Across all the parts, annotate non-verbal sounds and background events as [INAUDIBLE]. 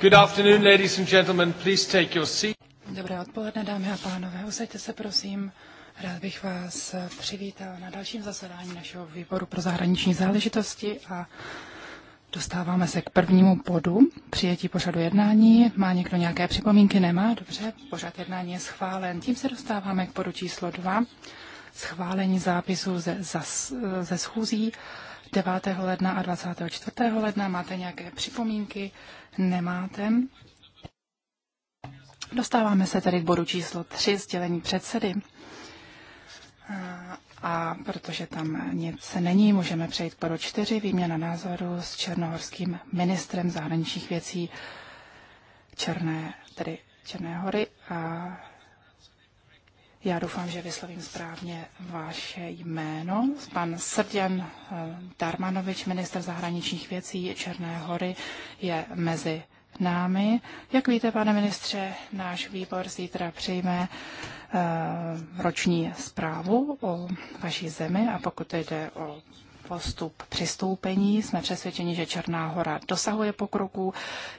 Good afternoon, ladies and gentlemen. Please take your seat. Dobré odpoledne, dámy a pánové. Usaďte se, prosím. Rád bych vás přivítal na dalším zasedání našeho výboru pro zahraniční záležitosti a Dostáváme se k prvnímu bodu, přijetí pořadu jednání. Má někdo nějaké připomínky? Nemá? Dobře, pořad jednání je schválen. Tím se dostáváme k bodu číslo 2, schválení zápisu ze, ze, ze schůzí 9. ledna a 24. ledna. Máte nějaké připomínky? Nemáte. Dostáváme se tedy k bodu číslo 3, sdělení předsedy. A protože tam nic není, můžeme přejít k bodu 4, výměna názoru s černohorským ministrem zahraničních věcí Černé, tedy Černé hory a já doufám, že vyslovím správně vaše jméno. Pan Srdjan eh, Darmanovič, minister zahraničních věcí Černé hory, je mezi námi. Jak víte, pane ministře, náš výbor zítra přijme eh, roční zprávu o vaší zemi a pokud jde o postup přistoupení. Jsme přesvědčeni, že Černá hora dosahuje pokroku.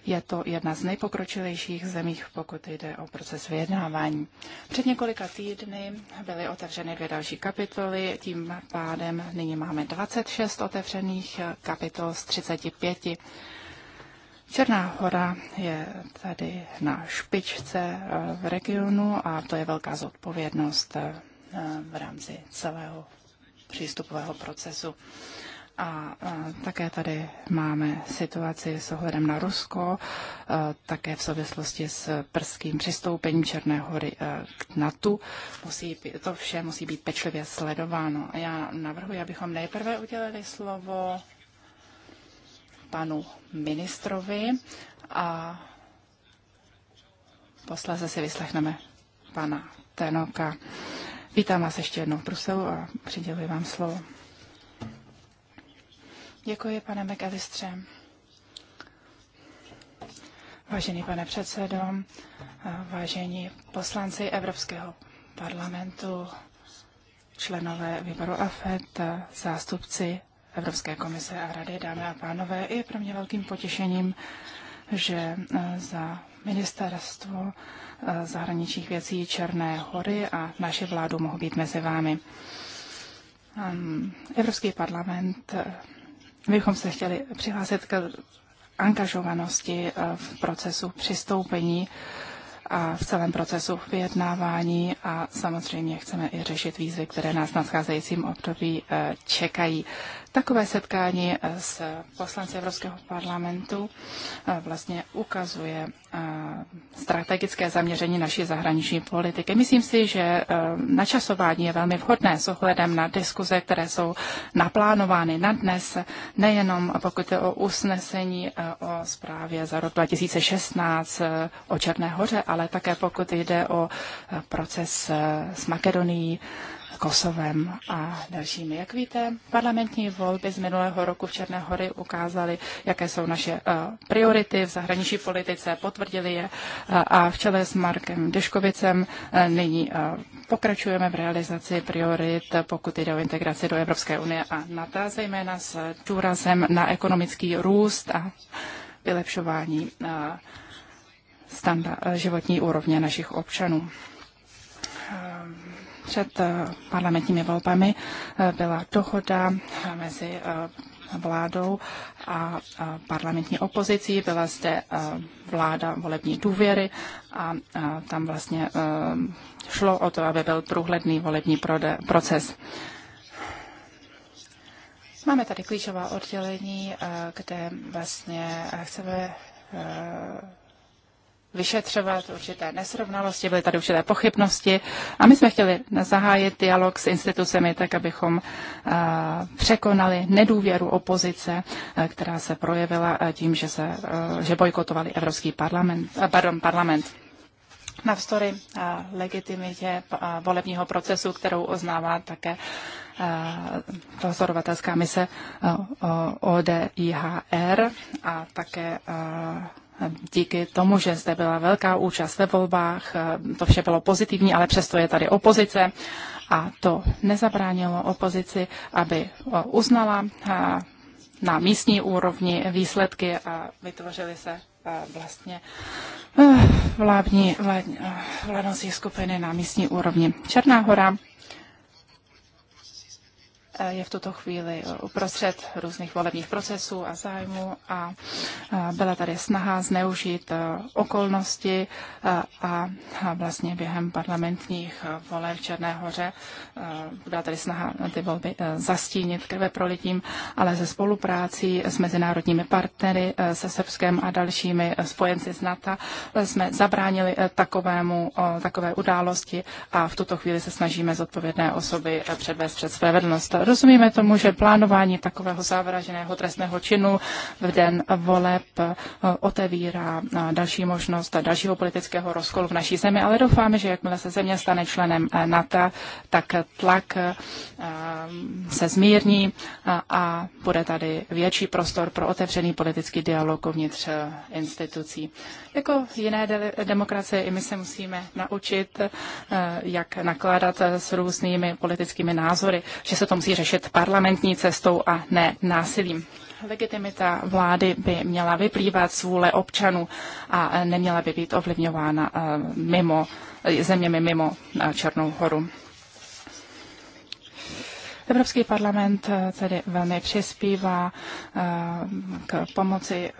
Je to jedna z nejpokročilejších zemí, pokud jde o proces vyjednávání. Před několika týdny byly otevřeny dvě další kapitoly, tím pádem nyní máme 26 otevřených kapitol z 35. Černá hora je tady na špičce eh, v regionu a to je velká zodpovědnost eh, v rámci celého přístupového procesu. A, také tady máme situaci s ohledem na Rusko, také v souvislosti s prským přistoupením Černé hory k NATO. Musí, to vše musí být pečlivě sledováno. A já navrhuji, abychom nejprve udělali slovo panu ministrovi a posléze si vyslechneme pana Tenoka. Vítám vás ještě jednou v Bruselu a přiděluji vám slovo. Děkuji, pane McAllistře. Vážený pane předsedo, vážení poslanci Evropského parlamentu, členové výboru AFET, zástupci Evropské komise a rady, dámy a pánové, je pro mě velkým potěšením, že za ministerstvo eh, zahraničních věcí Černé hory a naši vládu mohou být mezi vámi. Ehm, Evropský parlament, my eh, bychom se chtěli přihlásit k angažovanosti eh, v procesu přistoupení a v celém procesu vyjednávání a samozřejmě chceme i řešit výzvy, které nás v nadcházejícím období čekají. Takové setkání eh, s poslanci Evropského parlamentu eh, vlastně ukazuje eh, strategické zaměření naší zahraniční politiky. Myslím si, že načasování je velmi vhodné s ohledem na diskuze, které jsou naplánovány na dnes, nejenom pokud je o usnesení o zprávě za rok 2016 o Černé hoře, ale také pokud jde o proces s Makedonií, Kosovem a dalšími. Jak víte, parlamentní volby z minulého roku v Černé hory ukázaly, jaké jsou naše eh, priority v zahraniční politice, potvrdili je eh, a v čele s Markem Deškovicem eh, nyní pokračujeme v realizaci priorit, pokud jde o integraci do Evropské unie a NATO, zejména s důrazem na ekonomický růst a vylepšování standard, životní úrovně našich občanů před eh, parlamentními volbami eh, byla dohoda eh, mezi vládou a parlamentní opozicí. Byla zde vláda volební důvěry a tam vlastně šlo o to, aby byl průhledný volební proces. Máme tady klíčová oddělení, kde vlastně chceme vyšetřovat určité nesrovnalosti, byly tady určité pochybnosti a my jsme chtěli zahájit dialog s institucemi tak, abychom eh, překonali nedůvěru opozice, eh, která se projevila eh, tím, že, se, že bojkotovali Evropský parlament, pardon, parlament navzdory legitimitě volebního procesu, kterou oznává také pozorovatelská mise ODIHR a také díky tomu, že zde byla velká účast ve volbách, to vše bylo pozitivní, ale přesto je tady opozice a to nezabránilo opozici, aby eh, uznala eh, na místní úrovni výsledky a vytvořily se eh, vlastně vládní, vládní, vládnoucí skupiny na místní úrovni. Černá hora je v tuto chvíli uprostřed různých volebních procesů a zájmu a byla tady snaha zneužít e, okolnosti e, a vlastně během parlamentních e, voleb v Černé hoře byla tady snaha ty volby zastínit krve pro lidím, ale ze spoluprácí s mezinárodními partnery, se Srbskem a dalšími spojenci z NATO jsme zabránili takovému, takové události a v tuto chvíli se snažíme zodpovědné osoby předvést před své Rozumíme tomu, že plánování takového závraženého trestného činu v den voleb eh, otevírá eh, další možnost dalšího politického rozkolu v naší zemi, ale doufáme, že jakmile se země stane členem eh, NATO, tak tlak se zmírní a bude tady větší prostor pro otevřený politický dialog uvnitř institucí. Jako jiné de- demokracie i my se musíme naučit, jak nakládat s různými politickými názory, že se to musí řešit parlamentní cestou a ne násilím. Legitimita vlády by měla vyplývat z vůle občanů a neměla by být ovlivňována eh, mimo, eh, zeměmi mimo eh, Černou horu. Evropský parlament tedy velmi přispívá k pomoci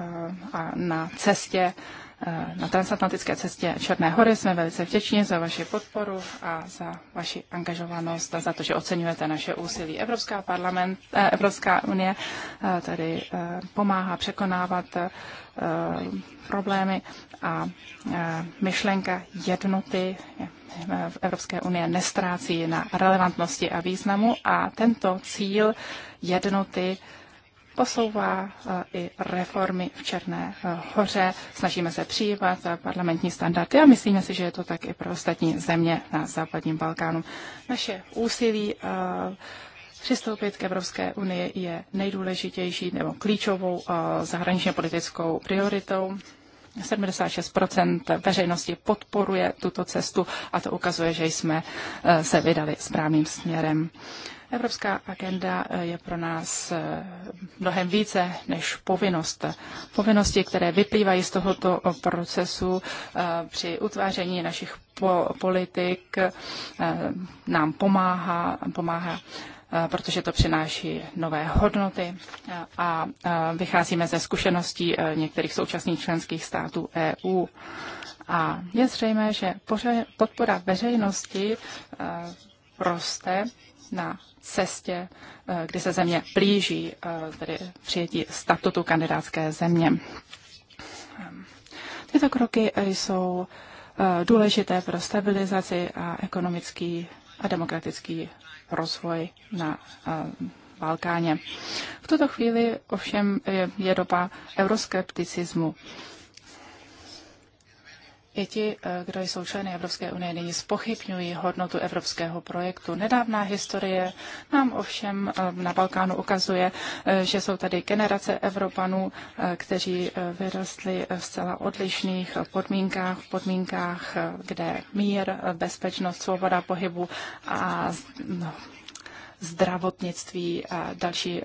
a na cestě na transatlantické cestě Černé hory. Jsme velice vděční za vaši podporu a za vaši angažovanost a za to, že oceňujete naše úsilí. Evropská, parlament, eh, Evropská unie eh, tady eh, pomáhá překonávat problémy a myšlenka jednoty v Evropské unie nestrácí na relevantnosti a významu a tento cíl jednoty posouvá eh, i reformy v Černé eh, hoře. Snažíme se přijímat eh, parlamentní standardy a myslíme si, že je to tak i pro ostatní země na západním Balkánu. Naše úsilí Přistoupit k Evropské unii je nejdůležitější nebo klíčovou zahraničně politickou prioritou. 76 veřejnosti podporuje tuto cestu a to ukazuje, že jsme se vydali správným směrem. Evropská agenda eh, je pro nás eh, mnohem více než povinnost. Povinnosti, které vyplývají z tohoto eh, procesu při utváření našich politik, nám pomáhá, pomáhá protože to přináší nové hodnoty a vycházíme ze zkušeností některých současných členských států EU. A je zřejmé, že podpora veřejnosti roste na cestě, eh, kdy se země blíží eh, tedy přijetí statutu kandidátské země. Ehm, tyto kroky jsou eh, důležité pro stabilizaci a ekonomický a demokratický rozvoj na Balkáně. V tuto chvíli ovšem je doba euroskepticismu. I ti, eh, kdo jsou členy Evropské unie, nyní spochybňují hodnotu evropského projektu. Nedávná historie nám ovšem eh, na Balkánu ukazuje, eh, že jsou tady generace Evropanů, kteří vyrostli v zcela odlišných podmínkách, v podmínkách, kde mír, bezpečnost, svoboda pohybu a no, zdravotnictví a další eh,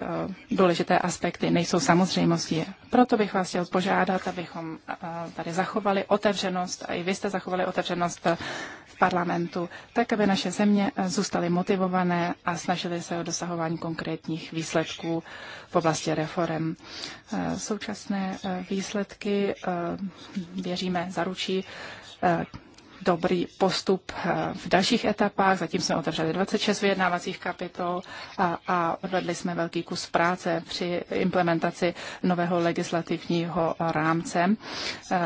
důležité aspekty nejsou samozřejmostí. Proto bych vás chtěl požádat, abychom eh, tady zachovali otevřenost a i vy jste zachovali otevřenost eh, v parlamentu, tak aby naše země zůstaly motivované a snažili se o dosahování konkrétních výsledků v oblasti reform. Současné výsledky, věříme, zaručí dobrý postup eh, v dalších etapách. Zatím jsme otevřeli 26 vyjednávacích kapitol a, a odvedli jsme velký kus práce při implementaci nového legislativního rámce eh,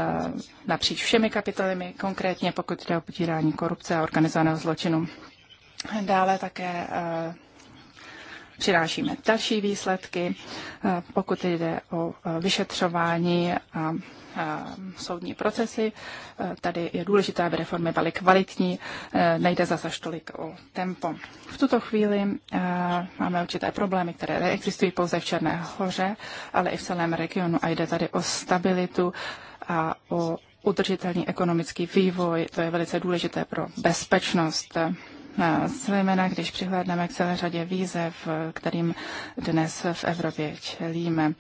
napříč všemi kapitolemi, konkrétně pokud jde o potírání korupce a organizovaného zločinu. Dále také eh, přinášíme další výsledky, pokud jde o vyšetřování a Eh, soudní procesy. Eh, tady je důležité, aby reformy byly kvalitní, eh, nejde zase tolik o tempo. V tuto chvíli máme určité problémy, které neexistují pouze v Černé hoře, ale i v celém regionu a jde tady o stabilitu a o udržitelný ekonomický vývoj. To je velice důležité pro bezpečnost zejména když přihlédneme k celé řadě výzev, kterým dnes v Evropě čelíme.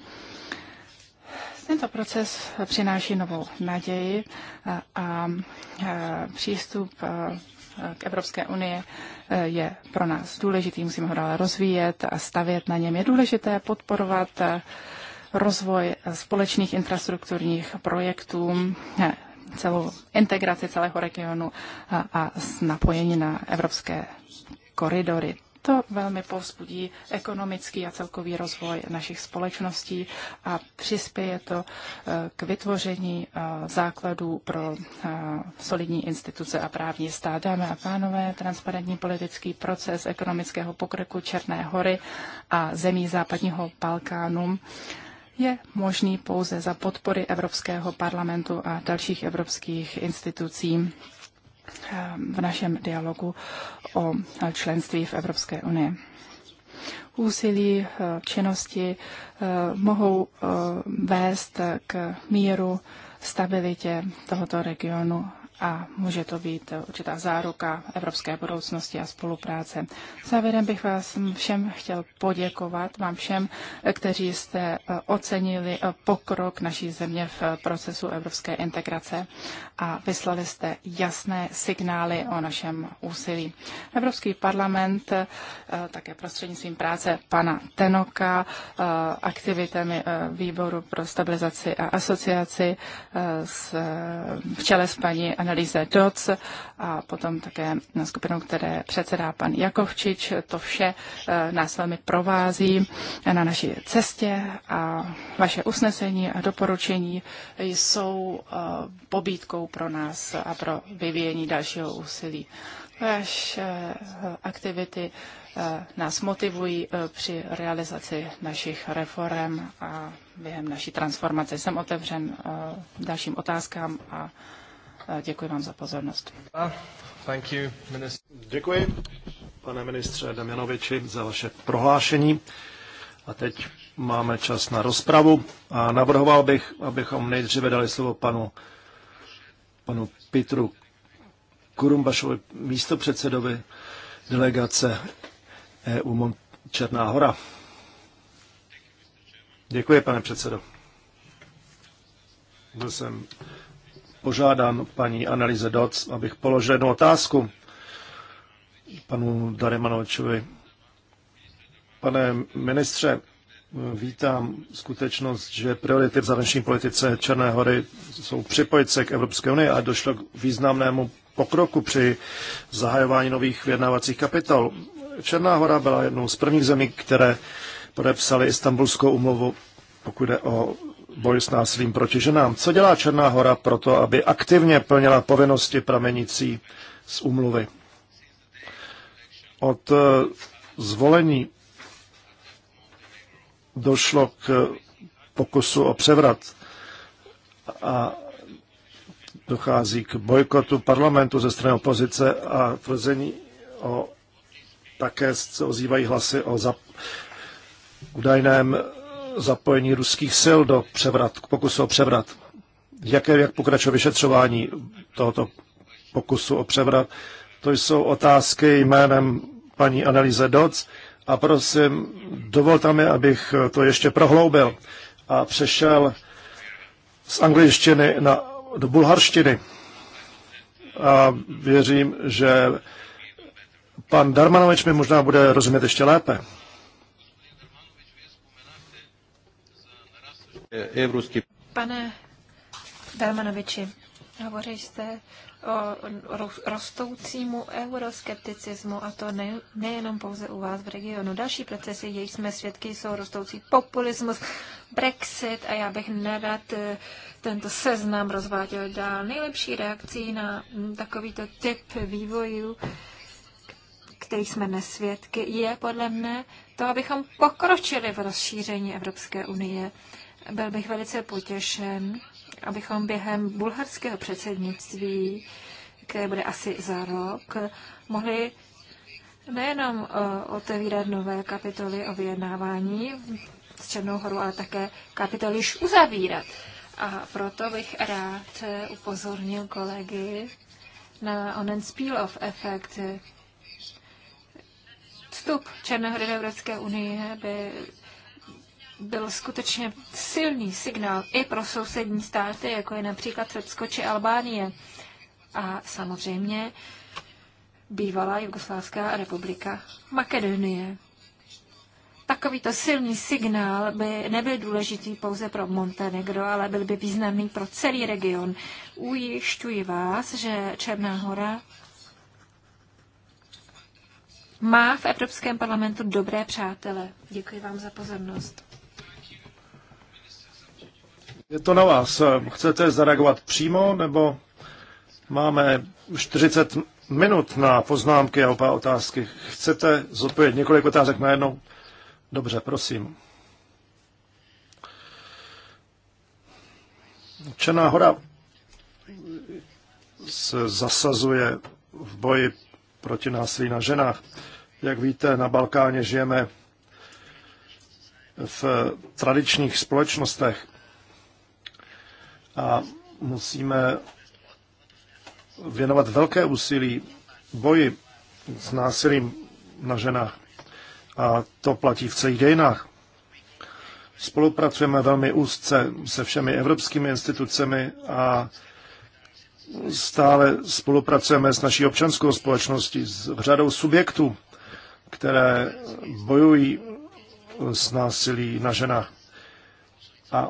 Tento proces přináší novou naději a, a přístup k Evropské unii e, je pro nás důležitý, musíme ho dále rozvíjet a stavět na něm. Je důležité podporovat e, rozvoj společných infrastrukturních projektů, e, celou integraci celého regionu a, a napojení na evropské koridory to velmi povzbudí ekonomický a celkový rozvoj našich společností a přispěje to eh, k vytvoření eh, základů pro eh, solidní instituce a právní stát. Dámy a pánové, transparentní politický proces ekonomického pokroku Černé hory a zemí západního Balkánu je možný pouze za podpory Evropského parlamentu a dalších evropských institucí Eh, v našem dialogu o členství v Evropské unii. Úsilí, eh, činnosti eh, mohou vést k míru, stabilitě tohoto regionu a může to být určitá záruka evropské budoucnosti a spolupráce. Závěrem bych vás všem chtěl poděkovat, vám všem, kteří jste eh, ocenili eh, pokrok naší země v procesu evropské integrace a vyslali jste jasné signály o našem úsilí. Evropský parlament eh, také prostřednictvím práce pana Tenoka, aktivitami výboru pro stabilizaci a asociaci v čele s paní analýze DOC a potom také na skupinu, které předsedá pan Jakovčič. To vše eh, nás velmi provází na naší cestě a vaše usnesení a doporučení jsou eh, pobídkou pro nás a pro vyvíjení dalšího úsilí. Vaše eh, aktivity nás motivují při realizaci našich reform a během naší transformace. Jsem otevřen dalším otázkám a Eh, děkuji vám za pozornost. Thank you, Děkuji, pane ministře Demjanoviči, za vaše prohlášení. A teď máme čas na rozpravu a navrhoval bych, abychom nejdříve dali slovo panu, panu Petru Kurumbašovi, místopředsedovi delegace EU Černá hora. Děkuji, pane předsedo. Byl jsem požádám paní Analýze Doc, abych položil jednu otázku panu Daremanovičovi. Pane ministře, vítám skutečnost, že priority v zahraniční politice Černé hory jsou připojit se k Evropské unii a došlo k významnému pokroku při zahajování nových vyjednávacích kapitol. Černá hora byla jednou z prvních zemí, které podepsali Istanbulskou umluvu, pokud jde o boj s násilím proti ženám. Co dělá Černá hora pro to, aby aktivně plnila povinnosti pramenící z úmluvy? Od eh, zvolení došlo k pokusu o převrat a dochází k bojkotu parlamentu ze strany opozice a tvrzení o také se ozývají hlasy o zap, údajném zapojení ruských sil do převrat, pokusu o převrat. Jaké, jak pokračuje vyšetřování tohoto pokusu o převrat? To jsou otázky jménem paní Analýze Doc a prosím, dovolte mi, abych to ještě prohloubil a přešel z angličtiny na, do bulharštiny. A věřím, že pan Darmanovič mi možná bude rozumět ještě lépe. Pane Dalmanoviči, hovořili jste o rostoucímu euroskepticismu a to nejenom pouze u vás v regionu. Další procesy, jejich jsme svědky, jsou rostoucí populismus, Brexit a já bych nerad eh, tento seznam rozváděl dál. Nejlepší reakcí na mm, takovýto typ vývojů, který jsme nesvědky, je podle mne to, abychom pokročili v rozšíření Evropské unie. Byl bych velice potěšen, abychom během bulharského předsednictví, které bude asi za rok, mohli nejenom eh, otevírat nové kapitoly o vyjednávání s Černou horou, ale také kapitoly již uzavírat. A proto bych rád upozornil kolegy na onen spill-off efekt. Vstup Černé hory do Evropské unie by byl skutečně silný signál i pro sousední státy, jako je například Srbsko či Albánie. A samozřejmě bývalá Jugoslávská republika Makedonie. Takovýto silný signál by nebyl důležitý pouze pro Montenegro, ale byl by významný pro celý region. Ujišťuji vás, že Černá hora má v Evropském parlamentu dobré přátele. Děkuji vám za pozornost. Je to na vás. Chcete zareagovat přímo, nebo máme 40 minut na poznámky a opa otázky. Chcete zodpovědět několik otázek najednou? Dobře, prosím. Černá hora se zasazuje v boji proti násilí na ženách. Jak víte, na Balkáně žijeme v tradičních společnostech a musíme věnovat velké úsilí boji s násilím na ženách. A to platí v celých dějinách. Spolupracujeme velmi úzce se všemi evropskými institucemi a stále spolupracujeme s naší občanskou společností, s řadou subjektů, které bojují s násilí na ženách. A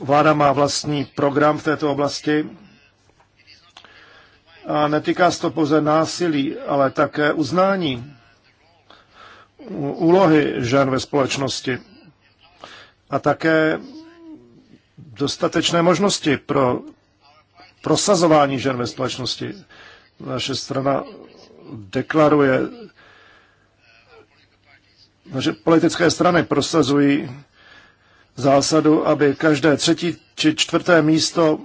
Vláda má vlastní program v této oblasti. A netýká se to pouze násilí, ale také uznání úlohy žen ve společnosti a také dostatečné možnosti pro prosazování žen ve společnosti. Naše strana deklaruje, že politické strany prosazují zásadu, aby každé třetí či čtvrté místo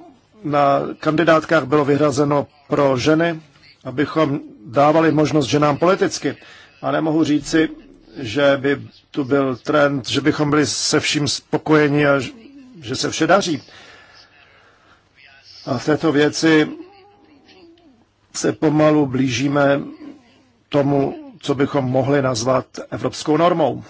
na kandidátkách bylo vyhrazeno pro ženy, abychom dávali možnost ženám politicky. A nemohu říci, že by tu byl trend, že bychom byli se vším spokojeni a že se vše daří. A v této věci se pomalu blížíme tomu, co bychom mohli nazvat evropskou normou.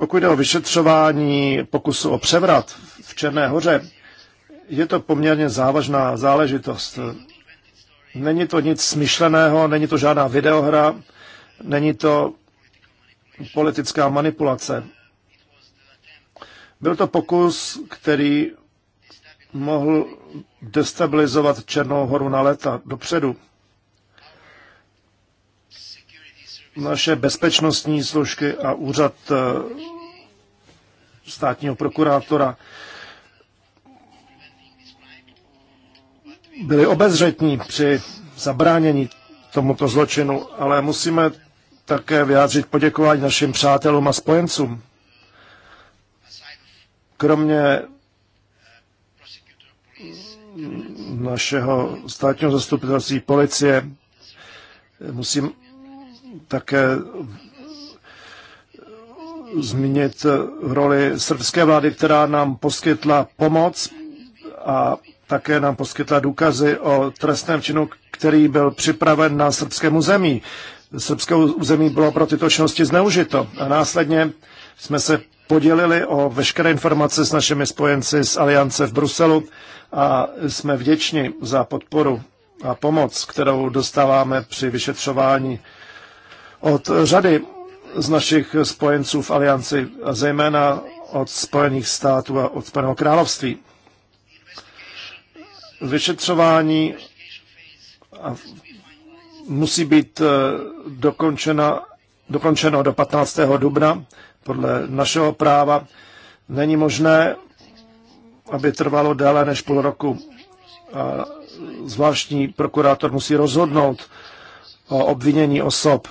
Pokud jde o vyšetřování pokusu o převrat v Černé hoře, je to poměrně závažná záležitost. Není to nic smyšleného, není to žádná videohra, není to politická manipulace. Byl to pokus, který mohl destabilizovat Černou horu na léta dopředu. naše bezpečnostní složky a úřad eh, státního prokurátora byli obezřetní při zabránění tomuto zločinu, ale musíme také vyjádřit poděkování našim přátelům a spojencům. Kromě našeho státního zastupitelství policie musím také zmínit roli srbské vlády, která nám poskytla pomoc a také nám poskytla důkazy o trestném činu, který byl připraven na srbskému území. Srbské území bylo pro tyto činnosti zneužito a následně jsme se podělili o veškeré informace s našimi spojenci z Aliance v Bruselu a jsme vděční za podporu a pomoc, kterou dostáváme při vyšetřování od řady z našich spojenců v alianci, a zejména od Spojených států a od Spojeného království. Vyšetřování musí být eh, dokončena, dokončeno do 15. dubna. Podle našeho práva není možné, aby trvalo déle než půl roku. A zvláštní prokurátor musí rozhodnout o obvinění osob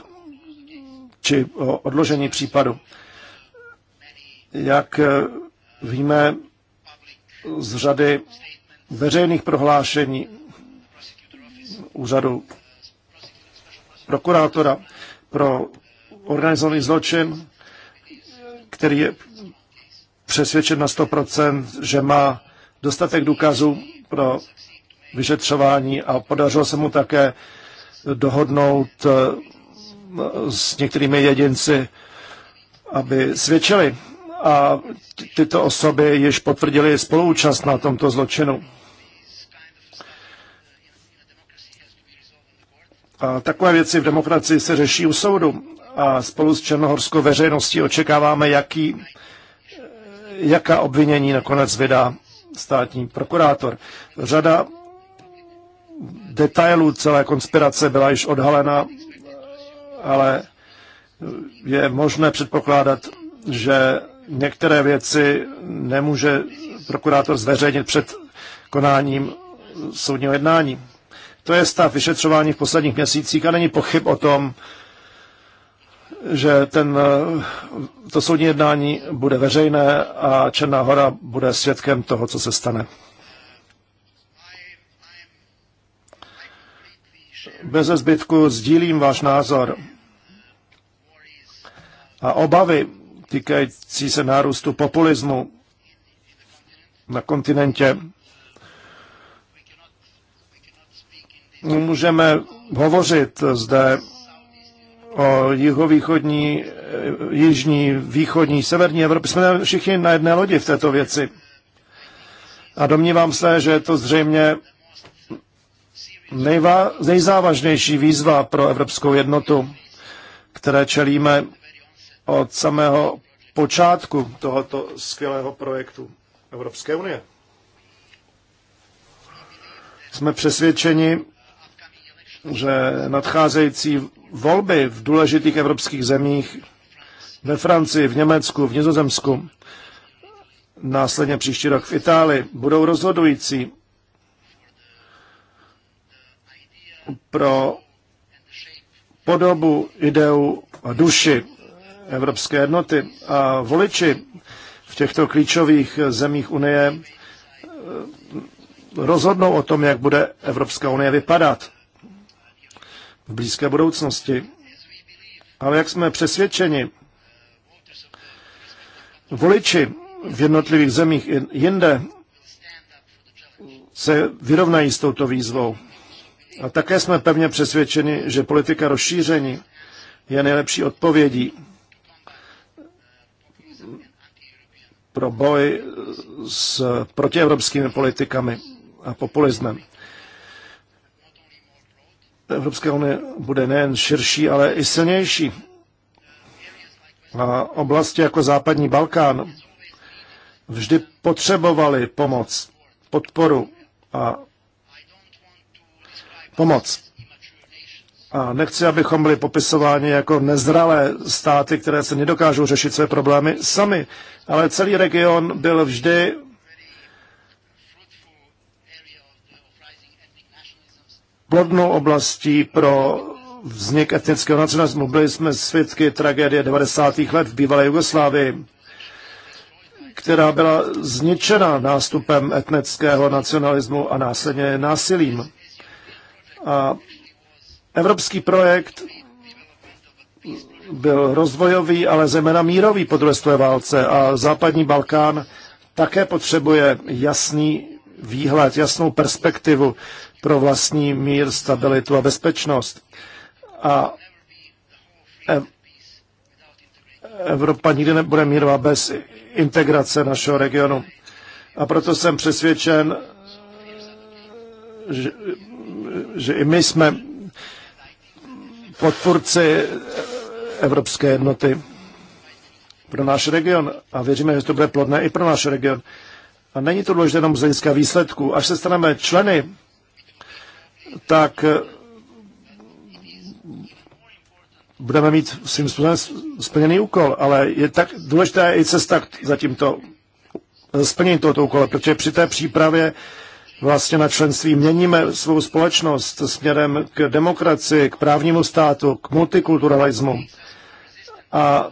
či o odložení případu. Jak eh, víme z řady veřejných prohlášení úřadu prokurátora pro organizovaný zločin, který je přesvědčen na 100%, že má dostatek důkazů pro vyšetřování a podařilo se mu také dohodnout eh, s některými jedinci, aby svědčili. A tyto osoby již potvrdili spoluúčast na tomto zločinu. A takové věci v demokracii se řeší u soudu a spolu s černohorskou veřejností očekáváme, jaký, jaká obvinění nakonec vydá státní prokurátor. Řada detailů celé konspirace byla již odhalena ale je možné předpokládat, že některé věci nemůže prokurátor zveřejnit před konáním soudního jednání. To je stav vyšetřování v posledních měsících a není pochyb o tom, že ten, to soudní jednání bude veřejné a Černá hora bude svědkem toho, co se stane. Bez zbytku sdílím váš názor a obavy týkající se nárůstu populismu na kontinentě. Můžeme hovořit zde o jihovýchodní, eh, jižní, východní, severní Evropě. Jsme všichni na jedné lodi v této věci. A domnívám se, že je to zřejmě nejzávažnější výzva pro evropskou jednotu, které čelíme od samého počátku tohoto skvělého projektu Evropské unie. Jsme přesvědčeni, že nadcházející volby v důležitých evropských zemích ve Francii, v Německu, v Nizozemsku, následně příští rok v Itálii, budou rozhodující pro podobu, ideu duši Evropské jednoty. A voliči v těchto klíčových zemích Unie eh, rozhodnou o tom, jak bude Evropská unie vypadat v blízké budoucnosti. Ale jak jsme přesvědčeni, voliči v jednotlivých zemích jinde se vyrovnají s touto výzvou a také jsme pevně přesvědčeni, že politika rozšíření je nejlepší odpovědí pro boj s protievropskými politikami a populismem. Evropská unie bude nejen širší, ale i silnější. A oblasti jako západní Balkán vždy potřebovaly pomoc, podporu a pomoc. A nechci, abychom byli popisováni jako nezralé státy, které se nedokážou řešit své problémy sami, ale celý region byl vždy plodnou oblastí pro vznik etnického nacionalismu. Byli jsme svědky tragédie 90. let v bývalé Jugoslávii, která byla zničena nástupem etnického nacionalismu a následně násilím. A evropský projekt byl rozvojový, ale zejména mírový po druhé světové válce a západní Balkán také potřebuje jasný výhled, jasnou perspektivu pro vlastní mír, stabilitu a bezpečnost. A Evropa nikdy nebude mírová bez integrace našeho regionu. A proto jsem přesvědčen, že že i my jsme podpůrci evropské jednoty pro náš region a věříme, že to bude plodné i pro náš region. A není to důležité jenom z hlediska výsledků. Až se staneme členy, tak eh, budeme mít svým způsobem splněný úkol, ale je tak důležitá i cesta za tímto splnění tohoto úkole, protože při té přípravě vlastně na členství měníme svou společnost směrem k demokracii, k právnímu státu, k multikulturalismu a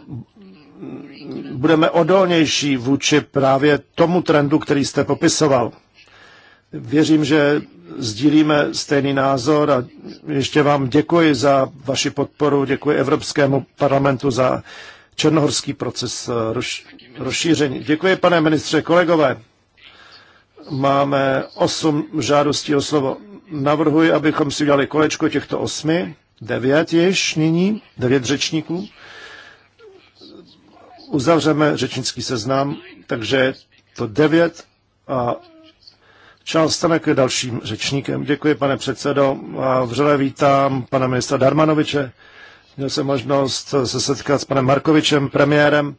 budeme odolnější vůči právě tomu trendu, který jste popisoval. Věřím, že sdílíme stejný názor a ještě vám děkuji za vaši podporu, děkuji Evropskému parlamentu za černohorský proces eh, rozšíření. Děkuji, pane ministře, kolegové máme osm žádostí o slovo. Navrhuji, abychom si udělali kolečko těchto osmi, devět již nyní, devět řečníků. Uzavřeme řečnický seznam, takže to devět a Charles Stanek je dalším řečníkem. Děkuji, pane předsedo, a vřele vítám pana ministra Darmanoviče. Měl jsem možnost se setkat s panem Markovičem, premiérem,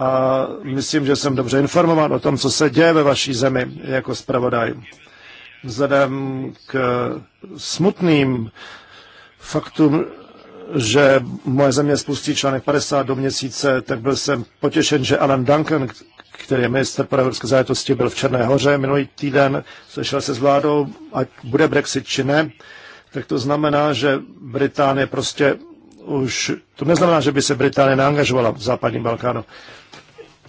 a myslím, že jsem dobře informován o tom, co se děje ve vaší zemi jako zpravodaj. Vzhledem k smutným faktům, že moje země spustí článek 50 do měsíce, tak byl jsem potěšen, že Alan Duncan, který je minister pro evropské záležitosti, byl v Černé hoře minulý týden, sešel se s vládou, ať bude Brexit či ne, tak to znamená, že Británie prostě už, to neznamená, že by se Británie neangažovala v západním Balkánu.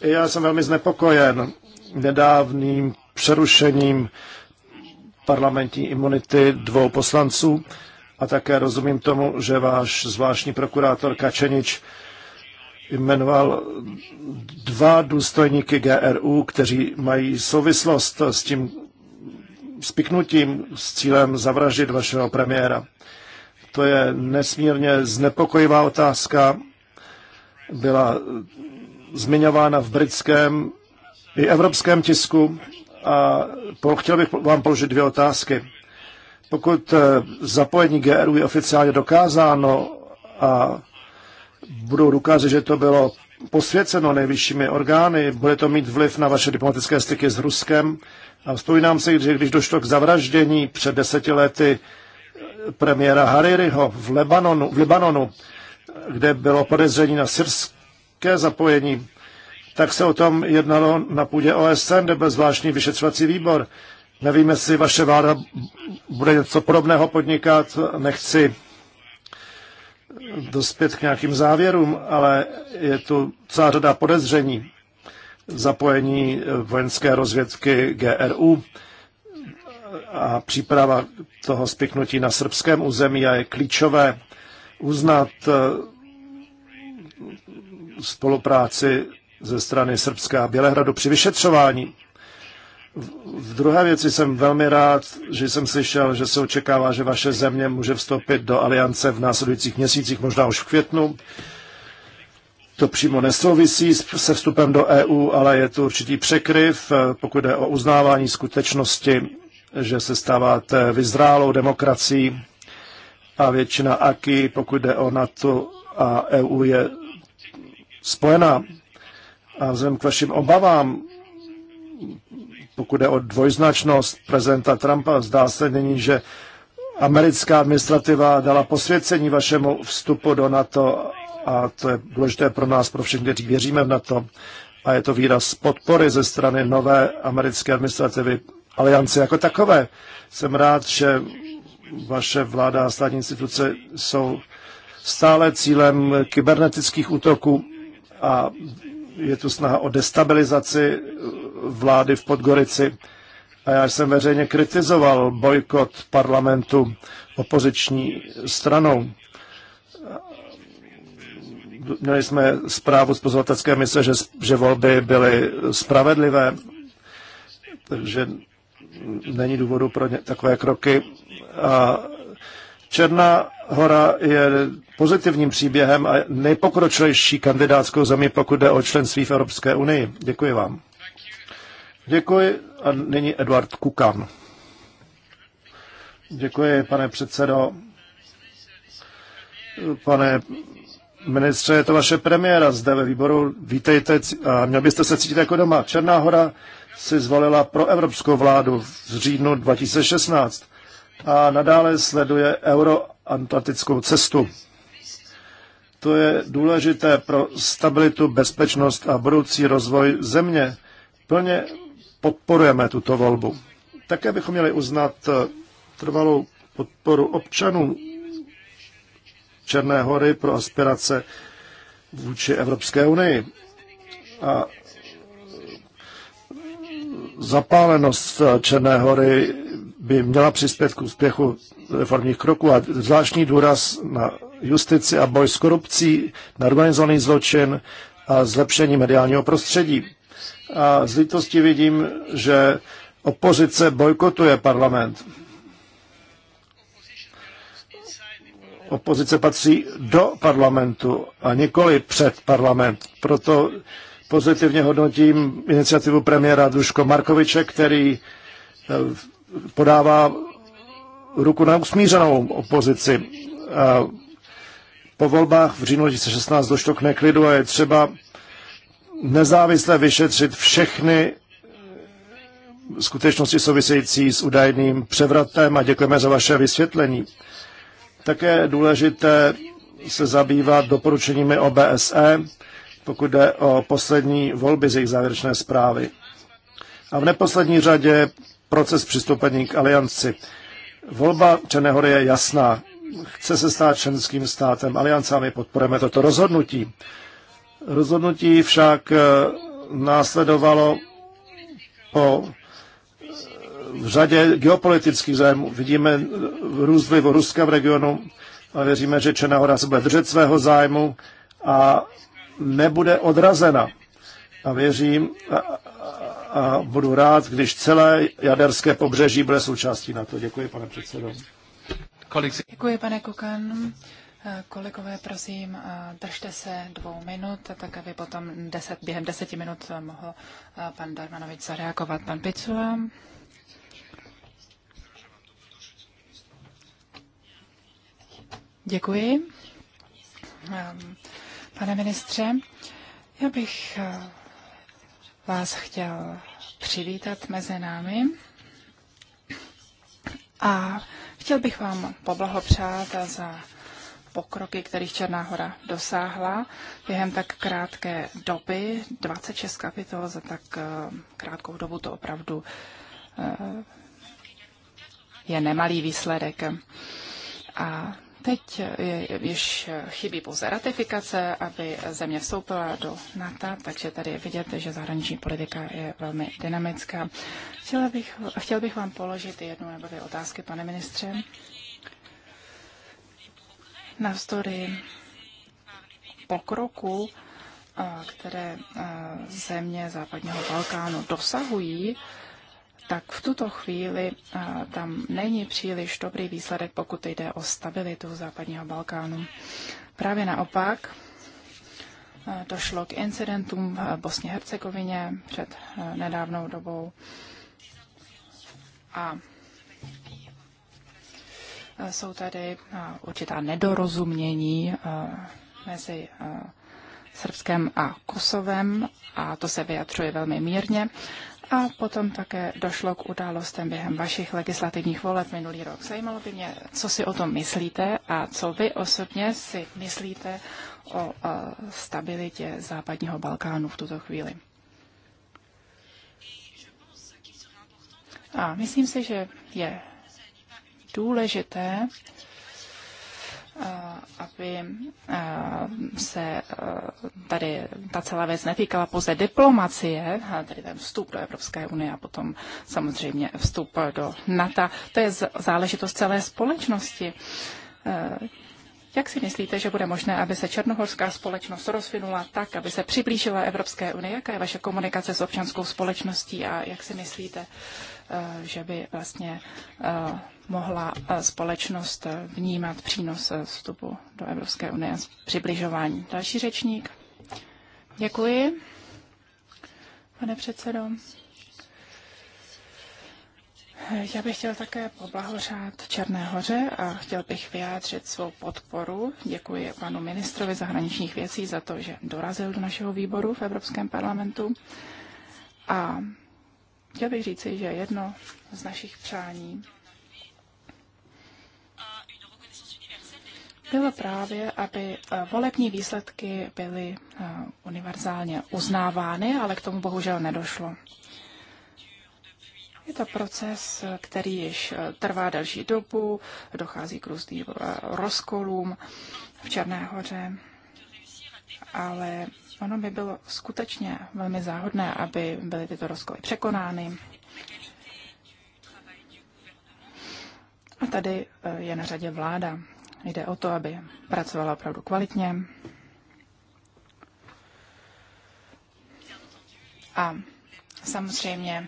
Já jsem velmi znepokojen nedávným přerušením parlamentní imunity dvou poslanců a také rozumím tomu, že váš zvláštní prokurátor Kačenič jmenoval dva důstojníky GRU, kteří mají souvislost s tím spiknutím s cílem zavraždit vašeho premiéra. To je nesmírně znepokojivá otázka. Byla zmiňována v britském i evropském tisku a chtěl bych vám položit dvě otázky. Pokud eh, zapojení GRU je oficiálně dokázáno a budou důkazy, že to bylo posvěceno nejvyššími orgány, bude to mít vliv na vaše diplomatické styky s Ruskem. A vzpomínám si, že když došlo k zavraždění před deseti lety eh, premiéra Haririho v, Libanonu, v Libanonu, kde bylo podezření na syrsk, ke zapojení, tak se o tom jednalo na půdě OSN, kde byl zvláštní vyšetřovací výbor. Nevím, jestli vaše vláda bude něco podobného podnikat, nechci dospět k nějakým závěrům, ale je tu celá řada podezření zapojení vojenské rozvědky GRU a příprava toho spiknutí na srbském území a je klíčové uznat spolupráci ze strany Srbska a Bělehradu při vyšetřování. V druhé věci jsem velmi rád, že jsem slyšel, že se očekává, že vaše země může vstoupit do aliance v následujících měsících, možná už v květnu. To přímo nesouvisí se vstupem do EU, ale je tu určitý překryv, eh, pokud jde o uznávání skutečnosti, že se stáváte vyzrálou demokracií a většina AKI, pokud jde o NATO a EU, je spojena. A vzhledem k vašim obavám, pokud je o dvojznačnost prezidenta Trumpa, zdá se nyní, že americká administrativa dala posvěcení vašemu vstupu do NATO a to je důležité pro nás, pro všechny, kteří věříme v NATO. A je to výraz podpory ze strany nové americké administrativy aliance jako takové. Jsem rád, že vaše vláda a státní instituce jsou stále cílem kybernetických útoků a je tu snaha o destabilizaci vlády v Podgorici. A já jsem veřejně kritizoval bojkot parlamentu opoziční stranou. Měli jsme zprávu z pozvatelské mise, že, že volby byly spravedlivé, takže není důvodu pro ně, takové kroky. A Černá hora je pozitivním příběhem a nejpokročilejší kandidátskou zemi, pokud jde o členství v Evropské unii. Děkuji vám. Děkuji a nyní Eduard Kukan. Děkuji, pane předsedo. Pane ministře, je to vaše premiéra zde ve výboru. Vítejte a měl byste se cítit jako doma. Černá hora si zvolila pro evropskou vládu v říjnu 2016 a nadále sleduje euroatlantickou cestu. To je důležité pro stabilitu, bezpečnost a budoucí rozvoj země. Plně podporujeme tuto volbu. Také bychom měli uznat eh, trvalou podporu občanů Černé hory pro aspirace vůči Evropské unii. A zapálenost Černé hory by měla přispět k úspěchu reformních kroků a zvláštní důraz na justici a boj s korupcí, na organizovaný zločin a zlepšení mediálního prostředí. A z lítosti vidím, že opozice bojkotuje parlament. Opozice patří do parlamentu a nikoli před parlament. Proto pozitivně hodnotím iniciativu premiéra Duško Markoviče, který eh, podává ruku na usmířenou opozici. Po volbách v říjnu 2016 došlo k neklidu a je třeba nezávisle vyšetřit všechny skutečnosti související s údajným převratem a děkujeme za vaše vysvětlení. Také je důležité se zabývat doporučeními OBSE, pokud jde o poslední volby z jejich závěrečné zprávy. A v neposlední řadě proces přistoupení k alianci. Volba Černé hory je jasná chce se stát členským státem aliance a my podporujeme toto rozhodnutí. Rozhodnutí však eh, následovalo po v eh, řadě geopolitických zájmů. Vidíme růst vlivu Ruska v regionu, ale věříme, že Černá hora se bude držet svého zájmu a nebude odrazena. A věřím a, a budu rád, když celé jaderské pobřeží bude součástí na to. Děkuji, pane předsedo. Děkuji, pane Kukan. Eh, kolegové, prosím, eh, držte se dvou minut, tak aby potom deset, během deseti minut mohl eh, pan Darmanovič zareagovat. Pan Picula. Děkuji. Pane ministře, já bych vás chtěl přivítat mezi námi a Chtěl bych vám poblahopřát za pokroky, kterých Černá hora dosáhla během tak krátké doby. 26 kapitol za tak eh, krátkou dobu to opravdu eh, je nemalý výsledek. A Teď je, již chybí pouze ratifikace, aby země vstoupila do NATO, takže tady vidíte, že zahraniční politika je velmi dynamická. Chtěl bych, chtěl bych vám položit jednu nebo dvě otázky, pane ministře. Navzdory pokroku, které země západního Balkánu dosahují, tak v tuto chvíli tam není příliš dobrý výsledek, pokud jde o stabilitu západního Balkánu. Právě naopak, došlo k incidentům v Bosně Hercegovině před nedávnou dobou. A jsou tady určitá nedorozumění mezi Srbskem a Kosovem a to se vyjadřuje velmi mírně. A potom také došlo k událostem během vašich legislativních voleb minulý rok. Zajímalo by mě, co si o tom myslíte a co vy osobně si myslíte o stabilitě západního Balkánu v tuto chvíli. A myslím si, že je důležité, Eh, aby eh, se eh, tady ta celá věc netýkala pouze diplomacie, tedy ten vstup do Evropské unie a potom samozřejmě vstup do NATO. To je záležitost celé společnosti. Jak si myslíte, že bude možné, aby se černohorská společnost rozvinula tak, aby se přiblížila Evropské unii? Jaká je vaše komunikace s občanskou společností a jak si myslíte, že by vlastně mohla eh, společnost eh, vnímat přínos eh, vstupu do Evropské unie z přibližování. Další řečník. Děkuji, pane předsedo. Já bych chtěl také poblahořát Černé hoře a chtěl bych vyjádřit svou podporu. Děkuji panu ministrovi zahraničních věcí za to, že dorazil do našeho výboru v Evropském parlamentu. A chtěl bych říci, že jedno z našich přání bylo právě, aby eh, volební výsledky byly eh, univerzálně uznávány, ale k tomu bohužel nedošlo. Je to proces, který již eh, trvá delší dobu, dochází k různým rozkolům v Černé hoře, ale ono by bylo skutečně velmi záhodné, aby byly tyto rozkoly překonány. A tady je na řadě vláda, Jde o to, aby pracovala opravdu kvalitně. A samozřejmě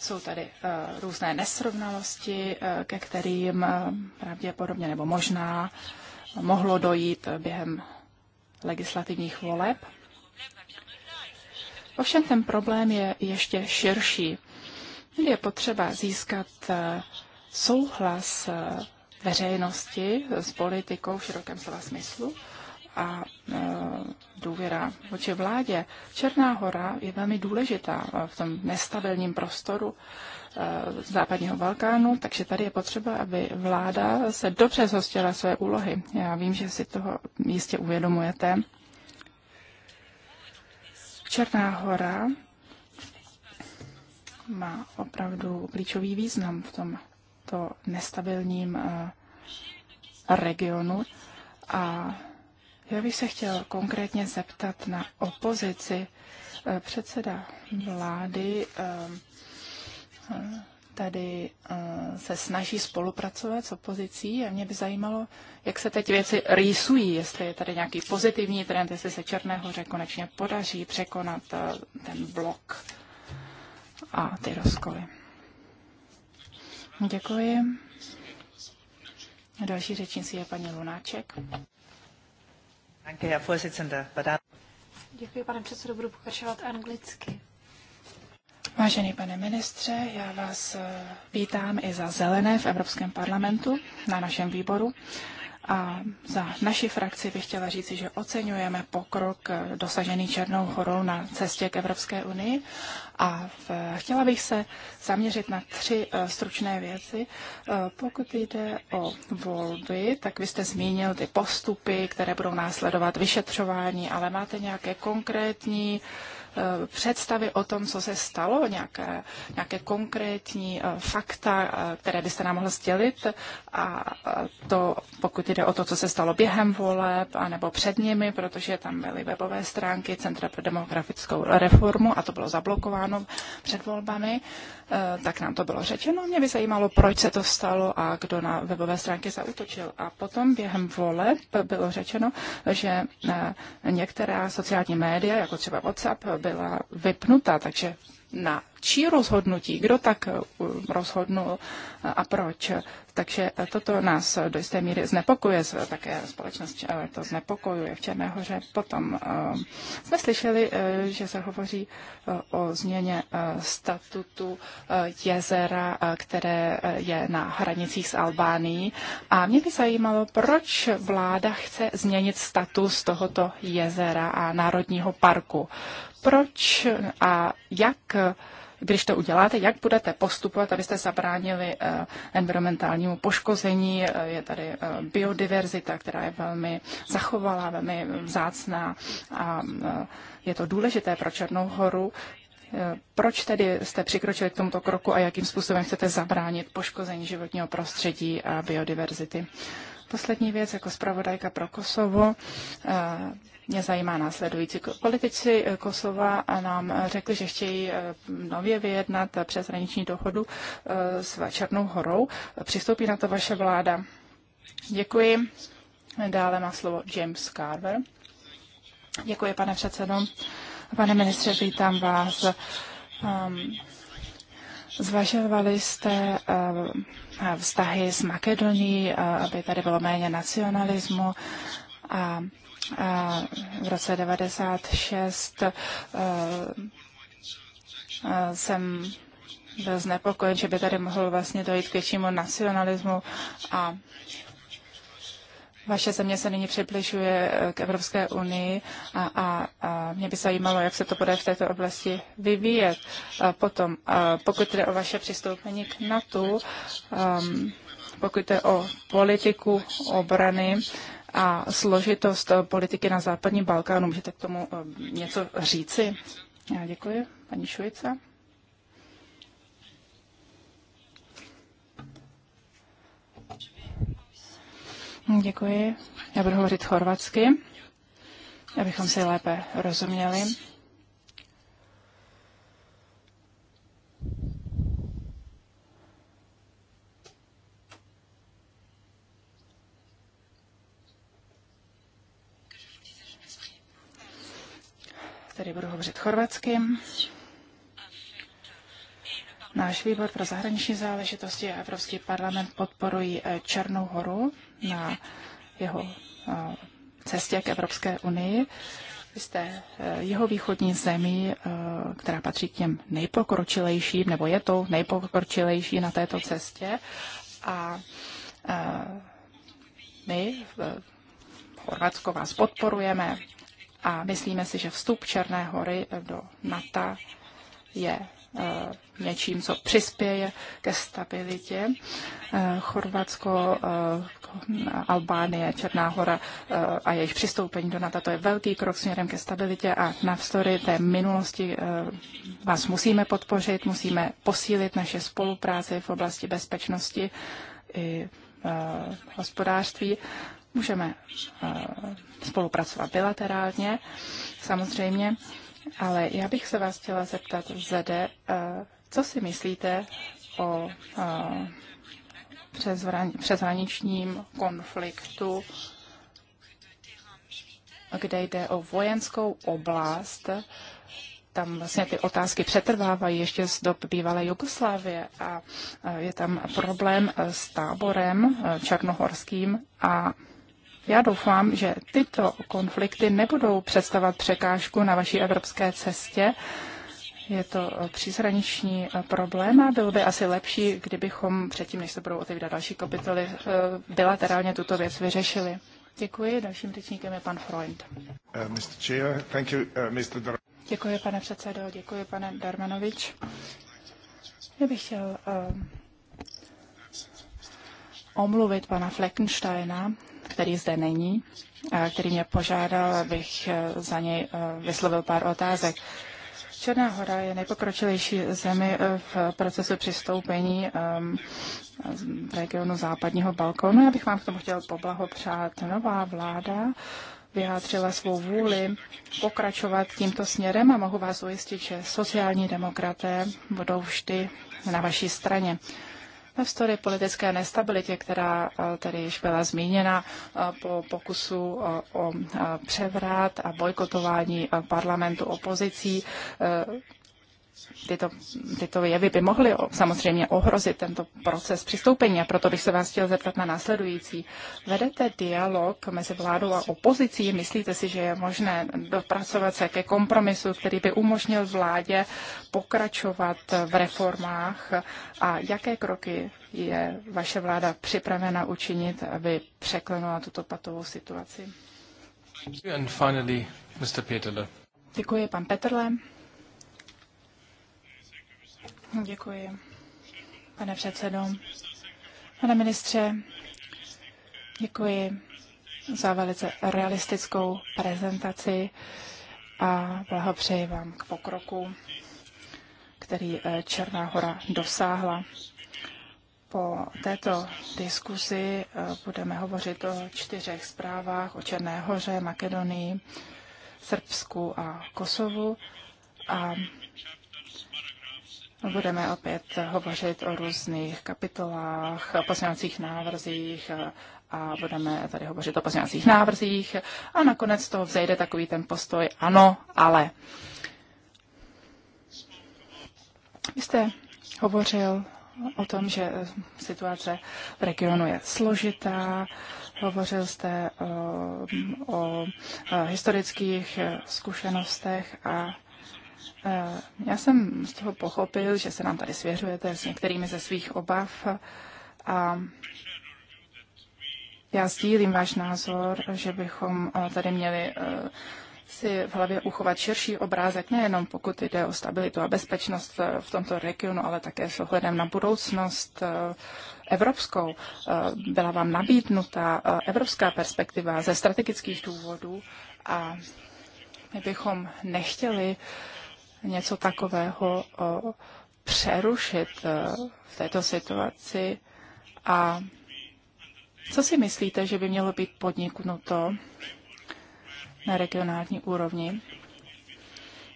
jsou tady uh, různé nesrovnalosti, uh, ke kterým uh, pravděpodobně nebo možná mohlo dojít během legislativních voleb. Ovšem ten problém je ještě širší. Je potřeba získat souhlas veřejnosti s politikou v širokém slova smyslu a e, důvěra vůči vládě. Černá hora je velmi důležitá v tom nestabilním prostoru e, západního Balkánu, takže tady je potřeba, aby vláda se dobře zhostila své úlohy. Já vím, že si toho jistě uvědomujete. Černá hora má opravdu klíčový význam v tom tomto nestabilním eh, regionu. A já bych se chtěl konkrétně zeptat na opozici. Eh, předseda vlády eh, tady se snaží spolupracovat s opozicí a mě by zajímalo, jak se teď věci rýsují, jestli je tady nějaký pozitivní trend, jestli se Černé hoře konečně podaří překonat ten blok a ty rozkoly. Děkuji. Další řečnicí je paní Lunáček. Děkuji, pane předsedo, budu pokračovat anglicky. Vážený pane ministře, já vás eh, vítám i za zelené v Evropském parlamentu na našem výboru. A za naši frakci bych chtěla říci, že oceňujeme pokrok eh, dosažený Černou horou na cestě k Evropské unii a v, eh, chtěla bych se zaměřit na tři eh, stručné věci. Pokud jde o volby, tak vy jste zmínil ty postupy, které budou následovat vyšetřování, ale máte nějaké konkrétní uh, Eh, představy o tom, co se stalo, nějaké, nějaké konkrétní eh, fakta, eh, které byste nám mohl sdělit a to, pokud jde o to, co se stalo během voleb anebo před nimi, protože tam byly webové stránky Centra pro demografickou reformu a to bylo zablokováno před volbami. Eh, tak nám to bylo řečeno. Mě by zajímalo, proč se to stalo a kdo na webové stránky zautočil. A potom během voleb bylo řečeno, že eh, některá sociální média, jako třeba WhatsApp, byla vypnuta, takže na čí rozhodnutí, kdo tak eh, rozhodnul eh, a proč. Takže eh, toto nás do jisté míry znepokuje, také společnost to znepokojuje v Černé hoře. Potom jsme slyšeli, že se hovoří o změně statutu jezera, které je na hranicích s Albánií. A mě by zajímalo, proč vláda chce změnit status tohoto jezera a národního parku proč a jak, když to uděláte, jak budete postupovat, abyste zabránili eh, environmentálnímu poškození. Eh, je tady eh, biodiverzita, která je velmi zachovalá, velmi vzácná a je to důležité pro Černou horu. Proč tedy jste přikročili k tomuto kroku a jakým způsobem chcete zabránit poškození životního prostředí a biodiverzity? Poslední věc jako zpravodajka pro Kosovo. Eh, mě zajímá následující. Politici eh, Kosova nám řekli, že chtějí eh, nově vyjednat přeshraniční dohodu s Černou horou. Přistoupí na to vaše vláda. Děkuji. Dále má slovo James Carver. Děkuji, pane předsedo. Pane ministře, vítám vás. Um, Zvažovali jste eh, eh, vztahy s Makedonií, eh, aby tady bylo méně nacionalismu a v roce 96 jsem byl znepokojen, že by tady mohl vlastně dojít k většímu nacionalismu a vaše země se nyní přibližuje eh, k Evropské unii a, a, a mě by zajímalo, jak se to bude v této oblasti vyvíjet. A potom, a pokud jde o vaše přistoupení k NATO, um, pokud jde o politiku obrany a složitost eh, politiky na západním Balkánu, můžete k tomu ehm, něco říci? Já děkuji, paní Šujica. Děkuji. Já budu hovořit chorvatsky, abychom si lépe rozuměli. Tady budu hovořit chorvatsky. Náš výbor pro zahraniční záležitosti a Evropský parlament podporují eh, Černou horu na jeho eh, cestě k Evropské unii. Vy jste eh, jeho východní zemí, eh, která patří k těm nejpokročilejším, nebo je to nejpokročilejší na této cestě. A my v Chorvatsko vás podporujeme a myslíme si, že vstup Černé hory do NATO je Eh, něčím, co přispěje ke stabilitě. Eh, Chorvatsko, eh, Albánie, Černá hora a jejich přistoupení do NATO, to je velký krok směrem ke stabilitě a navzdory té minulosti vás musíme podpořit, musíme posílit naše spolupráci v oblasti bezpečnosti i hospodářství. Můžeme spolupracovat bilaterálně, samozřejmě. Ale já bych se vás chtěla zeptat vzade, eh, co si myslíte o eh, přeshraničním konfliktu, kde jde o vojenskou oblast, tam vlastně ty otázky přetrvávají ještě z dob bývalé Jugoslávie a eh, je tam problém s táborem černohorským a já doufám, že tyto konflikty nebudou představovat překážku na vaší evropské cestě. Je to příshraniční problém a bylo by asi lepší, kdybychom předtím, než se budou otevírat další kapitoly, eh, bilaterálně tuto věc vyřešili. Děkuji. Dalším řečníkem je pan Freund. Eh, Mr. Chair, thank you, eh, Mr. děkuji, pane předsedo, děkuji, pane Darmanovič. Já bych chtěl uh, omluvit pana Fleckensteina, který zde není, který mě požádal, abych eh, za něj eh, vyslovil pár otázek. Černá hora je nejpokročilejší zemi eh, v procesu přistoupení v ehm, regionu západního Balkonu. Já bych vám k tomu chtěl poblahopřát. Nová vláda vyjádřila svou vůli pokračovat tímto směrem a mohu vás ujistit, že sociální demokraté budou vždy na vaší straně navzdory politické nestabilitě, která eh, tedy již byla zmíněna eh, po pokusu eh, o převrat a bojkotování parlamentu opozicí, tyto, tyto jevy by mohly samozřejmě ohrozit tento proces přistoupení a proto bych se vás chtěl zeptat na následující. Vedete dialog mezi vládou a opozicí? Myslíte si, že je možné dopracovat se ke kompromisu, který by umožnil vládě pokračovat v reformách a jaké kroky je vaše vláda připravena učinit, aby překlenula tuto patovou situaci? And finally, Mr. Peterle. Děkuji, pan Peterle. Děkuji, pane předsedo. Pane ministře, děkuji za velice realistickou prezentaci a blahopřeji vám k pokroku, který eh, Černá hora dosáhla. Po této diskuzi eh, budeme hovořit o čtyřech zprávách o Černé hoře, Makedonii, Srbsku a Kosovu. A Budeme opět hovořit o různých kapitolách, pozměňovacích návrzích a budeme tady hovořit o pozměňovacích návrzích a nakonec to vzejde takový ten postoj ano, ale. Vy jste hovořil o tom, že situace v regionu je složitá. Hovořil jste um, o, o uh, historických uh, zkušenostech a Eh, já jsem z toho pochopil, že se nám tady svěřujete s některými ze svých obav a já sdílím váš názor, že bychom eh, tady měli eh, si v hlavě uchovat širší obrázek, nejenom pokud jde o stabilitu a bezpečnost v tomto regionu, ale také s ohledem na budoucnost evropskou. Byla vám nabídnuta evropská perspektiva ze strategických důvodů a my bychom nechtěli uh, něco takového přerušit e, v této situaci a co si myslíte, že by mělo být podniknuto na regionální úrovni,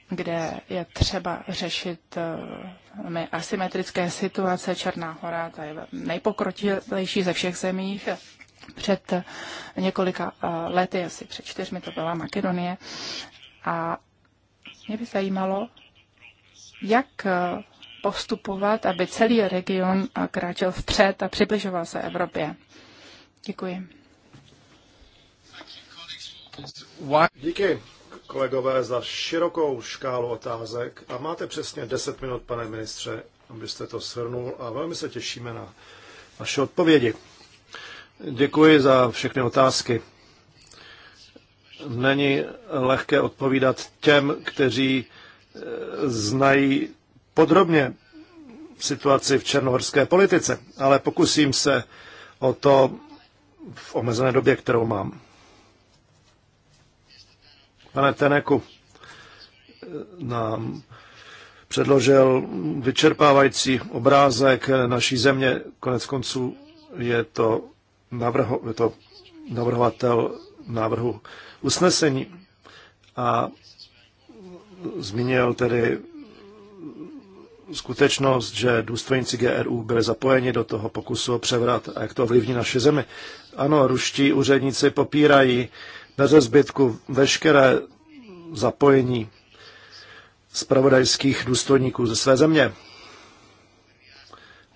kde je třeba řešit e, asymetrické situace? Černá hora, ta je nejpokrotilejší ze všech zemích. Před několika e, lety, asi před čtyřmi, to byla Makedonie. A mě by zajímalo, jak eh, postupovat, aby celý region eh, kráčel vpřed a přibližoval se Evropě. Děkuji. Díky, kolegové, za širokou škálu otázek a máte přesně 10 minut, pane ministře, abyste to shrnul a velmi se těšíme na vaše odpovědi. Děkuji za všechny otázky není lehké odpovídat těm, kteří eh, znají podrobně situaci v černohorské politice, ale pokusím se o to v omezené době, kterou mám. Pane Teneku eh, nám předložil vyčerpávající obrázek naší země. Konec konců je to, navrho, je to navrhovatel návrhu usnesení a zmínil tedy skutečnost, že důstojníci GRU byli zapojeni do toho pokusu o převrat a jak to ovlivní naše zemi. Ano, ruští úředníci popírají bez zbytku veškeré zapojení spravodajských důstojníků ze své země.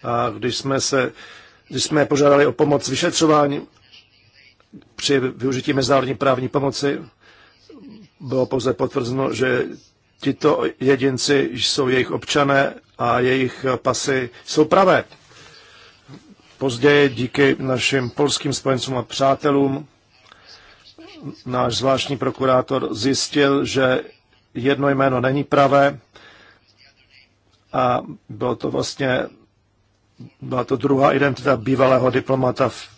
A když jsme se když jsme požádali o pomoc vyšetřování při využití mezinárodní právní pomoci bylo pouze potvrzeno, že tito jedinci jsou jejich občané a jejich pasy jsou pravé. Později díky našim polským spojencům a přátelům náš zvláštní prokurátor zjistil, že jedno jméno není pravé a bylo to vlastně byla to druhá identita bývalého diplomata v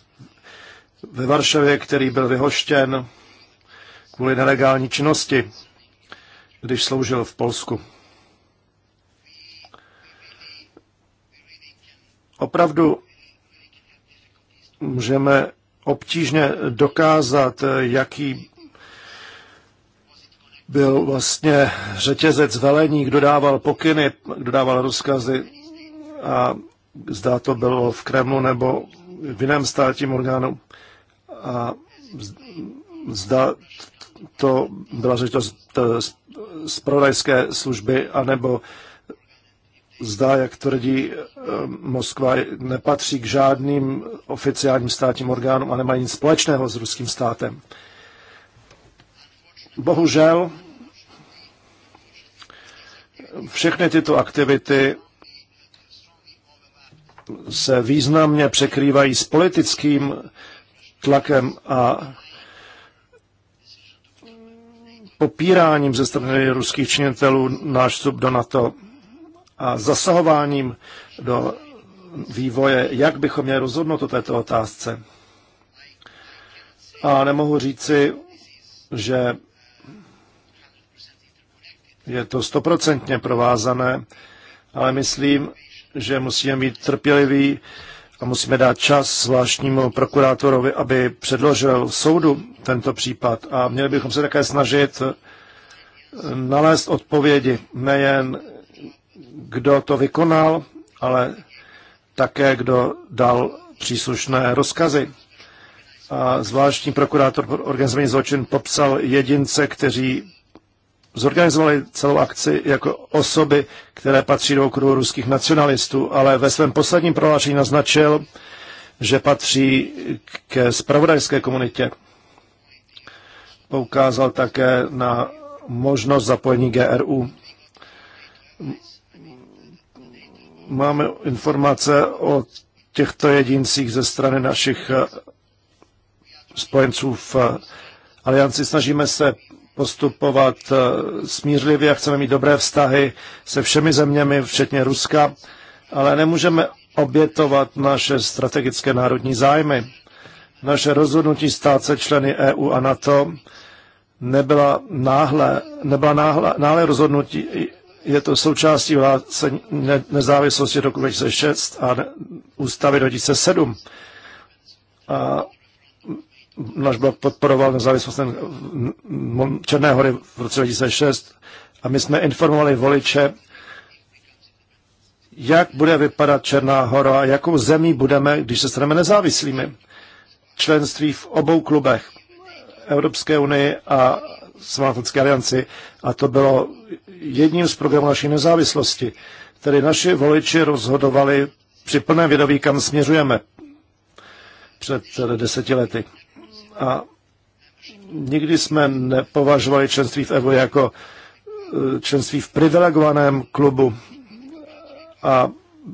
ve Varšavě, který byl vyhoštěn kvůli nelegální činnosti, když sloužil v Polsku. Opravdu můžeme obtížně dokázat, jaký byl vlastně řetězec velení, kdo dával pokyny, kdo dával rozkazy a zdá to bylo v Kremlu nebo v jiném státním orgánu a zda to byla řečitost z prodajské služby, anebo zda, jak tvrdí eh, Moskva, nepatří k žádným oficiálním státním orgánům a nemají nic společného s ruským státem. Bohužel všechny tyto aktivity se významně překrývají s politickým tlakem a popíráním ze strany ruských činitelů náš vstup do NATO a zasahováním do vývoje, jak bychom měli rozhodnout o této otázce. A nemohu říci, že je to stoprocentně provázané, ale myslím, že musíme být trpěliví a musíme dát čas zvláštnímu prokurátorovi, aby předložil soudu tento případ. A měli bychom se také snažit eh, nalézt odpovědi nejen kdo to vykonal, ale také kdo dal příslušné rozkazy. A zvláštní prokurátor pro organizovaný zločin popsal jedince, kteří zorganizovali celou akci jako osoby, které patří do okruhu ruských nacionalistů, ale ve svém posledním prohlášení naznačil, že patří ke spravodajské komunitě. Poukázal také na možnost zapojení GRU. Máme informace o těchto jedincích ze strany našich eh, spojenců v eh, alianci. Snažíme se postupovat eh, smířlivě a chceme mít dobré vztahy se všemi zeměmi, včetně Ruska, ale nemůžeme obětovat naše strategické národní zájmy. Naše rozhodnutí stát se členy EU a NATO nebyla náhle, nebyla náhle, náhle rozhodnutí, je to součástí vládce nezávislosti roku 2006 a ústavy 2007. A náš blok podporoval nezávislost Černé hory v roce 2006 a my jsme informovali voliče, jak bude vypadat Černá hora a jakou zemí budeme, když se staneme nezávislými. Členství v obou klubech Evropské unii a Svátnické alianci a to bylo jedním z programů naší nezávislosti. Tedy naši voliči rozhodovali při plném vědoví, kam směřujeme před eh, deseti lety. A nikdy jsme nepovažovali členství v EVO jako e, členství v privilegovaném klubu a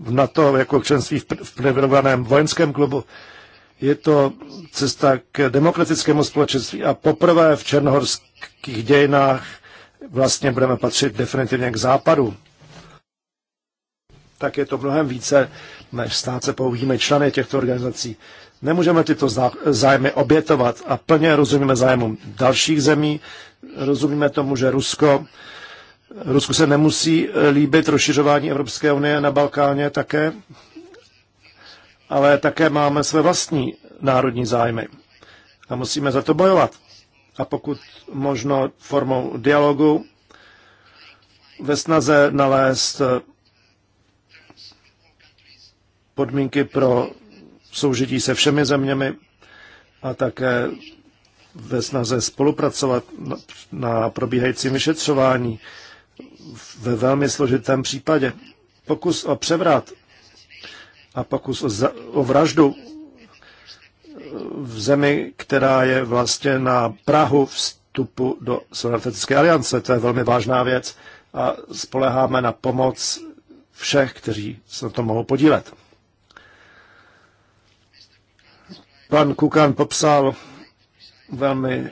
na to jako členství v privilegovaném vojenském klubu. Je to cesta k demokratickému společenství a poprvé v černohorských dějinách vlastně budeme patřit definitivně k západu. Tak je to mnohem více, než stát se pouhými členy těchto organizací. Nemůžeme tyto zájmy obětovat a plně rozumíme zájmům dalších zemí. Rozumíme tomu, že Rusko, Rusku se nemusí líbit rozšiřování Evropské unie na Balkáně také, ale také máme své vlastní národní zájmy a musíme za to bojovat. A pokud možno formou dialogu ve snaze nalézt podmínky pro soužití se všemi zeměmi a také ve snaze spolupracovat na probíhajícím vyšetřování ve velmi složitém případě. Pokus o převrat a pokus o, za, o vraždu v zemi, která je vlastně na Prahu vstupu do sovětské aliance. To je velmi vážná věc a spoleháme na pomoc všech, kteří se na to mohou podílet. Pan Kukan popsal velmi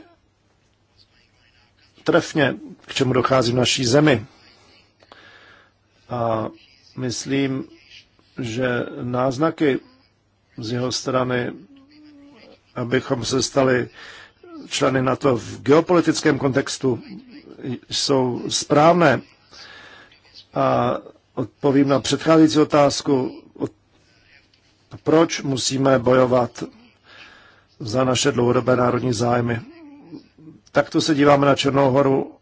trefně, k čemu dochází v naší zemi. A myslím, že náznaky z jeho strany, abychom se stali členy na to v geopolitickém kontextu, jsou správné. A odpovím na předcházející otázku, proč musíme bojovat za naše dlouhodobé národní zájmy. Takto se díváme na Černou horu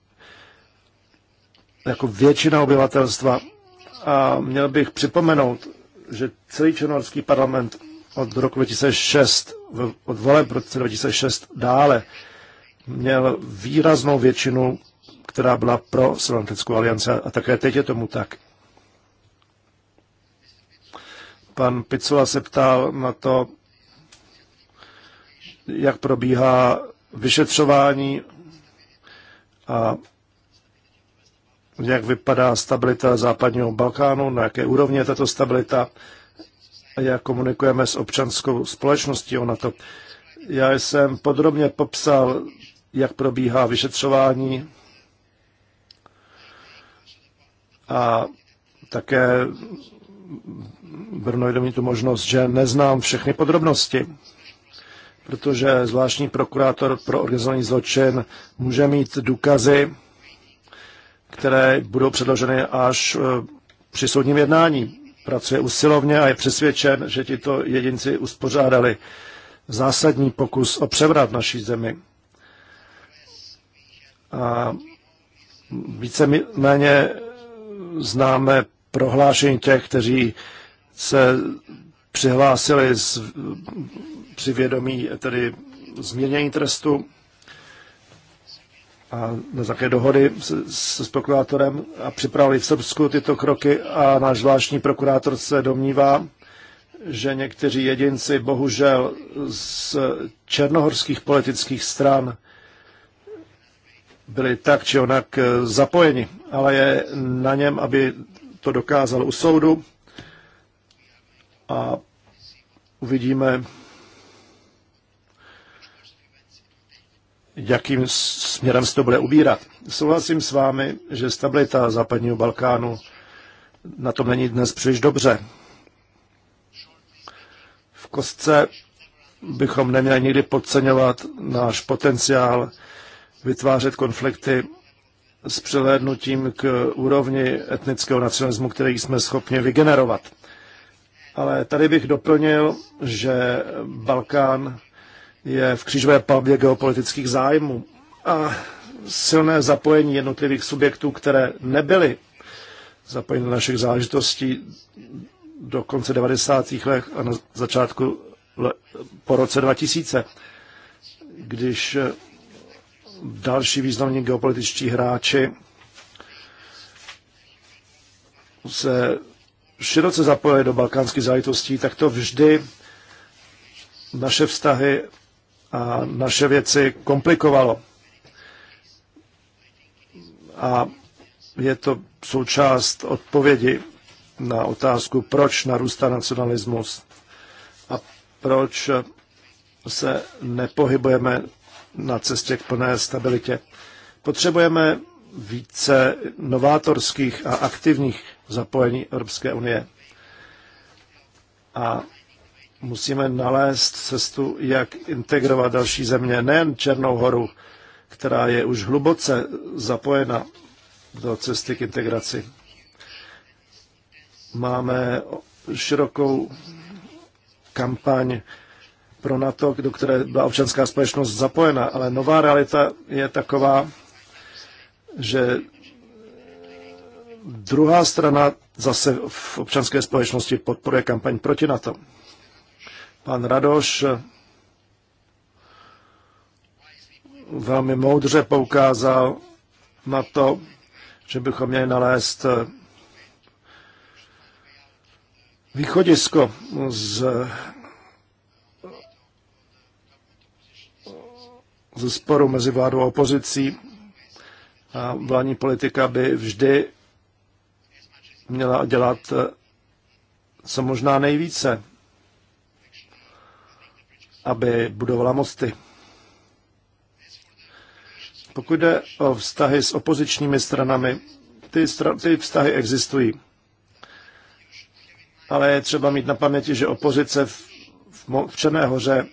jako většina obyvatelstva. A měl bych připomenout, že celý černohorský parlament od roku 2006, od voleb roce 2006 dále, měl výraznou většinu, která byla pro Severoatlantickou alianci a také teď je tomu tak. Pan Picula se ptal na to, jak probíhá vyšetřování a jak vypadá stabilita západního Balkánu, na jaké úrovni je tato stabilita, jak komunikujeme s občanskou společností o NATO. Já jsem podrobně popsal, jak probíhá vyšetřování a také Brno je mi tu možnost, že neznám všechny podrobnosti protože zvláštní prokurátor pro organizovaný zločin může mít důkazy, které budou předloženy až eh, při soudním jednání. Pracuje usilovně a je přesvědčen, že tito jedinci uspořádali zásadní pokus o převrat naší zemi. A více méně známe prohlášení těch, kteří se přihlásili z, při vědomí tedy změnění trestu a na také dohody se, se s prokurátorem a připravili v Srbsku tyto kroky a náš zvláštní prokurátor se domnívá, že někteří jedinci bohužel z černohorských politických stran byli tak či onak zapojeni, ale je na něm, aby to dokázal u soudu a uvidíme, jakým směrem se to bude ubírat. Souhlasím s vámi, že stabilita západního Balkánu na tom není dnes příliš dobře. V kostce bychom neměli nikdy podceňovat náš potenciál vytvářet konflikty s přilédnutím k úrovni etnického nacionalismu, který jsme schopni vygenerovat. Ale tady bych doplnil, že Balkán je v křížové palbě geopolitických zájmů a silné zapojení jednotlivých subjektů, které nebyly zapojeny do našich záležitostí do konce 90. let a na začátku po roce 2000, když další významní geopolitičtí hráči se široce zapojili do balkánských záležitostí, tak to vždy naše vztahy a naše věci komplikovalo. A je to součást odpovědi na otázku, proč narůstá nacionalismus a proč se nepohybujeme na cestě k plné stabilitě. Potřebujeme více novátorských a aktivních zapojení Evropské unie. A musíme nalézt cestu, jak integrovat další země, nejen Černou horu, která je už hluboce zapojena do cesty k integraci. Máme širokou kampaň pro NATO, do které byla občanská společnost zapojena, ale nová realita je taková, že Druhá strana zase v občanské společnosti podporuje kampaň proti NATO. Pan Radoš velmi moudře poukázal na to, že bychom měli nalézt východisko z, ze sporu mezi vládou a opozicí. A vládní politika by vždy měla dělat eh, co možná nejvíce, aby budovala mosty. Pokud jde o vztahy s opozičními stranami, ty, stra- ty vztahy existují. Ale je třeba mít na paměti, že opozice v, v, v Černé hoře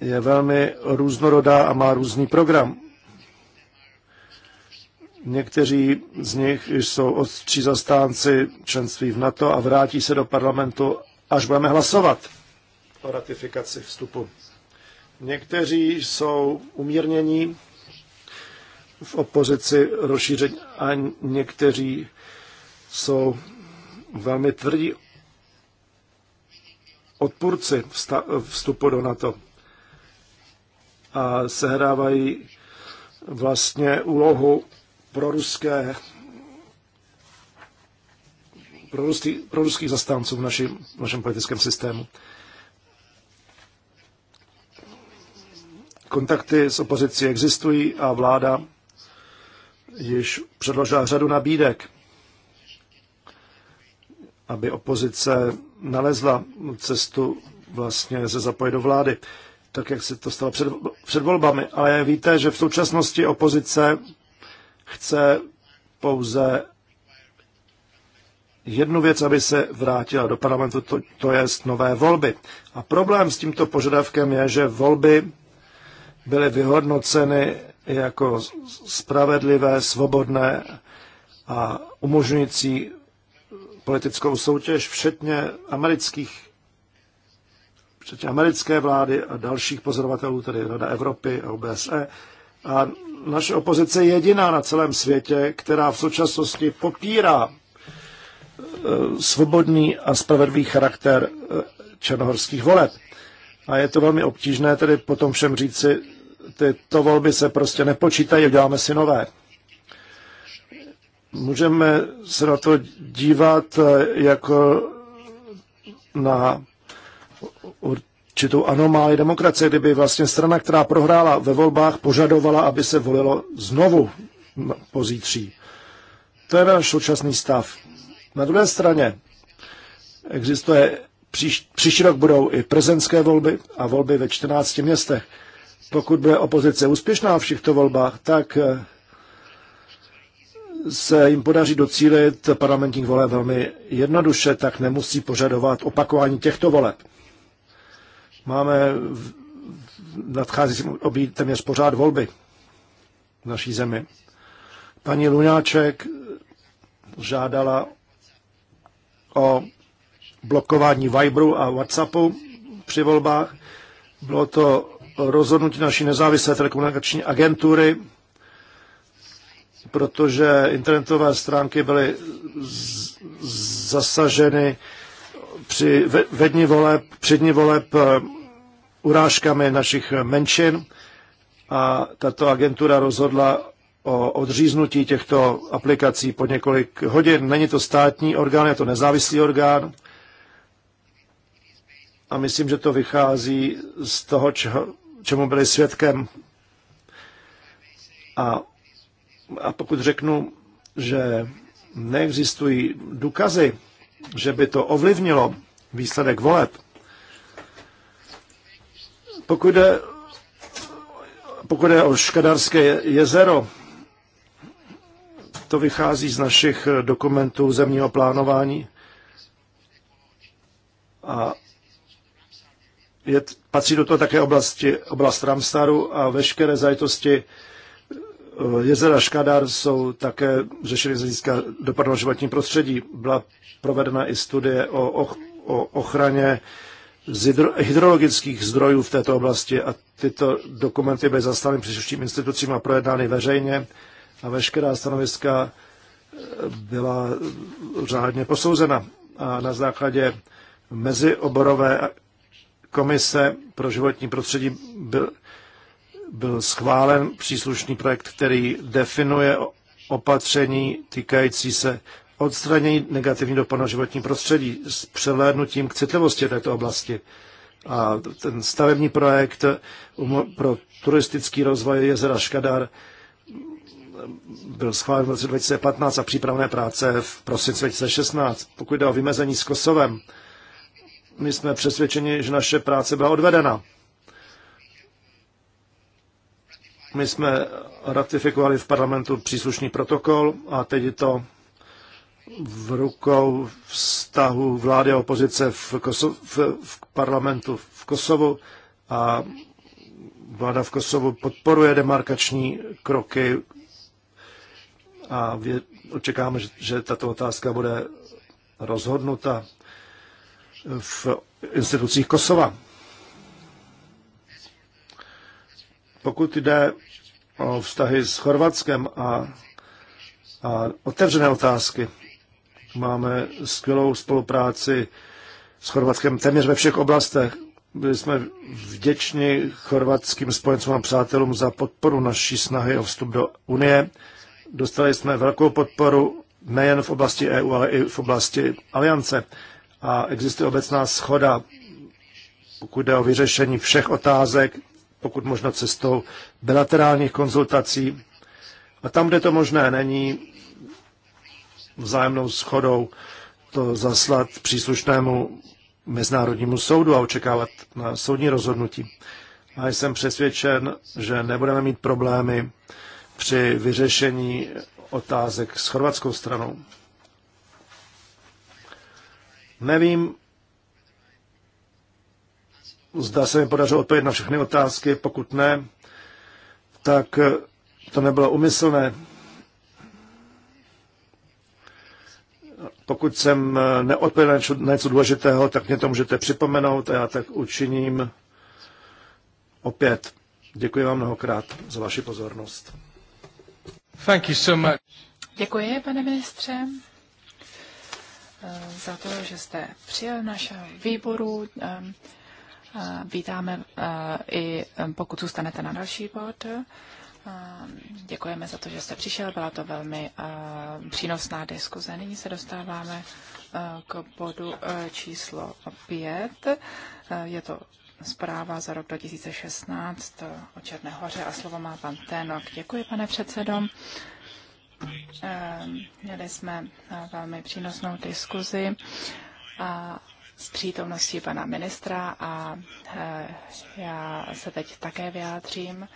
je velmi různorodá a má různý program. Někteří z nich jsou odstří zastánci členství v NATO a vrátí se do parlamentu, až budeme hlasovat o ratifikaci vstupu. Někteří jsou umírnění v opozici rozšíření a někteří jsou velmi tvrdí odpůrci vstupu do NATO a sehrávají vlastně úlohu proruské pro ruský zastánců v, naši, v našem politickém systému. Kontakty s opozicí existují a vláda již předložila řadu nabídek, aby opozice nalezla cestu vlastně ze zapojit do vlády, tak jak se to stalo před, před volbami. Ale víte, že v současnosti opozice chce pouze jednu věc, aby se vrátila do parlamentu, to, to je nové volby. A problém s tímto požadavkem je, že volby byly vyhodnoceny jako spravedlivé, svobodné a umožňující politickou soutěž, včetně amerických americké vlády a dalších pozorovatelů, tedy Rada Evropy a OBSE, a naše opozice je jediná na celém světě, která v současnosti popírá e, svobodný a spravedlivý charakter e, černohorských voleb. A je to velmi obtížné tedy potom všem říci, tyto volby se prostě nepočítají, uděláme si nové. Můžeme se na to dívat e, jako na určitou anomálii demokracie, kdyby vlastně strana, která prohrála ve volbách, požadovala, aby se volilo znovu pozítří. To je náš současný stav. Na druhé straně existuje, příš, příští rok budou i prezenské volby a volby ve 14 městech. Pokud bude opozice úspěšná v těchto volbách, tak eh, se jim podaří docílit parlamentních voleb velmi jednoduše, tak nemusí požadovat opakování těchto voleb. Máme v nadchází obí, téměř pořád volby v naší zemi. Paní Lunáček žádala o blokování Viberu a Whatsappu při volbách. Bylo to rozhodnutí naší nezávislé telekomunikační agentury, protože internetové stránky byly zasaženy při ve, ve dní voleb, při dní voleb eh, urážkami našich menšin a tato agentura rozhodla o odříznutí těchto aplikací po několik hodin. Není to státní orgán, je to nezávislý orgán. A myslím, že to vychází z toho, čeho, čemu byli svědkem. A, a pokud řeknu, že neexistují důkazy, že by to ovlivnilo výsledek voleb, pokud jde, pokud jde o Škadarské jezero, to vychází z našich dokumentů zemního plánování a je, patří do toho také oblasti, oblast Ramstaru a veškeré zajitosti eh, jezera Škadar jsou také řešeny z hlediska dopadu životní prostředí. Byla provedena i studie o, o, o ochraně z hydrologických zdrojů v této oblasti a tyto dokumenty byly zastaveny příslušným institucím a projednány veřejně a veškerá stanoviska eh, byla řádně posouzena. A na základě mezioborové komise pro životní prostředí byl, byl schválen příslušný projekt, který definuje opatření týkající se odstranění negativní dopadu na životní prostředí s převlédnutím k citlivosti této oblasti. A ten stavební projekt pro turistický rozvoj jezera Škadar byl schválen v roce 2015 a přípravné práce v prosinci 2016. Pokud jde o vymezení s Kosovem, my jsme přesvědčeni, že naše práce byla odvedena. My jsme ratifikovali v parlamentu příslušný protokol a teď je to v rukou vztahu vlády a opozice v, Koso- v, v parlamentu v Kosovu a vláda v Kosovu podporuje demarkační kroky a vě- očekáme, že, že tato otázka bude rozhodnuta v institucích Kosova. Pokud jde o vztahy s Chorvatskem a, a otevřené otázky, Máme skvělou spolupráci s Chorvatskem téměř ve všech oblastech. Byli jsme vděční chorvatským spojencům a přátelům za podporu naší snahy o vstup do Unie. Dostali jsme velkou podporu nejen v oblasti EU, ale i v oblasti aliance. A existuje obecná schoda, pokud jde o vyřešení všech otázek, pokud možno cestou bilaterálních konzultací. A tam, kde to možné není, vzájemnou schodou to zaslat příslušnému Mezinárodnímu soudu a očekávat na soudní rozhodnutí. A jsem přesvědčen, že nebudeme mít problémy při vyřešení otázek s chorvatskou stranou. Nevím, zda se mi podařilo odpovědět na všechny otázky. Pokud ne, tak to nebylo umyslné. Pokud jsem eh, neodpověděl na něco důležitého, tak mě to můžete připomenout a já tak učiním opět. Děkuji vám mnohokrát za vaši pozornost. Thank you so much. Děkuji, pane ministře, eh, za to, že jste přijel našeho výboru. Eh, vítáme i pokud zůstanete na další bod. Ehm, děkujeme za to, že jste přišel. Byla to velmi ehm, přínosná diskuze. Nyní se dostáváme eh, k bodu eh, číslo 5. Eh, je to zpráva za rok 2016 o Černé hoře a slovo má pan Ténok. Děkuji, pane předsedo. Ehm, měli jsme velmi přínosnou diskuzi a s přítomností pana ministra a já se teď také vyjádřím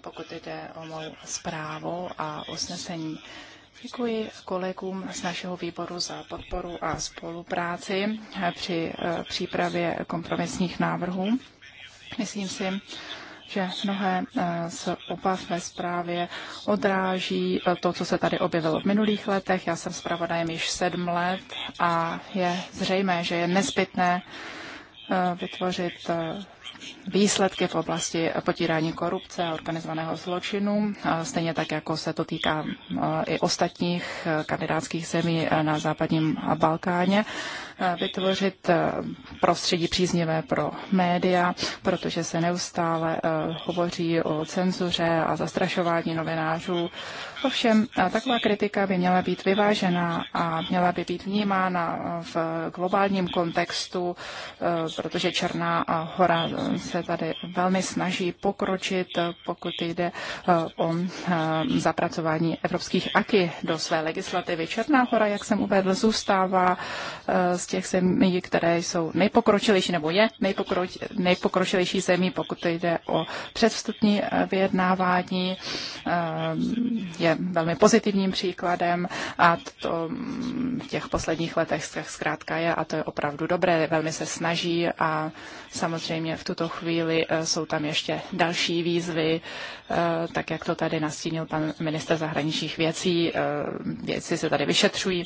pokud jde o mou zprávu a usnesení. Děkuji kolegům z našeho výboru za podporu a spolupráci při eh, přípravě kompromisních návrhů. Myslím si, že mnohé eh, z obav ve zprávě odráží eh, to, co se tady objevilo v minulých letech. Já jsem zpravodajem již sedm let a je zřejmé, že je nezbytné vytvořit výsledky v oblasti potírání korupce a organizovaného zločinu, stejně tak, jako se to týká e, i ostatních e, kandidátských zemí e, na západním Balkáně vytvořit eh, prostředí příznivé pro média, protože se neustále eh, hovoří o cenzuře a zastrašování novinářů. Ovšem, eh, taková kritika by měla být vyvážená a měla by být vnímána v globálním kontextu, protože Černá hora se tady velmi snaží pokročit, pokud jde o zapracování evropských aky do své legislativy. Černá hora, jak jsem uvedl, zůstává těch zemí, které jsou nejpokročilejší, nebo je nejpokroč, nejpokročilejší zemí, pokud jde o předvstupní eh, vyjednávání, eh, je velmi pozitivním příkladem a to mm, v těch posledních letech zkrátka je a to je opravdu dobré, velmi se snaží a samozřejmě v tuto chvíli eh, jsou tam ještě další výzvy, tak jak to tady nastínil pan minister zahraničních věcí, věci se tady vyšetřují.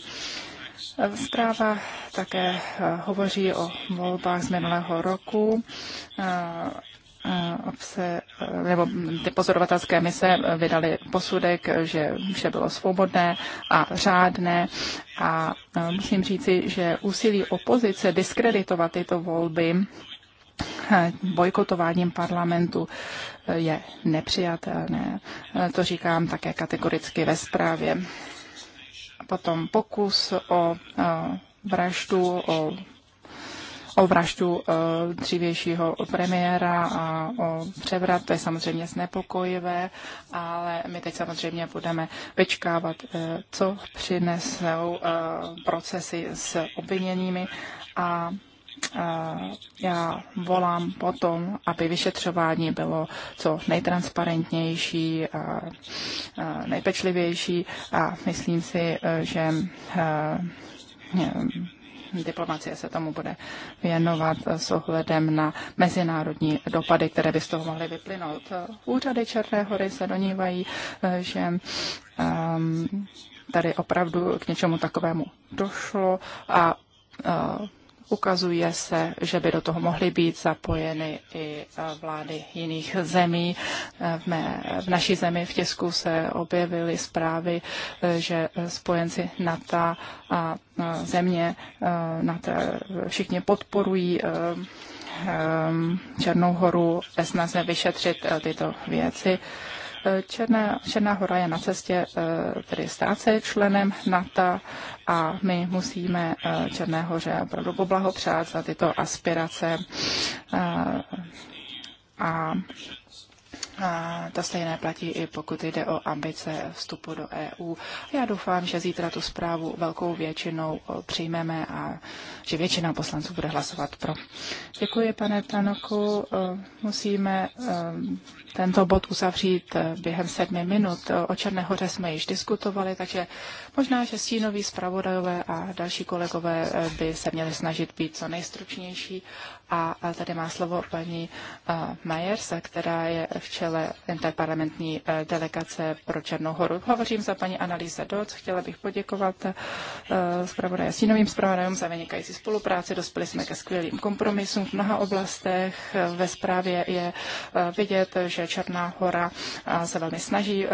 Zpráva také eh, hovoří o volbách z minulého roku eh, eh, obse, nebo ty pozorovatelské mise vydali posudek, že vše bylo svobodné a řádné a musím říci, že úsilí opozice diskreditovat tyto volby bojkotováním parlamentu je nepřijatelné. To říkám také kategoricky ve zprávě potom pokus o vraždu, o, o vraždu e, dřívějšího premiéra a o převrat. To je samozřejmě znepokojivé, ale my teď samozřejmě budeme vyčkávat, e, co přinesou e, procesy s obviněnými a já volám potom, aby vyšetřování bylo co nejtransparentnější a nejpečlivější a myslím si, že hm, diplomacie se tomu bude věnovat s ohledem na mezinárodní dopady, které by z toho mohly vyplynout. Úřady Černé hory se donívají, že hm, tady opravdu k něčemu takovému došlo a Ukazuje se, že by do toho mohly být zapojeny i eh, vlády jiných zemí. Eh, v, mé, v naší zemi v tisku se objevily zprávy, eh, že spojenci NATO a země NATO všichni podporují Černou horu ve snaze vyšetřit tyto věci. Černá, Černá hora je na cestě eh, tedy stát se členem NATO a my musíme eh, Černé hoře opravdu poblahopřát za tyto aspirace. Eh, a a to stejné platí i pokud jde o ambice vstupu do EU. Já doufám, že zítra tu zprávu velkou většinou eh, přijmeme a že většina poslanců bude hlasovat pro. Děkuji, pane Tanoku. Eh, musíme eh, tento bod uzavřít během sedmi minut. O Černé hoře jsme již diskutovali, takže možná, že stínoví zpravodajové a další kolegové by se měli snažit být co nejstručnější a tady má slovo paní Majers, která je v čele interparlamentní e, delegace pro Černou horu. Hovořím za paní Analýza Doc. Chtěla bych poděkovat e, zpravodajům, sínovým zpravodajům za vynikající spolupráci. Dospěli jsme ke skvělým kompromisům v mnoha oblastech. Ve zprávě je e, vidět, že Černá hora se velmi snaží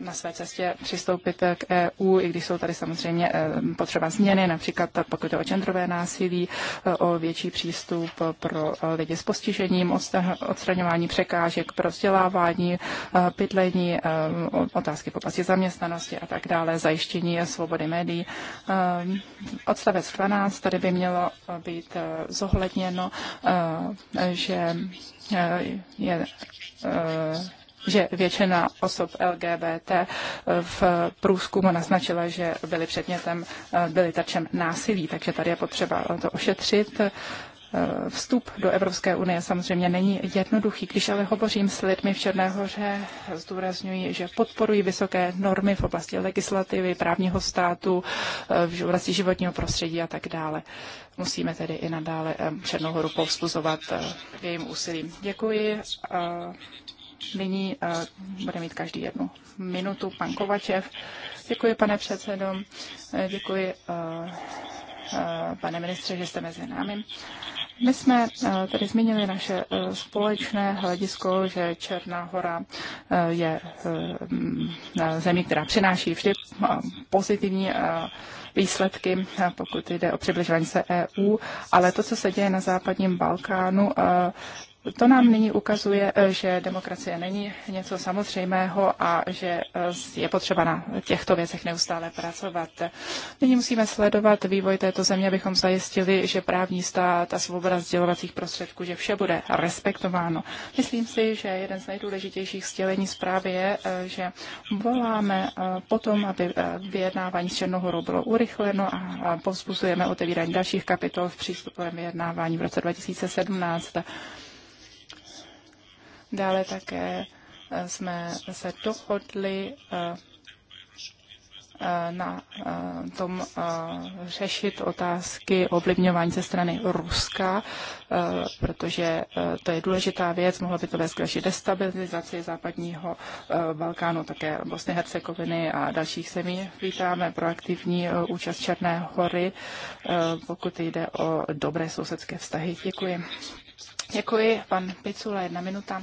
na své cestě přistoupit k EU, i když jsou tady samozřejmě potřeba změny, například pokud je o genderové násilí, o větší přístup pro eh, lidi s postižením, odstraňování překážek pro vzdělávání, eh, bydlení, eh, otázky v oblasti zaměstnanosti a tak dále, zajištění svobody médií. Odstavec 12, tady by mělo být zohledněno, že je že většina osob LGBT v průzkumu naznačila, že byly předmětem, byly terčem násilí, takže tady je potřeba to ošetřit. Eh, vstup do Evropské unie samozřejmě není jednoduchý. Když ale hovořím s lidmi v Černé hoře, zdůrazňuji, že podporují vysoké normy v oblasti legislativy, právního státu, eh, v oblasti životního prostředí a tak dále. Musíme tedy i nadále eh, Černou horu povzbuzovat jejím úsilím. Děkuji. Nyní bude mít každý jednu minutu pan Kovačev. Děkuji, pane předsedo. Děkuji, pane ministře, že jste mezi námi. My jsme eh, tady zmínili naše eh, společné hledisko, že Černá hora eh, je zemí, která přináší vždy pozitivní výsledky, pokud jde o přibližování se EU, ale to, co se děje na západním Balkánu, to nám nyní ukazuje, eh, že demokracie není něco samozřejmého a že eh, je potřeba na těchto věcech neustále pracovat. Nyní musíme sledovat vývoj této země, abychom zajistili, že právní stát a svoboda sdělovacích prostředků, že vše bude respektováno. Myslím si, že jeden z nejdůležitějších sdělení zprávy je, eh, že voláme potom, aby vyjednávání s Černohorou bylo urychleno a povzbuzujeme otevírání dalších kapitol v přístupovém vyjednávání v roce 2017. Dále také eh, jsme se dohodli eh, eh, na tom řešit otázky ovlivňování ze strany Ruska, protože to je důležitá věc, mohlo by to vést k další destabilizaci západního Balkánu, také Bosny, Hercegoviny a dalších zemí. Vítáme proaktivní účast Černé hory, pokud jde o dobré sousedské vztahy. Děkuji. Děkuji, pan Picula, jedna minuta.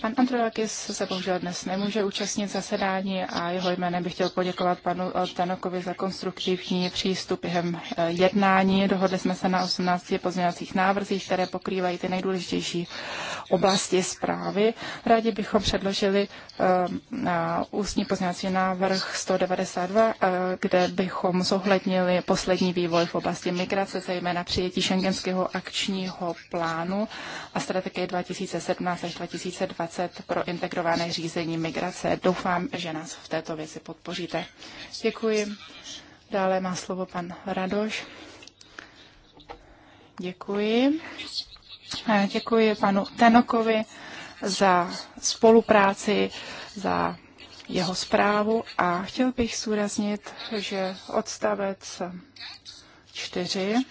pan Androlakis se bohužel dnes nemůže účastnit zasedání a jeho jménem bych chtěl poděkovat panu Tanokovi za konstruktivní přístup během eh, jednání. Dohodli jsme se na 18 pozměňovacích návrzích, které pokrývají ty nejdůležitější oblasti zprávy. Rádi bychom předložili eh, ústní pozměňovací návrh 192, eh, kde bychom zohlednili poslední vývoj v oblasti migrace, zejména přijetí šengenského akčního plánu a strategie 2017 až 2020 2020 pro integrované řízení migrace. Doufám, že nás v této věci podpoříte. Děkuji. Dále má slovo pan Radoš. Děkuji. Děkuji panu Tenokovi za spolupráci, za jeho zprávu a chtěl bych zúraznit, že odstavec 4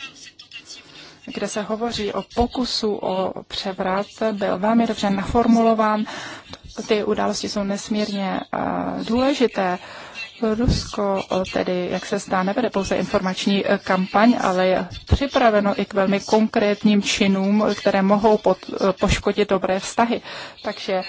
kde se hovoří o pokusu o převrat, byl velmi dobře naformulován. Ty události jsou nesmírně eh, důležité. Rusko tedy, jak se stá, nevede pouze informační e, kampaň, ale je připraveno i k velmi konkrétním činům, které mohou pod, e, poškodit dobré vztahy. Takže e,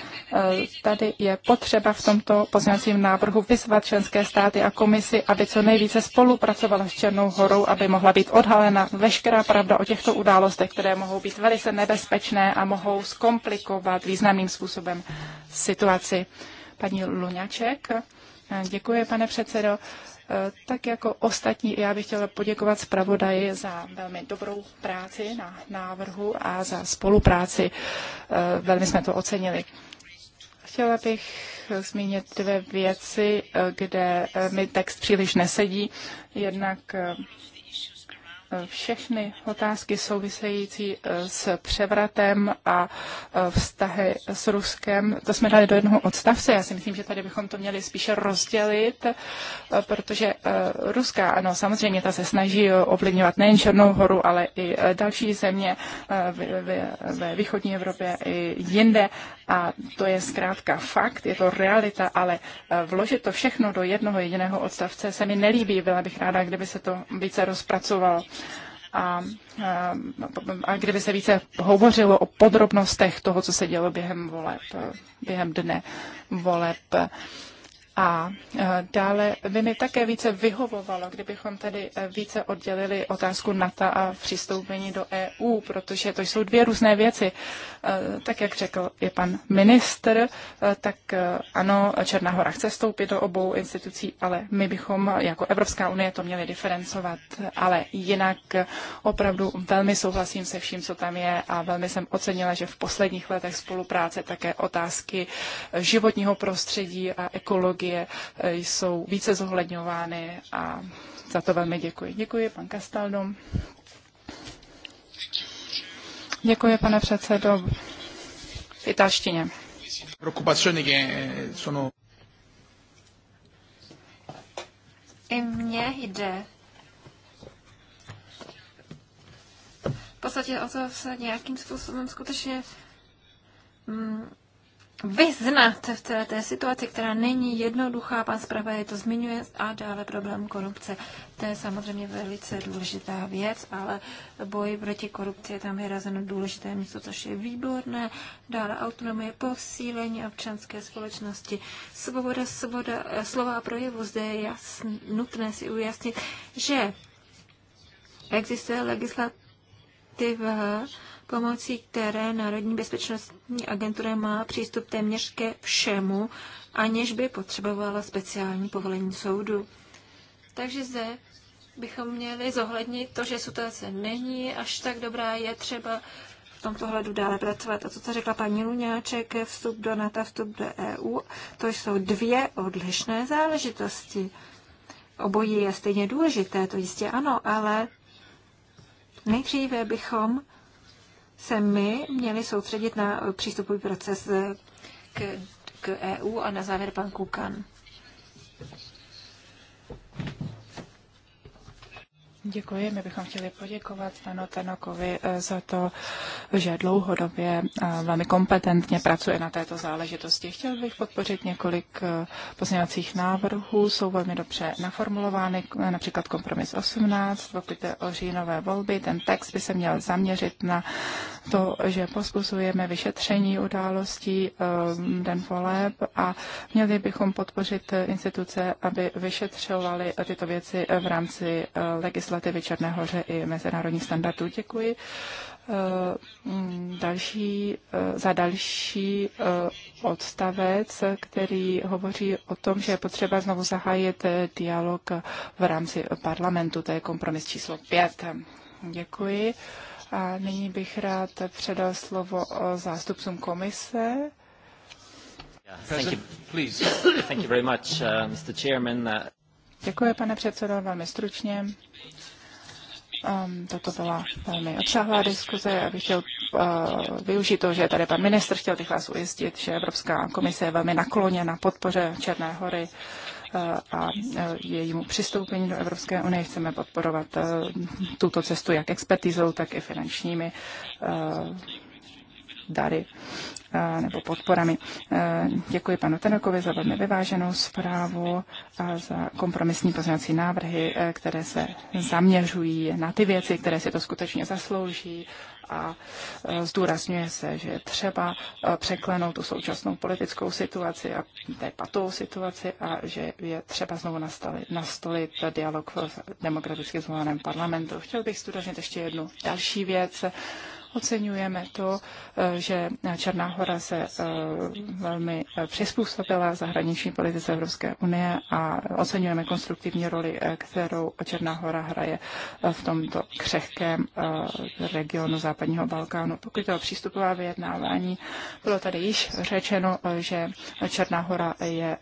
tady je potřeba v tomto pozměňovacím návrhu vyzvat členské státy a komisi, aby co nejvíce spolupracovala s Černou horou, aby mohla být odhalena veškerá pravda o těchto událostech, které mohou být velice nebezpečné a mohou zkomplikovat významným způsobem situaci. Paní Luňaček. Děkuji, pane předsedo. Eh, tak jako ostatní, já bych chtěla poděkovat zpravodaji za velmi dobrou práci na návrhu a za spolupráci. Eh, velmi jsme to ocenili. Chtěla bych zmínit dvě věci, eh, kde mi text příliš nesedí. Jednak všechny otázky související eh, s převratem a eh, vztahy s Ruskem, to jsme dali do jednoho odstavce. Já si myslím, že tady bychom to měli spíše rozdělit, eh, protože Ruska, ano, samozřejmě ta se snaží ovlivňovat nejen Černou horu, ale i další země ve východní Evropě i jinde. A to je zkrátka fakt, je to realita, ale vložit to všechno do jednoho jediného odstavce se mi nelíbí. Byla bych ráda, kdyby se to více rozpracovalo a, a kdyby se více hovořilo o podrobnostech toho, co se dělo během voleb, během dne voleb. A e, dále by mi také více vyhovovalo, kdybychom tedy e, více oddělili otázku NATO a přistoupení do EU, protože to jsou dvě různé věci. E, tak jak řekl i pan ministr, tak ano, Černá hora chce vstoupit do obou institucí, ale my bychom jako Evropská unie to měli diferencovat. Ale jinak opravdu velmi souhlasím se vším, co tam je a velmi jsem ocenila, že v posledních letech spolupráce také otázky životního prostředí a ekologie energie eh, jsou více zohledňovány a za to velmi děkuji. Děkuji, pan Kastaldom. Děkuji, pane předsedo. V italštině. Eh, I mně jde v podstatě o to se nějakým způsobem skutečně mm, vyznat v celé té situaci, která není jednoduchá. Pan zpravodaj to zmiňuje a dále problém korupce. To je samozřejmě velice důležitá věc, ale boj proti korupci je tam vyrazeno důležité místo, což je výborné. Dále autonomie, posílení občanské společnosti, svoboda, svoboda slova a projevu. Zde je jasn, nutné si ujasnit, že existuje legislativa, pomocí které Národní bezpečnostní agentura má přístup téměř ke všemu, aniž by potřebovala speciální povolení soudu. Takže zde bychom měli zohlednit to, že situace není až tak dobrá, je třeba v tomto hledu dále pracovat. A co to řekla paní Luňáček, vstup do NATO, vstup do EU, to jsou dvě odlišné záležitosti. Obojí je stejně důležité, to jistě ano, ale nejdříve bychom se my měli soustředit na přístupový proces eh, k, k EU a na závěr pan Kukan. Děkuji. My bychom chtěli poděkovat panu Tenokovi eh, za to, že dlouhodobě eh, velmi kompetentně pracuje na této záležitosti. Chtěl bych podpořit několik eh, pozměňovacích návrhů. Jsou velmi dobře naformulovány, například kompromis 18, pokud jde o říjnové volby. Ten text by se měl zaměřit na to, že poskusujeme vyšetření událostí den voleb a měli bychom podpořit instituce, aby vyšetřovaly tyto věci v rámci legislativy legislativy Černé hoře i mezinárodních standardů. Děkuji. E, mm, další, e, za další e, odstavec, který hovoří o tom, že je potřeba znovu zahájit dialog v rámci parlamentu. To je kompromis číslo 5. Děkuji. A nyní bych rád předal slovo zástupcům komise. Uh, uh, Děkuji, pane předsedo, velmi stručně. Um, toto byla velmi obsáhlá diskuze. Já bych chtěl uh, využít to, že tady pan ministr, chtěl bych vás ujistit, že Evropská komise je velmi nakloněna podpoře Černé hory uh, a uh, jejímu přistoupení do Evropské unie. Chceme podporovat uh, tuto cestu jak expertizou, tak i finančními uh, dary eh, nebo podporami. Eh, děkuji panu Tenokovi za velmi vyváženou zprávu a za kompromisní pozměňovací návrhy, eh, které se zaměřují na ty věci, které si to skutečně zaslouží a zdůrazňuje se, že je třeba překlenout tu současnou politickou situaci a té patovou situaci a že je třeba znovu nastavit, nastolit dialog v demokraticky zvoleném parlamentu. Chtěl bych zdůraznit ještě jednu další věc Oceňujeme to, eh, že Černá hora se eh, velmi eh, přizpůsobila zahraniční politice Evropské unie a oceňujeme konstruktivní roli, kterou Černá hora hraje v tomto křehkém regionu západního Balkánu. Pokud to přístupová vyjednávání, bylo tady již řečeno, že Černá hora je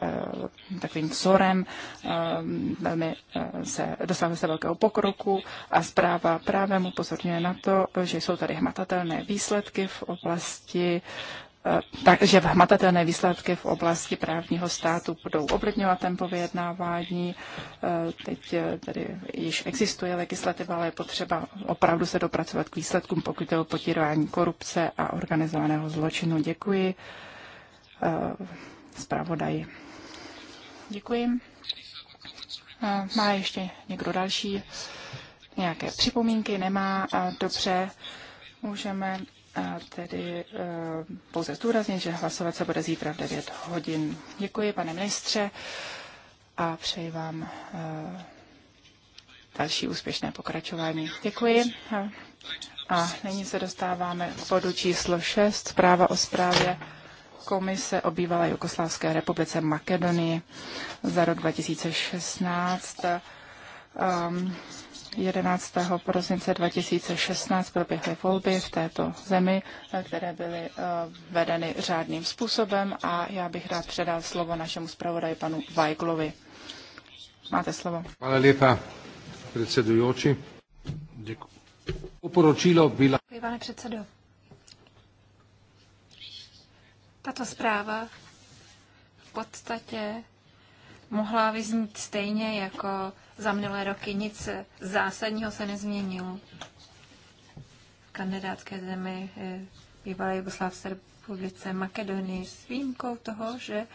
takovým vzorem, velmi se dostáváme se velkého pokroku a zpráva právě pozorňuje na to, že jsou tady hmat hmatatelné výsledky v oblasti eh, takže hmatatelné výsledky v oblasti právního státu budou ovlivňovat tempo vyjednávání. Eh, teď eh, tady již existuje legislativa, ale je potřeba opravdu se dopracovat k výsledkům, pokud je o potírání korupce a organizovaného zločinu. Děkuji zpravodaji. Děkuji. Má ještě někdo další nějaké připomínky? Nemá. Dobře. Můžeme eh, tedy eh, pouze zdůraznit, že hlasovat se bude zítra v 9 hodin. Děkuji, pane ministře, a přeji vám eh, další úspěšné pokračování. Děkuji. A nyní se dostáváme k bodu číslo 6, zpráva o zprávě Komise o bývalé Jugoslávské republice Makedonii za rok 2016. Um, 11. prosince 2016 proběhly volby v této zemi, které byly eh, vedeny řádným způsobem a já bych rád předal slovo našemu zpravodaji panu Vajglovi. Máte slovo. Hvala lepa, předsedující. Děkuji. byla... Děkuji, pane předsedo. Tato zpráva v podstatě mohla vyznít stejně jako za minulé roky. Nic zásadního se nezměnilo. V kandidátské zemi eh, bývalé Jugoslávské republice Makedonii s výjimkou toho, že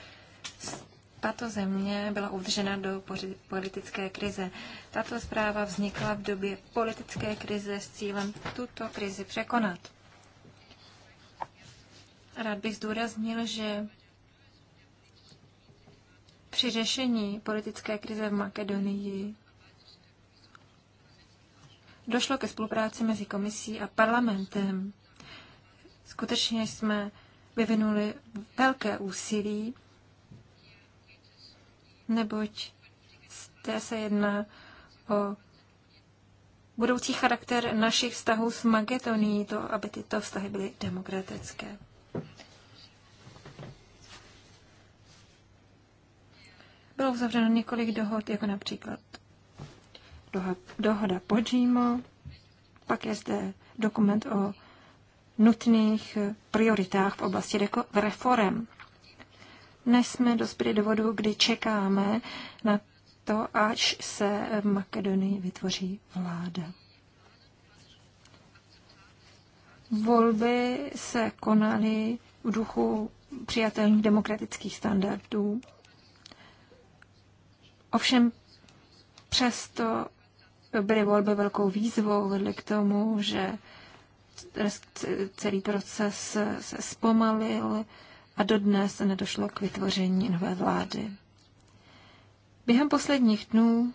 tato země byla udržena do politické krize. Tato zpráva vznikla v době politické krize s cílem tuto krizi překonat. Rád bych zdůraznil, že při řešení politické krize v Makedonii došlo ke spolupráci mezi komisí a parlamentem. Skutečně jsme vyvinuli velké úsilí, neboť zde se jedná o budoucí charakter našich vztahů s Magetonií, to, aby tyto vztahy byly demokratické. Bylo uzavřeno několik dohod, jako například dohoda Pojimo, pak je zde dokument o nutných prioritách v oblasti reform. Dnes jsme dospěli do vodu, kdy čekáme na to, až se v Makedonii vytvoří vláda. Volby se konaly v duchu přijatelných demokratických standardů Ovšem přesto byly volby velkou výzvou, vedly k tomu, že celý proces se zpomalil a dodnes nedošlo k vytvoření nové vlády. Během posledních dnů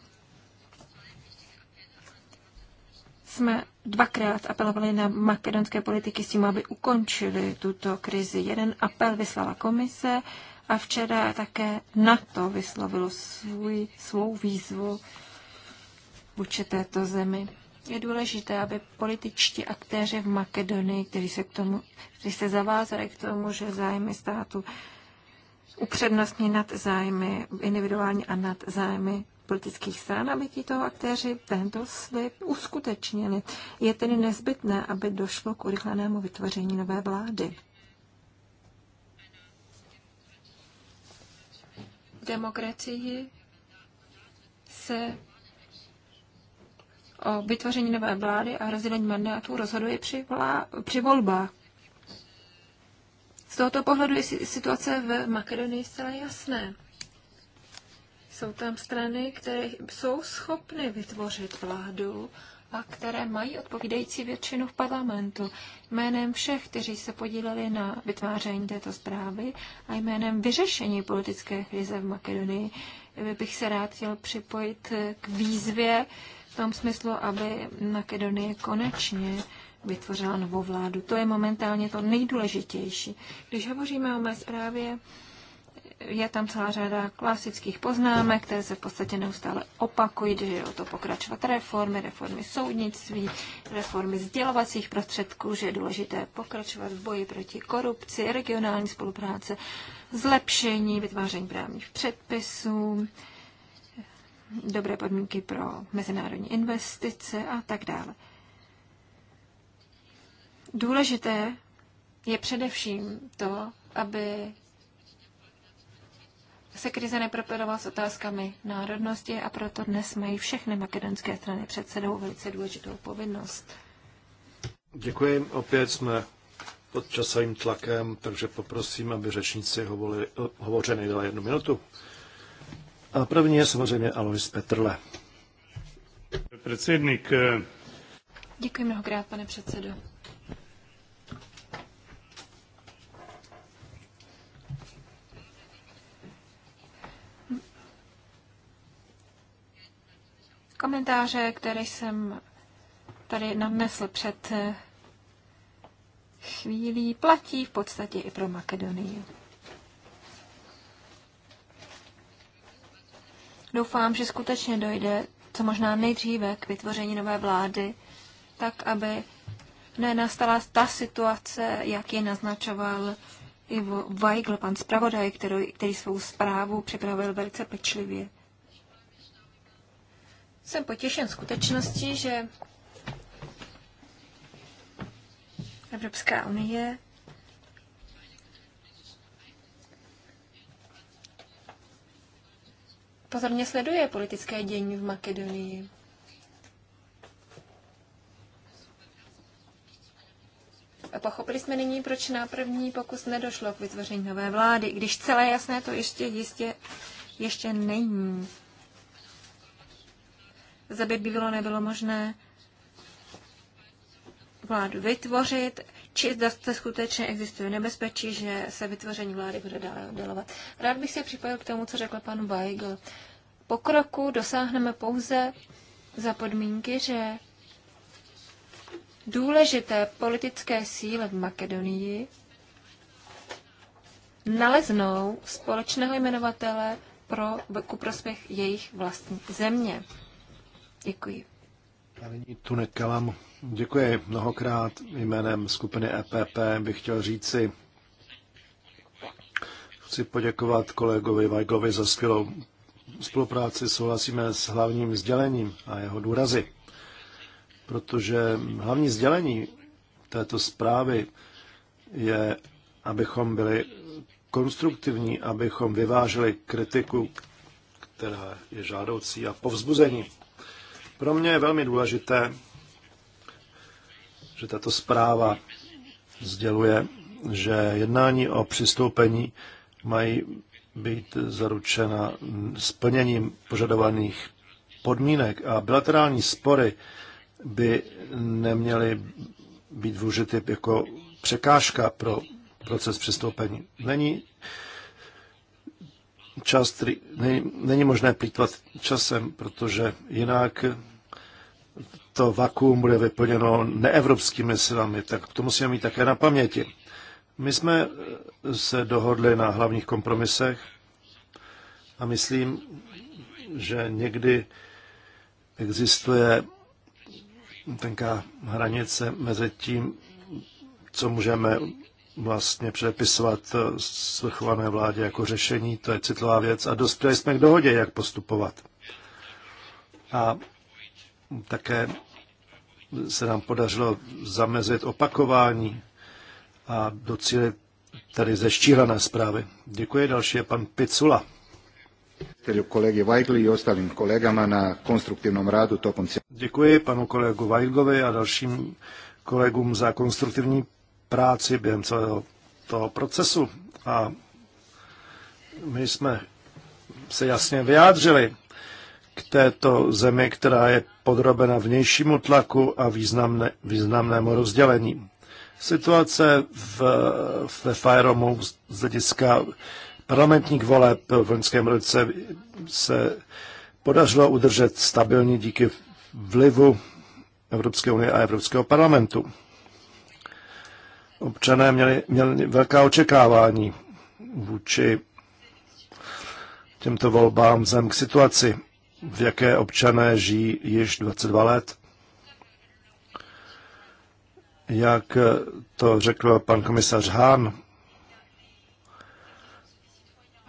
jsme dvakrát apelovali na makedonské politiky s tím, aby ukončili tuto krizi. Jeden apel vyslala komise, a včera také NATO vyslovilo svůj, svou výzvu vůči této zemi. Je důležité, aby političtí aktéři v Makedonii, kteří se, k tomu, kteří se zavázali k tomu, že zájmy státu upřednostní nad zájmy individuální a nad zájmy politických stran, aby tito aktéři tento slib uskutečnili. Je tedy nezbytné, aby došlo k urychlenému vytvoření nové vlády. demokracii se o vytvoření nové vlády a rozdělení mandátů rozhoduje při, volá, při volbách. Z tohoto pohledu je situace v Makedonii zcela jasné. Jsou tam strany, které jsou schopny vytvořit vládu a které mají odpovídající většinu v parlamentu. Jménem všech, kteří se podíleli na vytváření této zprávy a jménem vyřešení politické krize v Makedonii bych se rád chtěl připojit k výzvě v tom smyslu, aby Makedonie konečně vytvořila novou vládu. To je momentálně to nejdůležitější. Když hovoříme o mé zprávě, je tam celá řada klasických poznámek, které se v podstatě neustále opakují, že je o to pokračovat reformy, reformy soudnictví, reformy sdělovacích prostředků, že je důležité pokračovat v boji proti korupci, regionální spolupráce, zlepšení, vytváření právních předpisů, dobré podmínky pro mezinárodní investice a tak dále. Důležité je především to, aby se krize nepropadovala s otázkami národnosti a proto dnes mají všechny makedonské strany před sebou velice důležitou povinnost. Děkuji. Opět jsme pod časovým tlakem, takže poprosím, aby řečníci hovořili nejdéle jednu minutu. A první je samozřejmě Alois Petrle. Předsednik. Eh, Děkuji mnohokrát, pane předsedo. komentáře, které jsem tady nadnesl před eh, chvílí, platí v podstatě i pro Makedonii. Doufám, že skutečně dojde co možná nejdříve k vytvoření nové vlády, tak aby nenastala ta situace, jak ji naznačoval Ivo Weigl, pan zpravodaj, který, který svou zprávu připravil velice pečlivě. Jsem potěšen skutečností, že Evropská unie pozorně sleduje politické dění v Makedonii. A pochopili jsme nyní, proč na první pokus nedošlo k vytvoření nové vlády, když celé jasné to ještě jistě ještě není zda by bylo nebylo možné vládu vytvořit, či zda se skutečně existuje nebezpečí, že se vytvoření vlády bude dále oddalovat. Rád bych se připojil k tomu, co řekl pan Weigl. Pokroku dosáhneme pouze za podmínky, že důležité politické síly v Makedonii naleznou společného jmenovatele pro, ku prospěch jejich vlastní země. Děkuji. A nyní Děkuji mnohokrát jménem skupiny EPP. Bych chtěl říci, chci poděkovat kolegovi Vajgovi za skvělou spolupráci. Souhlasíme s hlavním sdělením a jeho důrazy, protože hlavní sdělení této zprávy je, abychom byli konstruktivní, abychom vyváželi kritiku, která je žádoucí a povzbuzení. Pro mě je velmi důležité, že tato zpráva sděluje, že jednání o přistoupení mají být zaručena splněním požadovaných podmínek a bilaterální spory by neměly být využity jako překážka pro proces přistoupení. Není čas, který není možné plýtvat časem, protože jinak to vakuum bude vyplněno neevropskými silami, tak to musíme mít také na paměti. My jsme eh, se dohodli na hlavních kompromisech a myslím, že někdy existuje tenká hranice mezi tím, co můžeme vlastně předepisovat svrchované vládě jako řešení, to je citlivá věc a dospěli jsme k dohodě, jak postupovat. A také se nám podařilo zamezit opakování a docílit tady zeštíhlené zprávy. Děkuji, další je pan Picula. Kolegy Weigli ostalým kolegama na konstruktivnom rádu tokom Děkuji panu kolegu Weiglovi a dalším kolegům za konstruktivní práci během celého toho procesu. A my jsme se jasně vyjádřili k této zemi, která je podrobena vnějšímu tlaku a významné, významnému rozdělení. Situace v, ve Fajromu z hlediska parlamentních voleb v loňském roce se podařilo udržet stabilní díky vlivu Evropské unie a Evropského parlamentu občané měli, měli velká očekávání vůči těmto volbám vzhledem k situaci, v jaké občané žijí již 22 let. Jak to řekl pan komisař Hahn,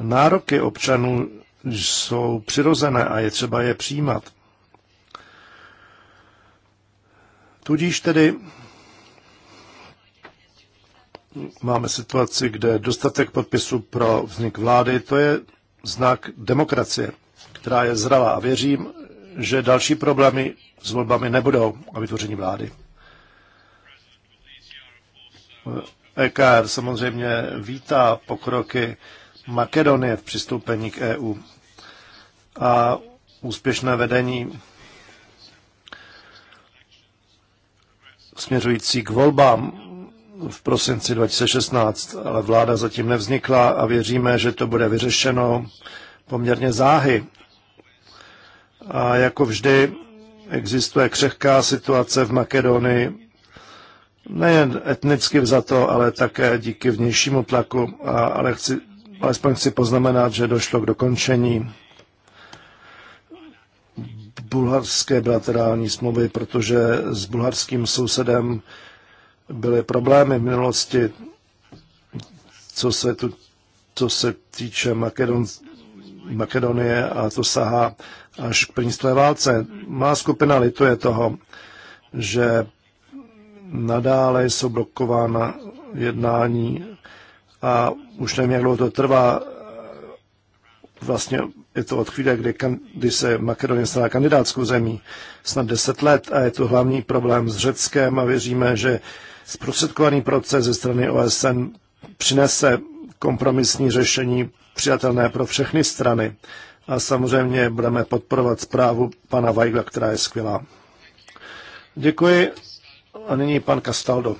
nároky občanů jsou přirozené a je třeba je přijímat. Tudíž tedy máme situaci, kde dostatek podpisů pro vznik vlády, to je znak demokracie, která je zralá. A věřím, že další problémy s volbami nebudou a vytvoření vlády. EKR samozřejmě vítá pokroky Makedonie v přistoupení k EU a úspěšné vedení směřující k volbám v prosinci 2016, ale vláda zatím nevznikla a věříme, že to bude vyřešeno poměrně záhy. A jako vždy existuje křehká situace v Makedonii, nejen etnicky vzato, ale také díky vnějšímu tlaku, a, ale chci, alespoň chci poznamenat, že došlo k dokončení bulharské bilaterální smlouvy, protože s bulharským sousedem byly problémy v minulosti, co se, tu, co se týče Makedon, Makedonie a to sahá až k prvnictvé válce. Má skupina lituje toho, že nadále jsou blokována jednání a už nevím, jak dlouho to trvá. Vlastně je to od chvíle, kdy, kdy se Makedonie stala kandidátskou zemí snad deset let a je to hlavní problém s Řeckem a věříme, že zprostředkovaný proces ze strany OSN přinese kompromisní řešení přijatelné pro všechny strany. A samozřejmě budeme podporovat zprávu pana Weigla, která je skvělá. Děkuji. A nyní pan Castaldo.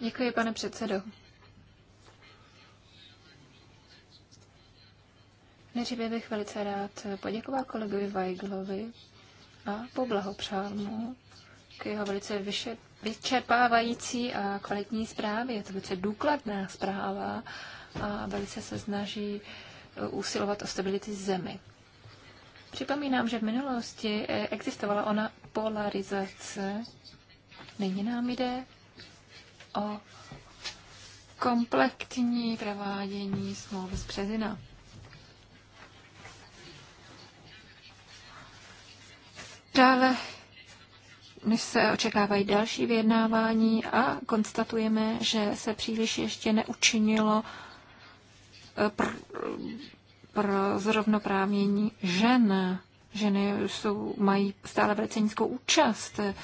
Děkuji, pane předsedo. Nejdříve bych velice rád poděkoval kolegovi Weiglovi a poblahopřál mu k jeho velice vyšet, vyčerpávající a kvalitní zprávě. Je to velice důkladná zpráva a velice se snaží eh, usilovat o stability zemi. Připomínám, že v minulosti eh, existovala ona polarizace. Nyní nám jde o komplektní provádění smlouvy z Přezina. Dále, než se očekávají další vyjednávání a konstatujeme, že se příliš ještě neučinilo eh, pro, pro zrovnoprávnění žen. Ženy jsou, mají stále velice nízkou účast eh,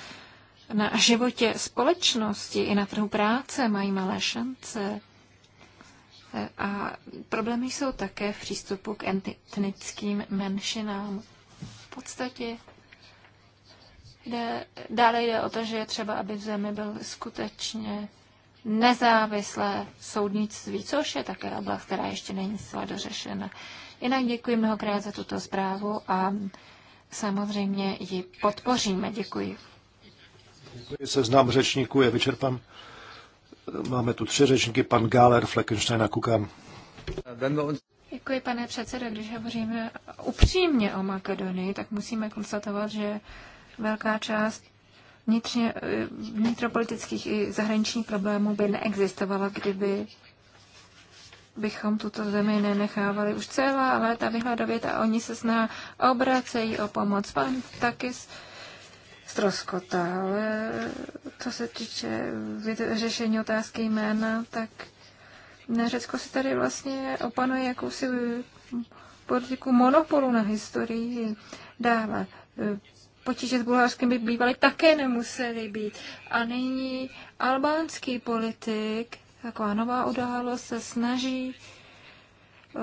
na životě společnosti i na trhu práce, mají malé šance. Eh, a problémy jsou také v přístupu k etnickým menšinám. V podstatě Jde, dále jde o to, že je třeba, aby v zemi byl skutečně nezávislé soudnictví, což je také oblast, která ještě není zcela dořešena. Jinak děkuji mnohokrát za tuto zprávu a samozřejmě ji podpoříme. Děkuji. Děkuji. Seznam řečníků je vyčerpan. Máme tu tři řečníky, pan Gáler, Fleckenstein a Kukan. Děkuji, pane předsedo. Když hovoříme upřímně o Makedonii, tak musíme konstatovat, že velká část vnitřně, vnitropolitických i zahraničních problémů by neexistovala, kdyby bychom tuto zemi nenechávali už celá léta vyhledovět a oni se sná obracejí o pomoc. Pan taky ale Co se týče řešení otázky jména, tak na Řecko tady vlastně opanuje jakousi politiku monopolu na historii. Dále potíže s Bulharskem by bývaly také nemusely být. A nyní albánský politik, taková nová událost, se snaží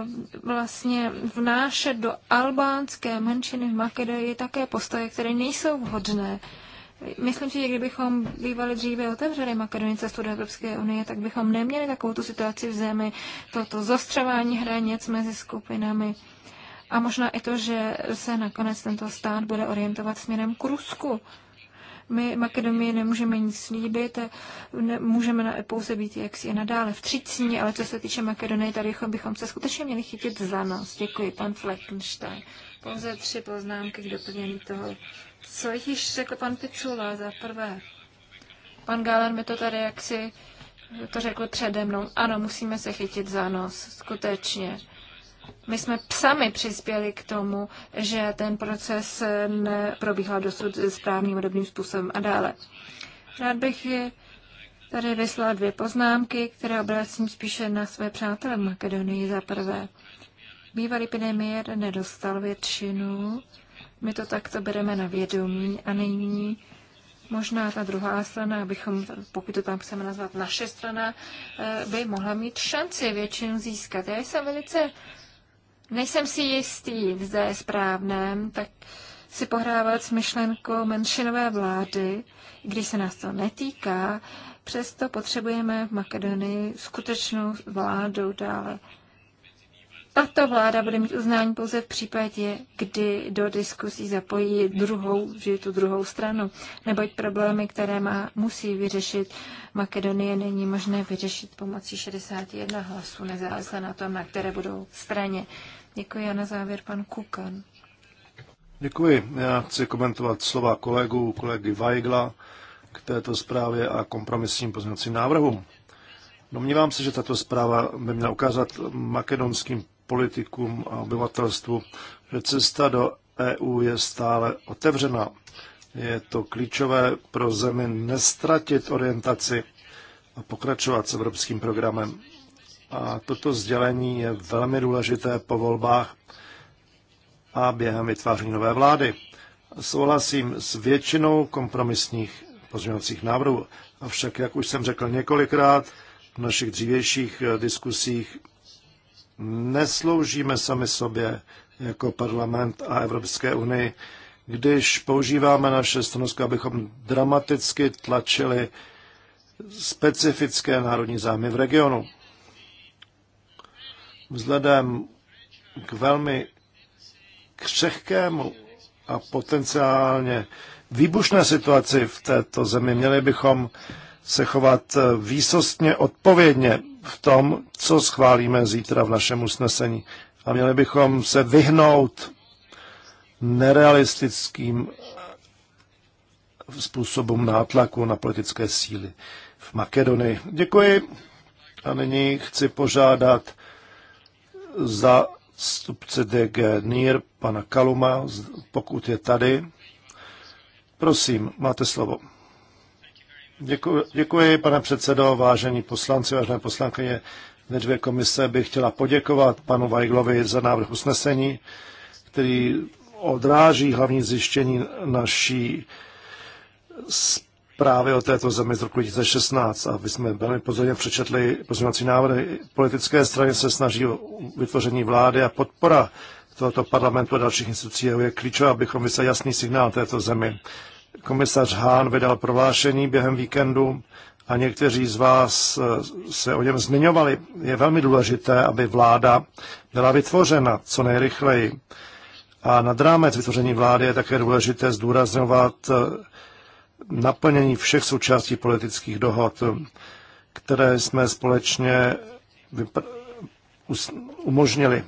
um, vlastně vnášet do albánské menšiny v Makedonii také postoje, které nejsou vhodné. Myslím si, že kdybychom bývali dříve otevřeli Makedonii cestu do Evropské unie, tak bychom neměli takovou tu situaci v zemi, toto zostřování hranic mezi skupinami. A možná i to, že se nakonec tento stát bude orientovat směrem k Rusku. My Makedonii nemůžeme nic slíbit, ne, můžeme pouze být jaksi i nadále v třicíně, ale co se týče Makedonie, tady bychom se skutečně měli chytit za nás. Děkuji, pan Fleckenstein. Pouze tři poznámky k doplnění toho, co již řekl pan Picula za prvé. Pan Gálen mi to tady jaksi to řekl přede mnou. Ano, musíme se chytit za nos, skutečně. My jsme sami přispěli k tomu, že ten proces neprobíhá eh, dosud správným podobným způsobem a dále. Rád bych tady vyslal dvě poznámky, které obracím spíše na své přátelé v Makedonii za prvé. Bývalý premiér nedostal většinu, my to takto bereme na vědomí a nyní možná ta druhá strana, abychom, pokud to tam chceme nazvat naše strana, eh, by mohla mít šanci většinu získat. Já jsem velice Nejsem si jistý, zda je správném, tak si pohrávat s myšlenkou menšinové vlády, když se nás to netýká, přesto potřebujeme v Makedonii skutečnou vládu dále. Tato vláda bude mít uznání pouze v případě, kdy do diskusí zapojí druhou, že tu druhou stranu, neboť problémy, které má, musí vyřešit Makedonie, není možné vyřešit pomocí 61 hlasů, nezávisle na tom, na které budou straně. Děkuji a na závěr pan Kukan. Děkuji. Já chci komentovat slova kolegů, kolegy Weigla k této zprávě a kompromisním pozměňovacím návrhům. Domnívám se, že tato zpráva by měla ukázat makedonským politikům a obyvatelstvu, že cesta do EU je stále otevřená. Je to klíčové pro zemi nestratit orientaci a pokračovat s evropským programem. A toto sdělení je velmi důležité po volbách a během vytváření nové vlády. Souhlasím s většinou kompromisních pozměňovacích návrhů, avšak, jak už jsem řekl několikrát v našich dřívějších eh, diskusích, nesloužíme sami sobě jako parlament a Evropské unii, když používáme naše stanovisko, abychom dramaticky tlačili specifické národní zájmy v regionu. Vzhledem k velmi křehkému a potenciálně výbušné situaci v této zemi, měli bychom se chovat výsostně odpovědně v tom, co schválíme zítra v našem usnesení. A měli bychom se vyhnout nerealistickým způsobům nátlaku na politické síly v Makedonii. Děkuji. A nyní chci požádat stupce DG NIR, pana Kaluma, pokud je tady. Prosím, máte slovo. Děkuji, děkuji pane předsedo, vážení poslanci, vážené poslankyně. Hned dvě komise bych chtěla poděkovat panu Vajglovi za návrh usnesení, který odráží hlavní zjištění naší právě o této zemi z roku 2016 a my jsme velmi pozorně přečetli pozměňovací návrhy. Politické strany se snaží o vytvoření vlády a podpora tohoto parlamentu a dalších institucí je klíčová, abychom vysel jasný signál této zemi. Komisař Hán vydal prohlášení během víkendu a někteří z vás eh, se o něm zmiňovali. Je velmi důležité, aby vláda byla vytvořena co nejrychleji. A nad rámec vytvoření vlády je také důležité zdůrazňovat eh, naplnění všech součástí politických dohod, které jsme společně umožnili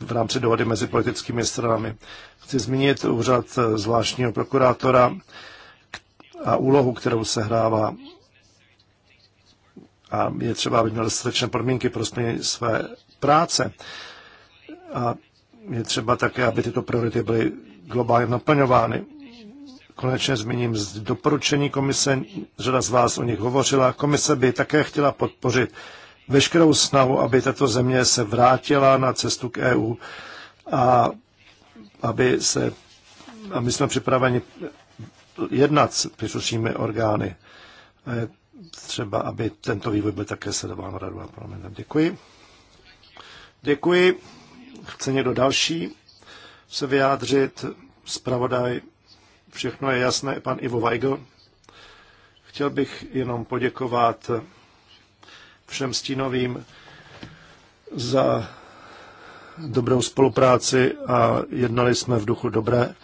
v rámci dohody mezi politickými stranami. Chci zmínit úřad zvláštního prokurátora a úlohu, kterou se hrává. A je třeba, aby měl dostatečné podmínky pro splnění své práce. A je třeba také, aby tyto priority byly globálně naplňovány. Konečně zmíním z doporučení komise, řada z vás o nich hovořila. Komise by také chtěla podpořit veškerou snahu, aby tato země se vrátila na cestu k EU a aby se, a my jsme připraveni jednat s příslušnými orgány. Třeba, aby tento vývoj byl také sledován radu a parlamentem. Děkuji. Děkuji. Chce někdo další se vyjádřit? Spravodaj všechno je jasné. Pan Ivo Weigl. Chtěl bych jenom poděkovat všem stínovým za dobrou spolupráci a jednali jsme v duchu dobré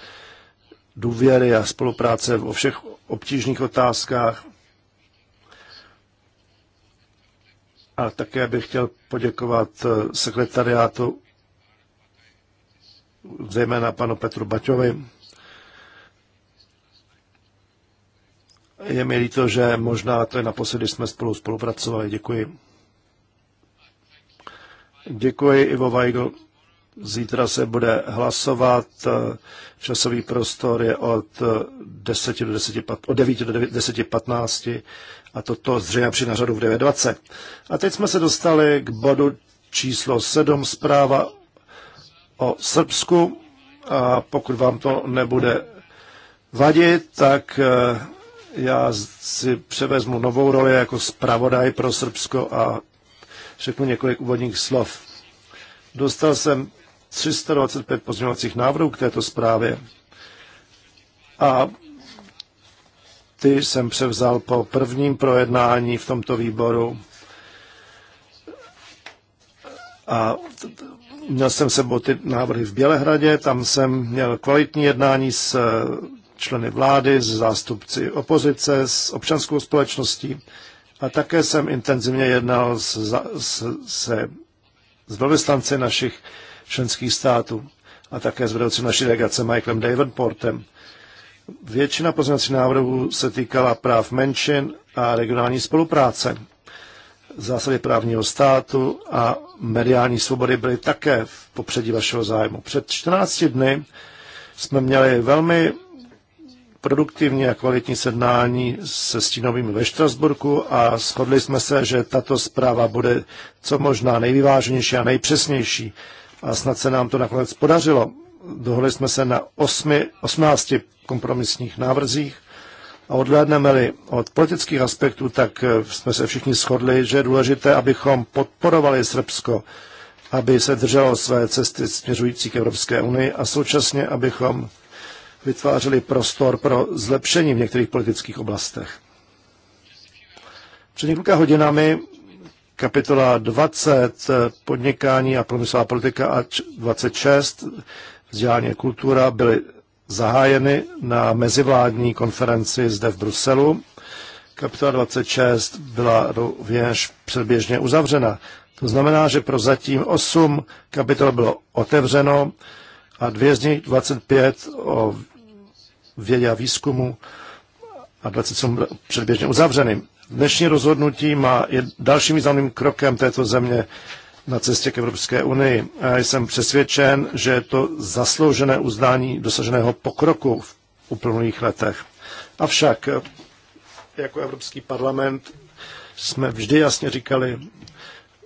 důvěry a spolupráce o všech obtížných otázkách. A také bych chtěl poděkovat eh, sekretariátu, zejména panu Petru Baťovi, Je mi líto, že možná to je naposledy, jsme spolu spolupracovali. Děkuji. Děkuji, Ivo Weigl. Zítra se bude hlasovat. Časový prostor je od 10 do 10, od 9 do 10, 15 a toto zřejmě přijde na řadu v 9.20. A teď jsme se dostali k bodu číslo 7, zpráva o Srbsku. A pokud vám to nebude vadit, tak eh, já si převezmu novou roli jako zpravodaj pro Srbsko a řeknu několik úvodních slov. Dostal jsem 325 pozměňovacích návrhů k této zprávě a ty jsem převzal po prvním projednání v tomto výboru a měl jsem sebou ty návrhy v Bělehradě, tam jsem měl kvalitní jednání s členy vlády, s zástupci opozice, s občanskou společností a také jsem intenzivně jednal s, s, se, s velvyslanci našich členských států a také s vedoucím naší delegace Michaelem Davenportem. Většina pozměňovacích návrhů se týkala práv menšin a regionální spolupráce. Zásady právního státu a mediální svobody byly také v popředí vašeho zájmu. Před 14 dny jsme měli velmi produktivní a kvalitní sednání se Stínovými ve Štrasburku a shodli jsme se, že tato zpráva bude co možná nejvyváženější a nejpřesnější. A snad se nám to nakonec podařilo. Dohodli jsme se na 8, 18 kompromisních návrzích a odhlédneme-li od politických aspektů, tak eh, jsme se všichni shodli, že je důležité, abychom podporovali Srbsko, aby se drželo své cesty směřující k Evropské unii a současně, abychom vytvářely prostor pro zlepšení v některých politických oblastech. Před několika hodinami kapitola 20 podnikání a průmyslová politika a 26 vzdělání a kultura byly zahájeny na mezivládní konferenci zde v Bruselu. Kapitola 26 byla rovněž předběžně uzavřena. To znamená, že pro zatím 8 kapitol bylo otevřeno a dvě z nich 25 o vědě a výzkumu a 27 předběžně uzavřeny. Dnešní rozhodnutí má je dalším významným krokem této země na cestě k Evropské unii. A jsem přesvědčen, že je to zasloužené uznání dosaženého pokroku v uplynulých letech. Avšak jako Evropský parlament jsme vždy jasně říkali,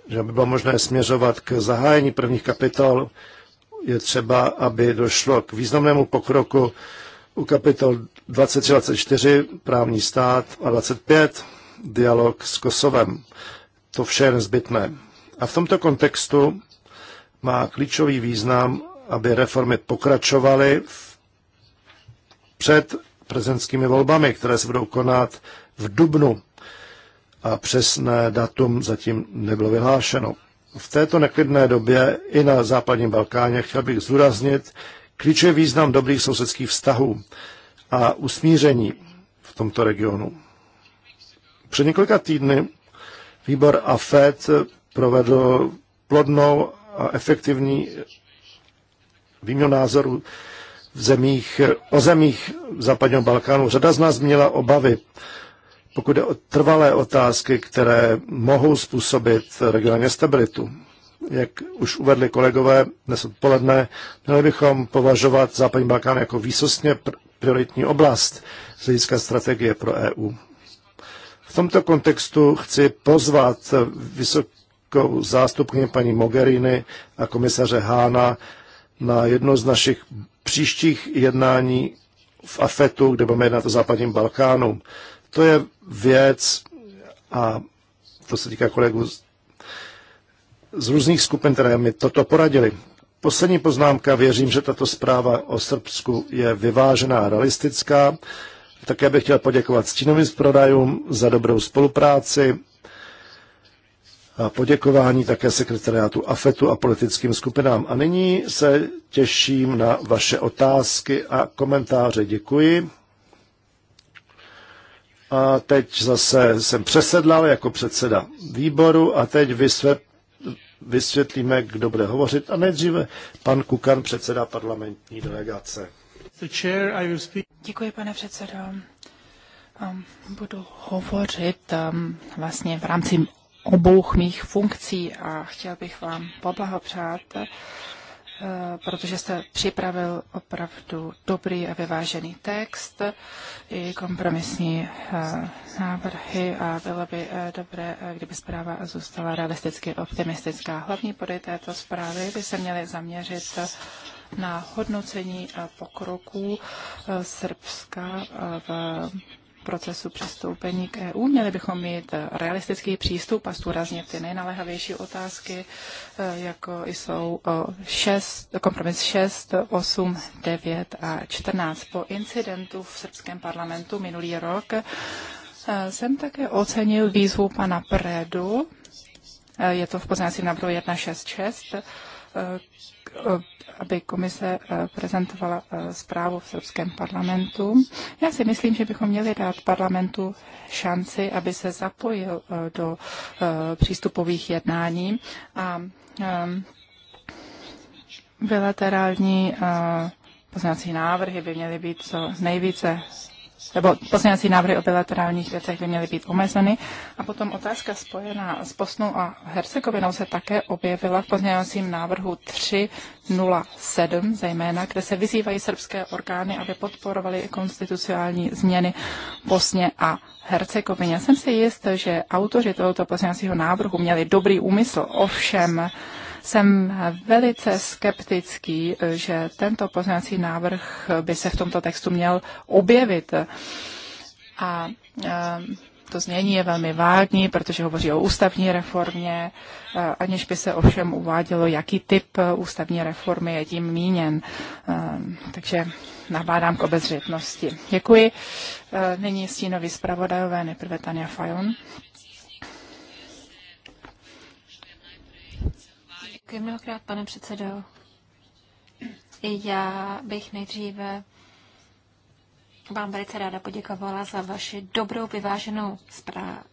že by bylo možné směřovat k zahájení prvních kapitol, je třeba, aby došlo k významnému pokroku u kapitol 2324 právní stát a 25 dialog s Kosovem. To vše je nezbytné. A v tomto kontextu má klíčový význam, aby reformy pokračovaly před prezidentskými volbami, které se budou konat v Dubnu. A přesné datum zatím nebylo vyhlášeno. V této neklidné době i na západním Balkáně chtěl bych zdůraznit, klíčový význam dobrých sousedských vztahů a usmíření v tomto regionu. Před několika týdny výbor AFED provedl plodnou a efektivní výměnu názorů v zemích, o zemích západního Balkánu. Řada z nás měla obavy, pokud je o trvalé otázky, které mohou způsobit regionální stabilitu jak už uvedli kolegové dnes odpoledne, měli bychom považovat Západní Balkán jako výsostně prioritní oblast z hlediska strategie pro EU. V tomto kontextu chci pozvat vysokou zástupkyni paní Mogherini a komisaře Hána na jedno z našich příštích jednání v AFETu, kde budeme jednat o západním Balkánu. To je věc, a to se týká kolegů z různých skupin, které mi toto poradili. Poslední poznámka, věřím, že tato zpráva o Srbsku je vyvážená a realistická. Také bych chtěl poděkovat stínovým zprodajům za dobrou spolupráci a poděkování také sekretariátu AFETu a politickým skupinám. A nyní se těším na vaše otázky a komentáře. Děkuji. A teď zase jsem přesedlal jako předseda výboru a teď vy své vysvětlíme, kdo bude hovořit. A nejdříve pan Kukan, předseda parlamentní delegace. Děkuji, pane předsedo. Um, budu hovořit um, vlastně v rámci obou mých funkcí a chtěl bych vám poblahopřát Eh, protože jste připravil opravdu dobrý a vyvážený text i kompromisní eh, návrhy a bylo by eh, dobré, kdyby zpráva zůstala realisticky optimistická. Hlavní body této zprávy by se měly zaměřit na hodnocení pokroků Srbska v procesu přistoupení k EU. Měli bychom mít realistický přístup a zdůraznit ty nejnalehavější otázky, e, jako jsou 6, kompromis 6, 8, 9 a 14. Po incidentu v srbském parlamentu minulý rok e, jsem také ocenil výzvu pana Predu, e, je to v poznacím návrhu 166, aby komise eh, prezentovala eh, zprávu v srbském parlamentu. Já si myslím, že bychom měli dát parlamentu šanci, aby se zapojil eh, do přístupových jednání a bilaterální poznací návrhy by měly být co nejvíce nebo pozměňovací návrhy o bilaterálních věcech by měly být omezeny. A potom otázka spojená s Bosnou a Hercegovinou se také objevila v pozměňovacím návrhu 307, zejména, kde se vyzývají srbské orgány, aby podporovaly konstitucionální změny Bosně a Hercegovině. Jsem si jist, že autoři tohoto pozměňovacího návrhu měli dobrý úmysl, ovšem jsem velice skeptický, že tento pozměňovací návrh by se v tomto textu měl objevit. A e, to znění je velmi vágní, protože hovoří o ústavní reformě, e, aniž by se ovšem uvádělo, jaký typ ústavní reformy je tím míněn. E, takže nabádám k obezřetnosti. Děkuji. Nyní stínový zpravodajové, nejprve Tania Fajon. Děkuji mnohokrát, pane předsedo. Já bych nejdříve vám velice ráda poděkovala za vaši dobrou vyváženou zprávu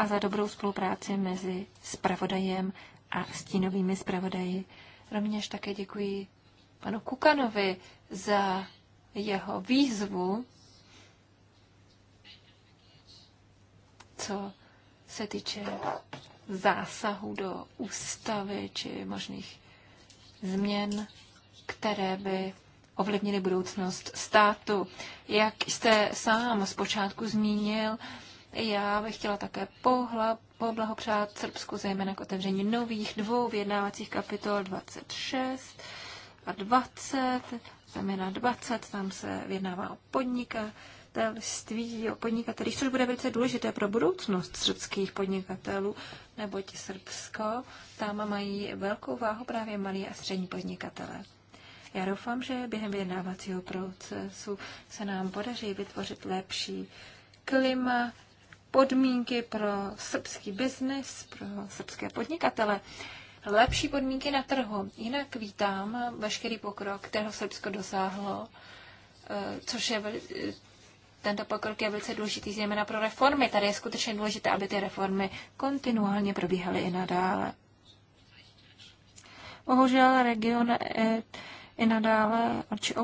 a za dobrou spolupráci mezi spravodajem a stínovými spravodaji. Rovněž také děkuji panu Kukanovi za jeho výzvu, co se týče zásahů do ústavy či možných změn, které by ovlivnily budoucnost státu. Jak jste sám zpočátku zmínil, já bych chtěla také pohla, poblahopřát Srbsku, zejména k otevření nových dvou vyjednávacích kapitol 26 a 20, zejména 20, tam se vyjednává o podnikách, podnikatelství, o podnikatelích, což bude velice důležité pro budoucnost srbských podnikatelů, neboť Srbsko, tam mají velkou váhu právě malí a střední podnikatelé. Já doufám, že během vyjednávacího procesu se nám podaří vytvořit lepší klima, podmínky pro srbský biznis, pro srbské podnikatele, lepší podmínky na trhu. Jinak vítám veškerý pokrok, kterého Srbsko dosáhlo, eh, což je tento pokrok je velice důležitý, zejména pro reformy. Tady je skutečně důležité, aby ty reformy kontinuálně probíhaly i nadále. Bohužel region eh, i nadále, či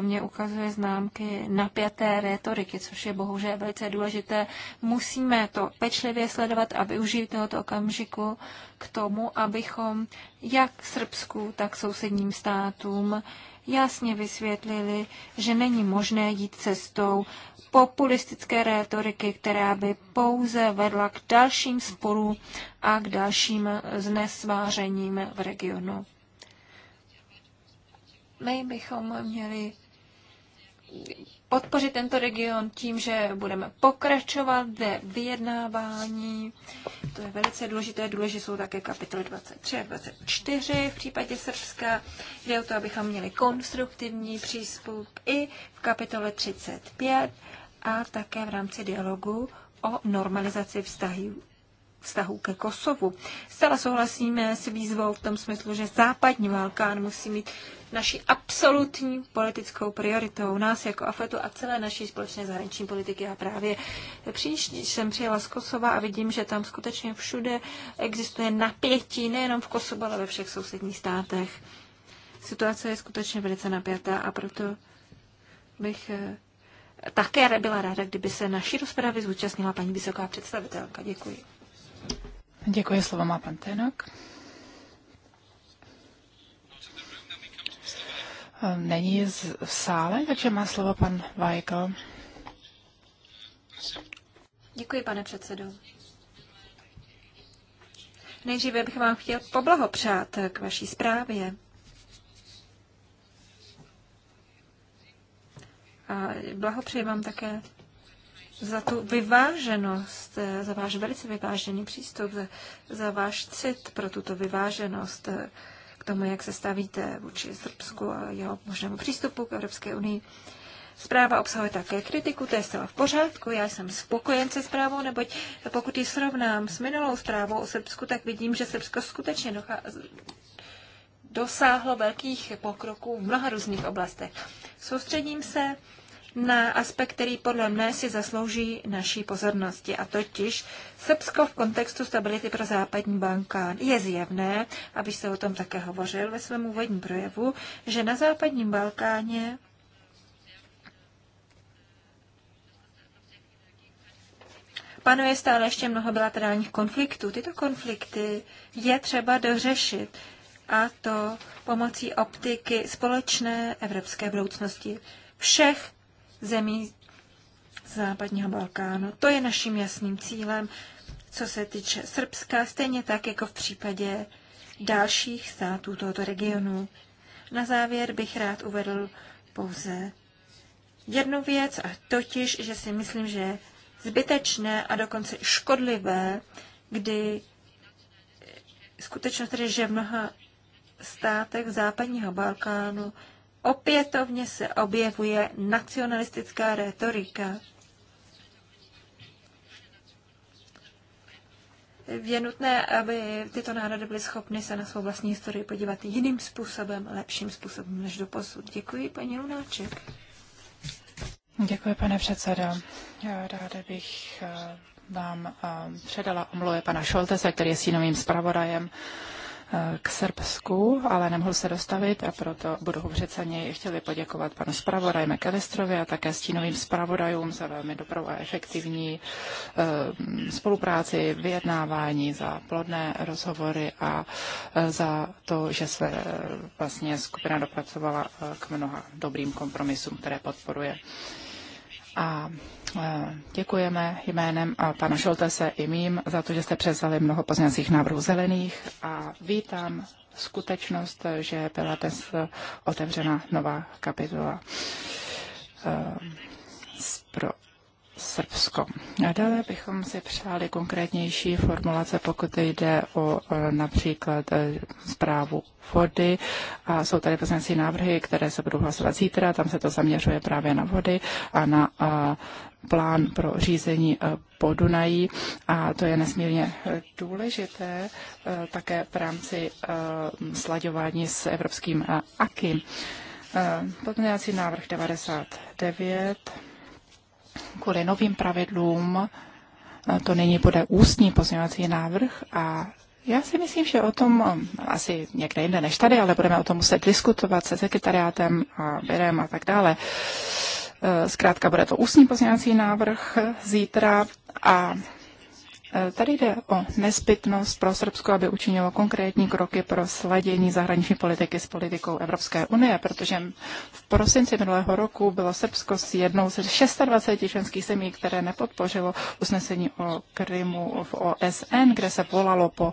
mě ukazuje známky napjaté retoriky, což je bohužel velice důležité. Musíme to pečlivě sledovat a využít tohoto okamžiku k tomu, abychom jak Srbsku, tak sousedním státům jasně vysvětlili, že není možné jít cestou populistické rétoriky, která by pouze vedla k dalším sporům a k dalším znesvářením v regionu. My bychom měli podpořit tento region tím, že budeme pokračovat ve vyjednávání. To je velice důležité. Důležité jsou také kapitoly 23 a 24 v případě Srbska. Jde o to, abychom měli konstruktivní přístup i v kapitole 35 a také v rámci dialogu o normalizaci vztahů vztahu ke Kosovu. Zcela souhlasíme s výzvou v tom smyslu, že západní Balkán musí mít naší absolutní politickou prioritou nás jako AFETu a celé naší společné zahraniční politiky. A právě příští jsem přijela z Kosova a vidím, že tam skutečně všude existuje napětí, nejenom v Kosovu, ale ve všech sousedních státech. Situace je skutečně velice napjatá a proto bych eh, také byla ráda, kdyby se naší rozpravy zúčastnila paní vysoká představitelka. Děkuji. Děkuji, slovo má pan Tenok. Není v sále, takže má slovo pan Weigl. Děkuji, pane předsedo. Nejdříve bych vám chtěl poblahopřát k vaší zprávě. A blahopřeji vám také za tu vyváženost, eh, za váš velice vyvážený přístup, za, za váš cit pro tuto vyváženost eh, k tomu, jak se stavíte vůči Srbsku a jeho možnému přístupu k Evropské unii. Zpráva obsahuje také kritiku, to je zcela v pořádku, já jsem spokojen se zprávou, neboť pokud ji srovnám s minulou zprávou o Srbsku, tak vidím, že Srbsko skutečně dosáhlo velkých pokroků v mnoha různých oblastech. Soustředím se na aspekt, který podle mne si zaslouží naší pozornosti, a totiž Srbsko v kontextu stability pro západní Balkán. Je zjevné, aby se o tom také hovořil ve svém úvodním projevu, že na západním Balkáně panuje stále ještě mnoho bilaterálních konfliktů. Tyto konflikty je třeba dořešit a to pomocí optiky společné evropské budoucnosti všech zemí západního Balkánu. To je naším jasným cílem, co se týče Srbska, stejně tak jako v případě dalších států tohoto regionu. Na závěr bych rád uvedl pouze jednu věc, a totiž, že si myslím, že zbytečné a dokonce škodlivé, kdy skutečnost, že v mnoha státech západního Balkánu opětovně se objevuje nacionalistická retorika. Je nutné, aby tyto národy byly schopny se na svou vlastní historii podívat jiným způsobem, lepším způsobem než do posud. Děkuji, paní Lunáček. Děkuji, pane předsedo. Já ráda bych eh, vám eh, předala omluvy pana Šoltese, který je sínovým zpravodajem. Eh, k Srbsku, ale nemohl se dostavit a proto budu hovořit za něj. Chtěli poděkovat panu zpravodaji McAllisterovi a také stínovým zpravodajům za velmi dobrou a efektivní eh, spolupráci, vyjednávání, za plodné rozhovory a eh, za to, že se vlastně skupina dopracovala k mnoha dobrým kompromisům, které podporuje a eh, děkujeme jménem pana Šoltese i mým za to, že jste převzali mnoho pozměňovacích návrhů zelených a vítám skutečnost, že byla dnes otevřena nová kapitola eh, pro Srbsko. A dále bychom si přáli konkrétnější formulace, pokud jde o e, například e, zprávu vody. A jsou tady poslanecí návrhy, které se budou hlasovat zítra, tam se to zaměřuje právě na vody a na a, e, plán pro řízení Podunají a to je nesmírně důležité také v rámci slaďování s evropským AKY. Pozměňovací návrh 99 kvůli novým pravidlům eh, to nyní bude ústní pozměňovací návrh a já si myslím, že o tom eh, asi někde jinde než tady, ale budeme o tom muset diskutovat se sekretariátem a Birem a tak dále. Eh, zkrátka bude to ústní pozměňovací návrh zítra a Eh, tady jde o nezbytnost pro Srbsko, aby učinilo konkrétní kroky pro sladění zahraniční politiky s politikou Evropské unie, protože v prosinci minulého roku bylo Srbsko s jednou ze 26 členských zemí, které nepodpořilo usnesení o Krymu v OSN, kde se volalo po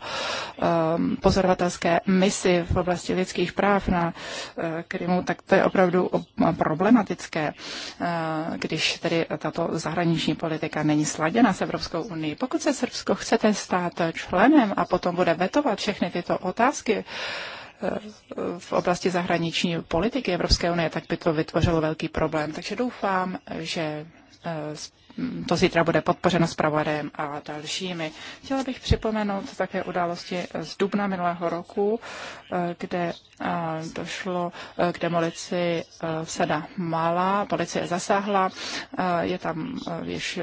um, pozorovatelské misi v oblasti lidských práv na uh, Krymu, tak to je opravdu problematické, uh, když tedy tato zahraniční politika není sladěna s Evropskou unii. Pokud se Srbsko chcete stát členem a potom bude vetovat všechny tyto otázky, eh, v oblasti zahraniční politiky Evropské unie, tak by to vytvořilo velký problém. Takže doufám, že eh, to zítra bude podpořeno zpravodajem a dalšími. Chtěla bych připomenout také události z dubna minulého roku, eh, kde eh, došlo eh, k demolici sada Mala, policie zasáhla, je tam již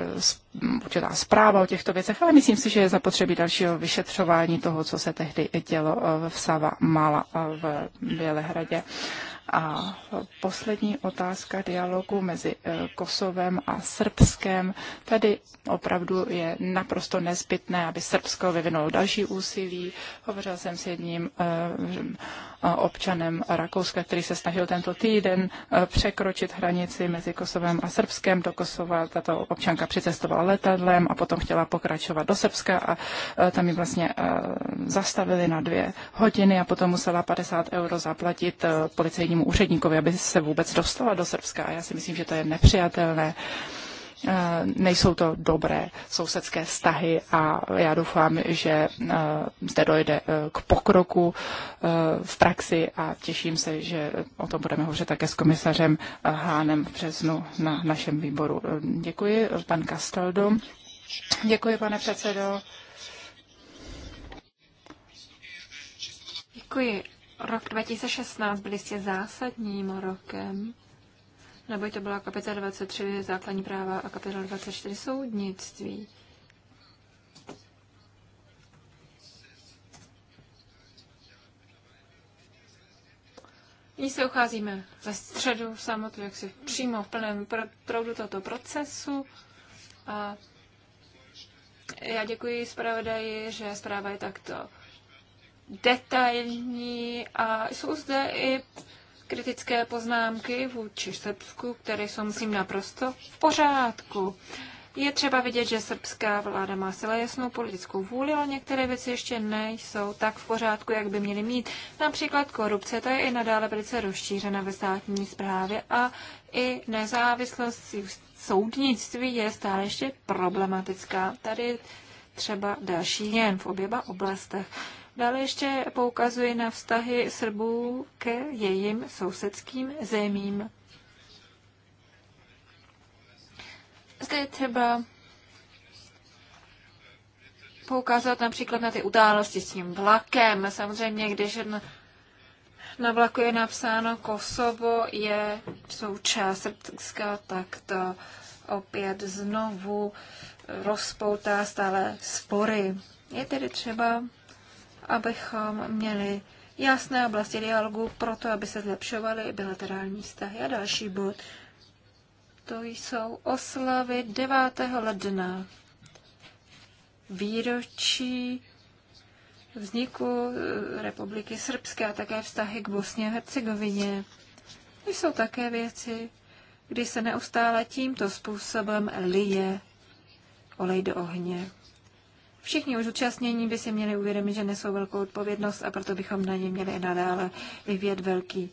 určitá zpráva o těchto věcech, ale myslím si, že je zapotřebí dalšího vyšetřování toho, co se tehdy dělo v Sava Mala v Bělehradě. A poslední otázka dialogu mezi eh, Kosovem a Srbskem. Tady opravdu je naprosto nezbytné, aby Srbsko vyvinulo další úsilí. Hovořil jsem s jedním eh, občanem Rakouska, který se snažil tento týden eh, překročit hranici mezi Kosovem a Srbskem. Do Kosova tato občanka přicestovala letadlem a potom chtěla pokračovat do Srbska a tam ji vlastně zastavili na dvě hodiny a potom musela 50 euro zaplatit policejnímu státnímu úředníkovi, aby se vůbec dostala do Srbska. já si myslím, že to je nepřijatelné. Eh, nejsou to dobré sousedské vztahy a já doufám, že eh, zde dojde eh, k pokroku v praxi a těším se, že o tom budeme hovořit také s komisařem Hánem v březnu na našem výboru. Děkuji, pan Castaldo. Děkuji, pane předsedo. Děkuji. Rok 2016 byl jistě zásadním rokem, neboť to byla kapitola 23 základní práva a kapitola 24 soudnictví. Nyní se ucházíme ve středu samotu, jak si přímo v plném proudu tohoto procesu. A já děkuji zpravodaji, že zpráva je takto detailní a jsou zde i kritické poznámky vůči Srbsku, které jsou, myslím, naprosto v pořádku. Je třeba vidět, že srbská vláda má celé jasnou politickou vůli, ale některé věci ještě nejsou tak v pořádku, jak by měly mít. Například korupce, ta je i nadále velice rozšířena ve státní zprávě a i nezávislost soudnictví je stále ještě problematická. Tady třeba další jen v oběma oblastech. Dále ještě poukazuje na vztahy Srbů ke jejím sousedským zemím. Zde je třeba poukázat například na ty události s tím vlakem. Samozřejmě, když na vlaku je napsáno Kosovo je součást Srbska, tak to opět znovu rozpoutá stále spory. Je tedy třeba abychom měli jasné oblasti dialogu pro to, aby se zlepšovaly bilaterální vztahy. A další bod, to jsou oslavy 9. ledna výročí vzniku eh, Republiky Srbské a také vztahy k Bosně a Hercegovině. To jsou také věci, kdy se neustále tímto způsobem lije olej do ohně. Všichni už účastnění by si měli uvědomit, že nesou velkou odpovědnost a proto bychom na ně měli i nadále vyvíjet velký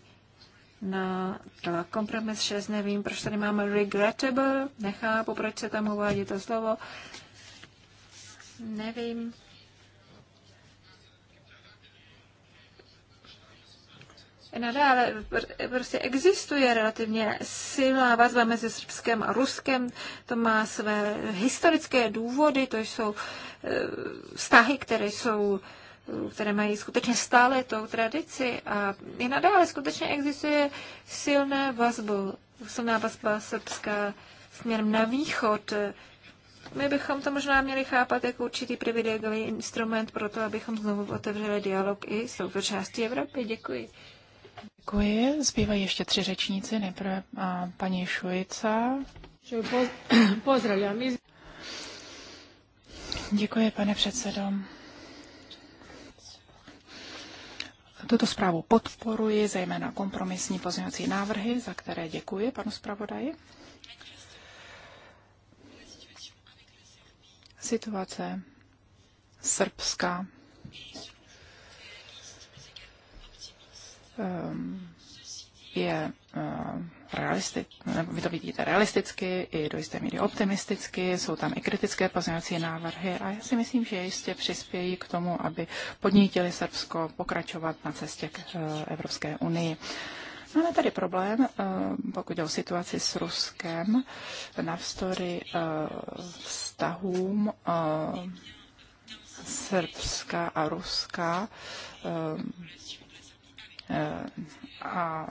na tlak. Kompromis 6, nevím, proč tady máme regrettable, nechápu, proč se tam uvádí to slovo. Nevím, nadále prostě existuje relativně silná vazba mezi Srbskem a Ruskem. To má své historické důvody, to jsou eh, vztahy, které jsou eh, které mají skutečně stále tou tradici a i nadále skutečně existuje silná vazba, silná vazba srbská směrem na východ. My bychom to možná měli chápat jako určitý privilegiový instrument pro to, abychom znovu otevřeli dialog i s touto částí Evropy. Děkuji. Děkuji. Zbývají ještě tři řečníci. Nejprve paní Šujica. Pozdravím. Děkuji, pane předsedo. Tuto zprávu podporuji, zejména kompromisní pozměňovací návrhy, za které děkuji panu zpravodaji. Situace Srbska Ehm, je eh, realistic, nebo vy to vidíte realisticky i do jisté míry optimisticky, jsou tam i kritické pozměňovací návrhy a já si myslím, že jistě přispějí k tomu, aby podnítili Srbsko pokračovat na cestě k eh, Evropské unii. Máme tady problém, eh, pokud jde o situaci s Ruskem, navzdory vztahům Srbska a Ruska Eh, a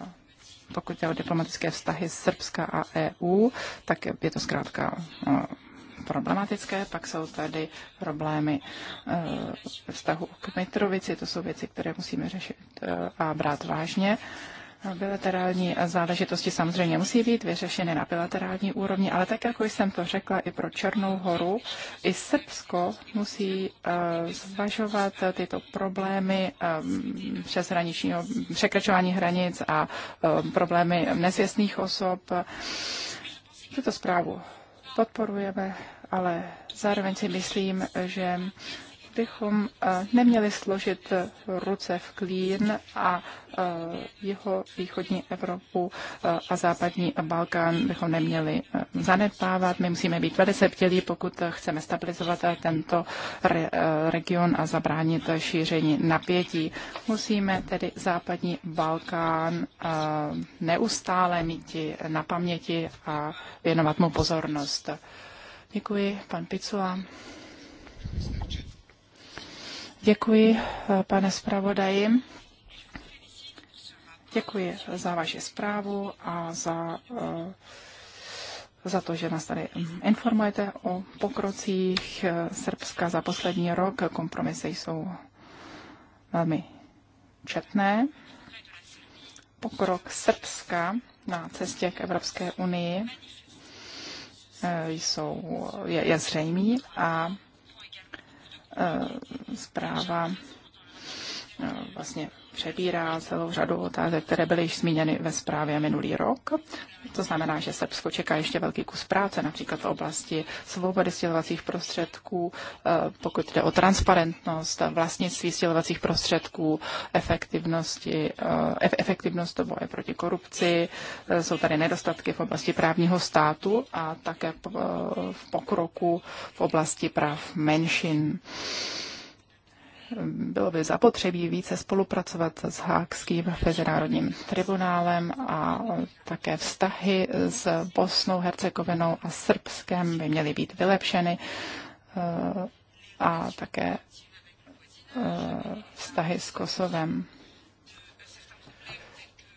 pokud jde o diplomatické vztahy Srbska a EU, tak je to zkrátka eh, problematické. Pak jsou tady problémy eh, vztahu k Mitrovici, to jsou věci, které musíme řešit a brát vážně. Bilaterální záležitosti samozřejmě musí být vyřešeny na bilaterální úrovni, ale tak, jako jsem to řekla, i pro Černou horu, i Srbsko musí uh, zvažovat tyto problémy um, eh, hraničního překračování hranic a um, problémy nesvěstných osob. Tuto zprávu podporujeme, ale zároveň si myslím, že bychom eh, neměli složit eh, ruce v klín a eh, jeho východní Evropu a západní Balkán bychom neměli zanedbávat. My musíme být velice bdělí, pokud chceme stabilizovat tento region a zabránit šíření napětí. Musíme tedy západní Balkán neustále mít na paměti a věnovat mu pozornost. Děkuji, pan Picula. Děkuji, eh, pane zpravodaji. Děkuji za vaši zprávu a za, eh, za to, že nás tady informujete o pokrocích eh, Srbska za poslední rok. Kompromisy jsou velmi četné. Pokrok Srbska na cestě k Evropské unii jsou, je, je zřejmý a Eh, zpráva eh, vlastně přebírá celou řadu otázek, které byly již zmíněny ve zprávě minulý rok. To znamená, že Srbsko čeká ještě velký kus práce, například v oblasti svobody sdělovacích prostředků, eh, pokud jde o transparentnost, vlastnictví sdělovacích prostředků, efektivnosti, eh, efektivnost boje proti korupci, eh, jsou tady nedostatky v oblasti právního státu a také v pokroku v oblasti práv menšin bylo by zapotřebí více spolupracovat s Hákským mezinárodním tribunálem a také vztahy s Bosnou, Hercegovinou a Srbskem by měly být vylepšeny eh, a také eh, vztahy s Kosovem.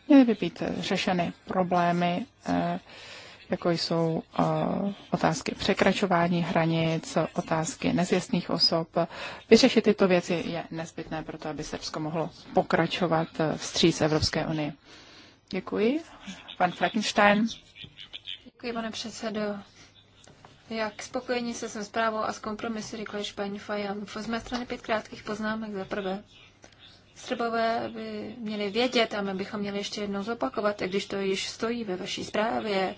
Měly by být řešeny problémy, eh, jako jsou eh, otázky překračování hranic, otázky nezjistných osob. Vyřešit tyto věci je nezbytné pro to, aby Srbsko mohlo pokračovat eh, vstříc Evropské unie. Děkuji. Pan Frankenstein. Děkuji, pane předsedo. Jak spokojení se jsem zprávou a s kompromisy, řekla již paní Fajan. Z mé strany pět krátkých poznámek za prvé. Srbové by měli vědět, a my bychom měli ještě jednou zopakovat, i když to již stojí ve vaší zprávě,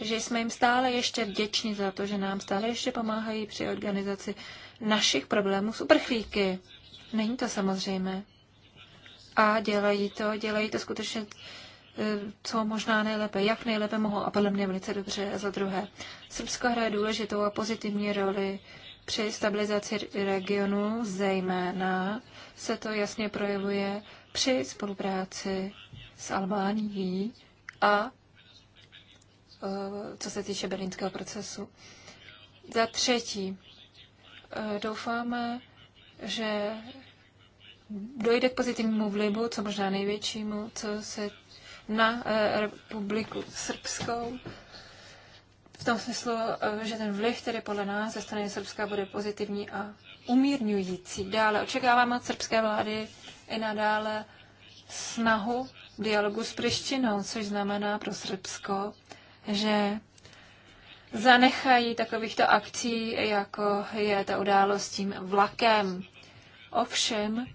že jsme jim stále ještě vděční za to, že nám stále ještě pomáhají při organizaci našich problémů s uprchlíky. Není to samozřejmé. A dělají to, dělají to skutečně eh, co možná nejlépe, jak nejlépe mohou a podle mě velice dobře. A za druhé, Srbsko hraje důležitou a pozitivní roli při stabilizaci regionu, zejména se to jasně projevuje při spolupráci s Albánií a Eh, co se týče berlínského procesu. Za třetí, eh, doufáme, že dojde k pozitivnímu vlivu, co možná největšímu, co se na eh, republiku srbskou. V tom smyslu, že ten vliv který podle nás ze strany Srbska bude pozitivní a umírňující. Dále očekáváme od srbské vlády i nadále snahu dialogu s Prištinou, což znamená pro Srbsko že zanechají takovýchto akcí, jako je ta událost tím vlakem. Ovšem,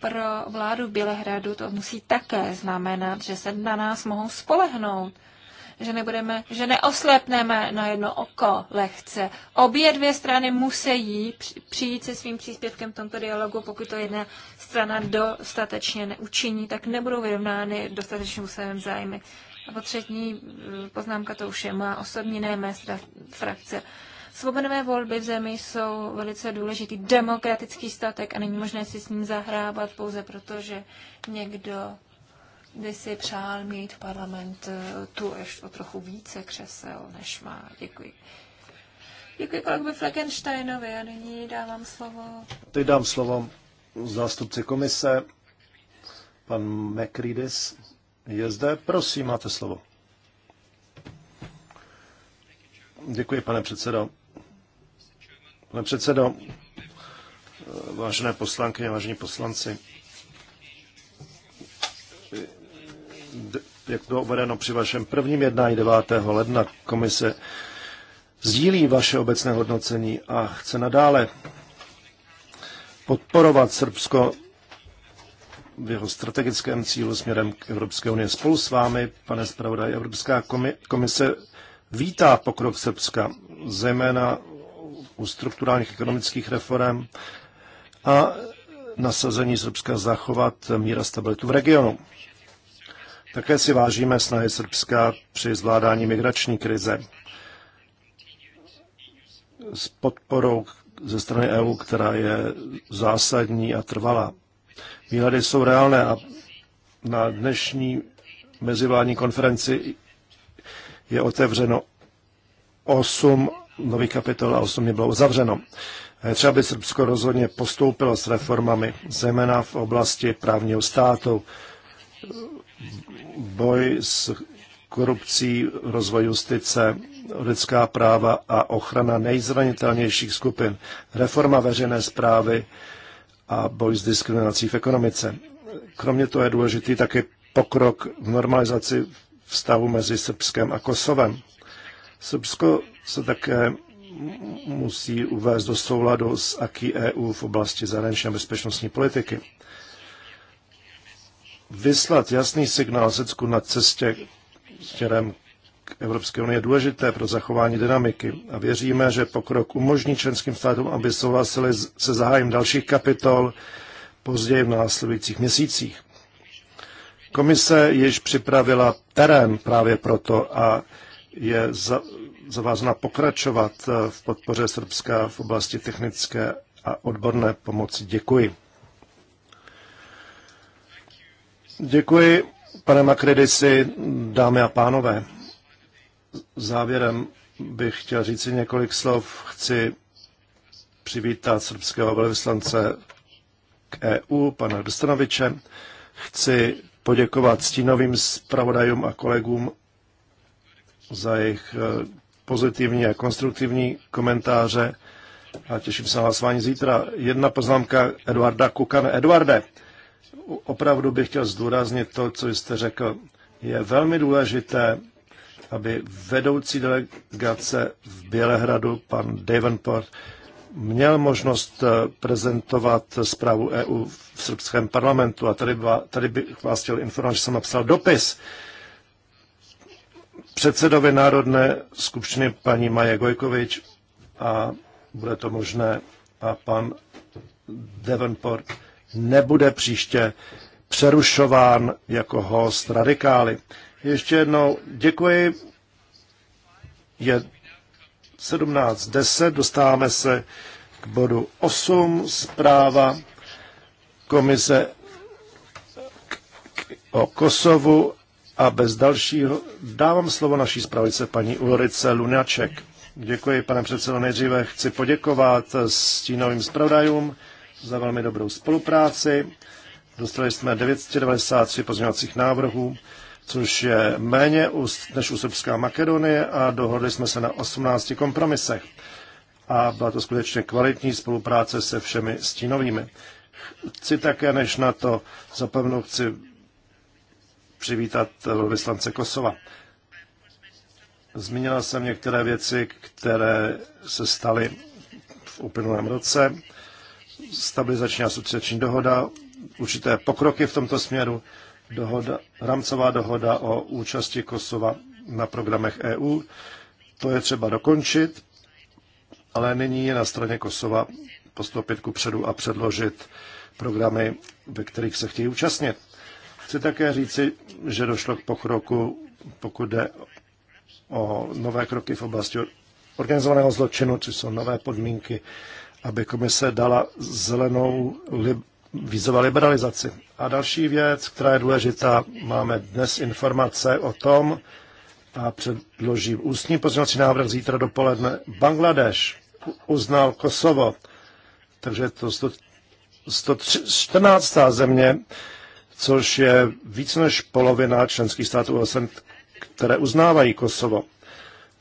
pro vládu Bělehradu to musí také znamenat, že se na nás mohou spolehnout, že, nebudeme, že neoslepneme na jedno oko lehce. Obě dvě strany musí přijít se svým příspěvkem v tomto dialogu. Pokud to jedna strana dostatečně neučiní, tak nebudou vyrovnány dostatečným svém zájmy. A po třetí eh, poznámka, to už je má osobní, ne mé frakce. Svobodné volby v zemi jsou velice důležitý demokratický statek a není možné si s ním zahrávat pouze proto, že někdo by si přál mít parlament eh, tu ještě o trochu více křesel, než má. Děkuji. Děkuji kolegovi Fleckensteinovi a nyní dávám slovo. Teď dám slovo zástupci komise, pan McRidis je zde. Prosím, máte slovo. Děkuji, pane předsedo. Pane předsedo, vážené poslankyně, vážení poslanci, jak bylo uvedeno při vašem prvním jednání 9. ledna, komise sdílí vaše obecné hodnocení a chce nadále podporovat Srbsko v jeho strategickém cílu směrem k Evropské unii. Spolu s vámi, pane zpravodaj, Evropská komise vítá pokrok Srbska, zejména u strukturálních ekonomických reform a nasazení Srbska zachovat míra stabilitu v regionu. Také si vážíme snahy Srbska při zvládání migrační krize s podporou ze strany EU, která je zásadní a trvalá výhledy jsou reálné a na dnešní mezivládní konferenci je otevřeno 8 nových kapitol a 8 bylo uzavřeno. Třeba by Srbsko rozhodně postoupilo s reformami, zejména v oblasti právního státu, boj s korupcí, rozvoj justice, lidská práva a ochrana nejzranitelnějších skupin, reforma veřejné zprávy, a boj s diskriminací v ekonomice. Kromě toho je důležitý také pokrok v normalizaci vztahu mezi Srbskem a Kosovem. Srbsko se také musí uvést do souladu s AKI EU v oblasti zahraniční a bezpečnostní politiky. Vyslat jasný signál Srbsku na cestě směrem Evropské unie je důležité pro zachování dynamiky a věříme, že pokrok umožní členským státům, aby souhlasili se zahájem dalších kapitol později v následujících měsících. Komise již připravila terén právě proto a je za, zavázna pokračovat v podpoře Srbska v oblasti technické a odborné pomoci. Děkuji. Děkuji, pane Makridisi, dámy a pánové. Závěrem bych chtěl říci několik slov. Chci přivítat srbského velvyslance k EU, pana Dostanoviče. Chci poděkovat stínovým zpravodajům a kolegům za jejich eh, pozitivní a konstruktivní komentáře a těším se na hlasování zítra. Jedna poznámka Eduarda Kukana. Eduarde, opravdu bych chtěl zdůraznit to, co jste řekl. Je velmi důležité aby vedoucí delegace v Bělehradu, pan Davenport, měl možnost eh, prezentovat zprávu EU v srbském parlamentu. A tady, byla, tady bych vás chtěl informovat, že jsem napsal dopis předsedovi Národné skupštiny paní Maje Gojkovič a bude to možné a pan Davenport nebude příště přerušován jako host radikály. Ještě jednou děkuji. Je 17.10, dostáváme se k bodu 8, zpráva komise o Kosovu a bez dalšího dávám slovo naší zpravice paní Ulrice Lunaček. Děkuji, pane předsedo. Nejdříve chci poděkovat stínovým zpravodajům za velmi dobrou spolupráci. Dostali jsme 993 pozměňovacích návrhů což je méně než u Srbská Makedonie a dohodli jsme se na 18 kompromisech. A byla to skutečně kvalitní spolupráce se všemi stínovými. Chci také, než na to zapomenu, chci přivítat vyslance Kosova. Zmínila jsem některé věci, které se staly v uplynulém roce. Stabilizační asociační dohoda, určité pokroky v tomto směru dohoda, rámcová dohoda o účasti Kosova na programech EU. To je třeba dokončit, ale nyní je na straně Kosova postoupit ku předu a předložit programy, ve kterých se chtějí účastnit. Chci také říci, že došlo k pokroku, pokud jde o nové kroky v oblasti organizovaného zločinu, což jsou nové podmínky, aby komise dala zelenou lib- vízové liberalizaci. A další věc, která je důležitá, máme dnes informace o tom, a předložím ústní pozměňovací návrh zítra dopoledne. Bangladeš uznal Kosovo, takže je to 114. země, což je víc než polovina členských států OSN, které uznávají Kosovo.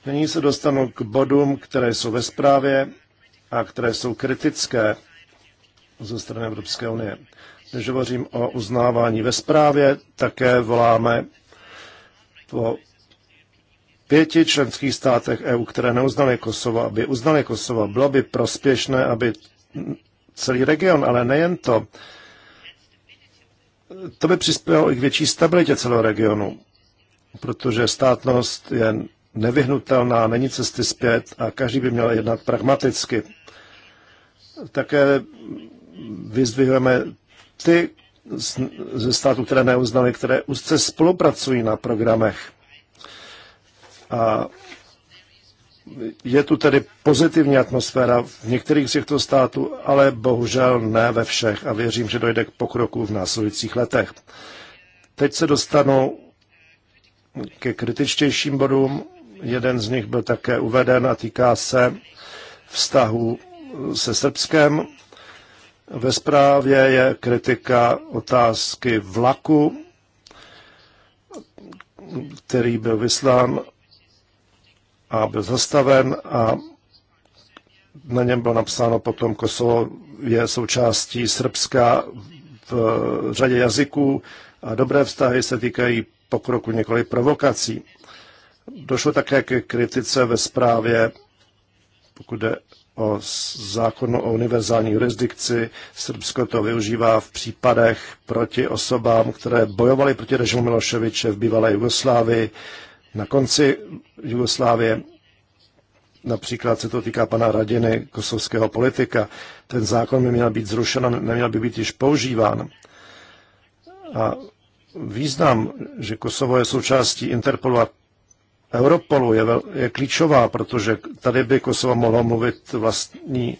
Nyní se dostanu k bodům, které jsou ve zprávě a které jsou kritické ze strany Evropské unie. Když hovořím o uznávání ve zprávě, také voláme po pěti členských státech EU, které neuznaly Kosovo, aby uznali Kosovo. Bylo by prospěšné, aby celý region, ale nejen to. To by přispělo i k větší stabilitě celého regionu, protože státnost je nevyhnutelná, není cesty zpět a každý by měl jednat pragmaticky. Také vyzvihujeme ty ze států, které neuznali, které úzce spolupracují na programech. A je tu tedy pozitivní atmosféra v některých z těchto států, ale bohužel ne ve všech a věřím, že dojde k pokroku v následujících letech. Teď se dostanu ke kritičtějším bodům. Jeden z nich byl také uveden a týká se vztahu se Srbskem. Ve zprávě je kritika otázky vlaku, který byl vyslán a byl zastaven a na něm bylo napsáno potom Kosovo je součástí Srbska v řadě jazyků a dobré vztahy se týkají pokroku několik provokací. Došlo také k kritice ve zprávě, pokud jde o zákonu o univerzální jurisdikci. Srbsko to využívá v případech proti osobám, které bojovaly proti režimu Miloševiče v bývalé Jugoslávii. Na konci Jugoslávie například se to týká pana Radiny, kosovského politika. Ten zákon by měl být zrušen a neměl by být již používán. A význam, že Kosovo je součástí Interpolu a Europolu je, vel, je klíčová, protože tady by Kosovo mohlo mluvit vlastní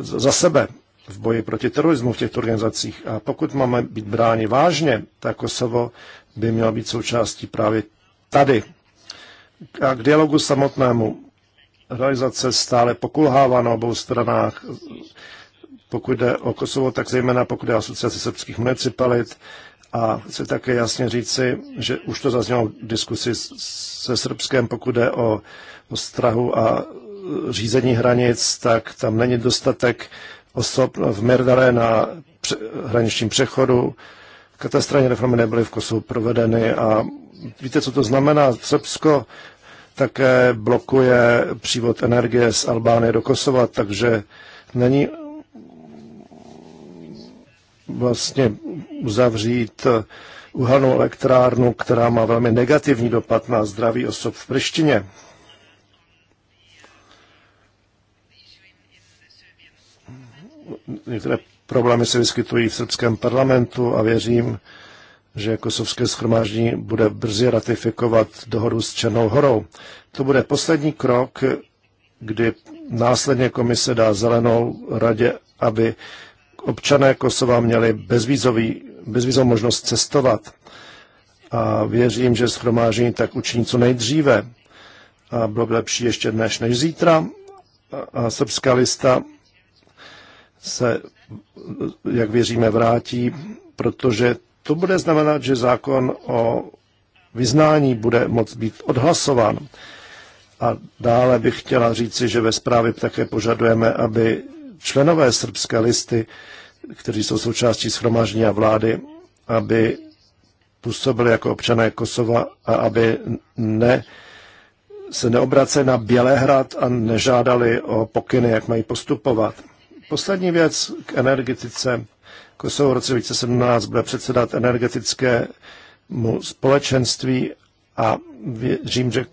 za sebe v boji proti terorismu v těchto organizacích. A pokud máme být bráni vážně, tak Kosovo by mělo být součástí právě tady. A k dialogu samotnému. Realizace stále pokulhává na obou stranách. Pokud jde o Kosovo, tak zejména pokud jde o asociaci srbských municipalit, a chci také jasně říci, že už to zaznělo v diskusi se Srbskem, pokud jde o strahu a e, řízení hranic, tak tam není dostatek osob v Merdare na hraničním přechodu. Katastrální reformy nebyly v Kosovu provedeny a víte, co to znamená? Srbsko také blokuje přívod energie z Albánie do Kosova, takže není vlastně uzavřít eh, uhelnou elektrárnu, která má velmi negativní dopad na zdraví osob v Prištině. Některé problémy se vyskytují v srbském parlamentu a věřím, že kosovské schromáždění bude brzy ratifikovat dohodu s Černou horou. To bude poslední krok, kdy následně komise dá zelenou radě, aby občané Kosova měli bezvízový, bezvízovou možnost cestovat. A věřím, že schromážení tak učiní co nejdříve. A bylo by lepší ještě dnes než zítra. A srbská lista se, jak věříme, vrátí, protože to bude znamenat, že zákon o vyznání bude moct být odhlasován. A dále bych chtěla říci, že ve zprávě také požadujeme, aby členové srbské listy, kteří jsou součástí schromáždění a vlády, aby působili jako občané Kosova a aby ne, se neobraceli na Bělehrad a nežádali o pokyny, jak mají postupovat. Poslední věc k energetice. Kosovo v roce 2017 bude předsedat energetickému společenství a věřím, že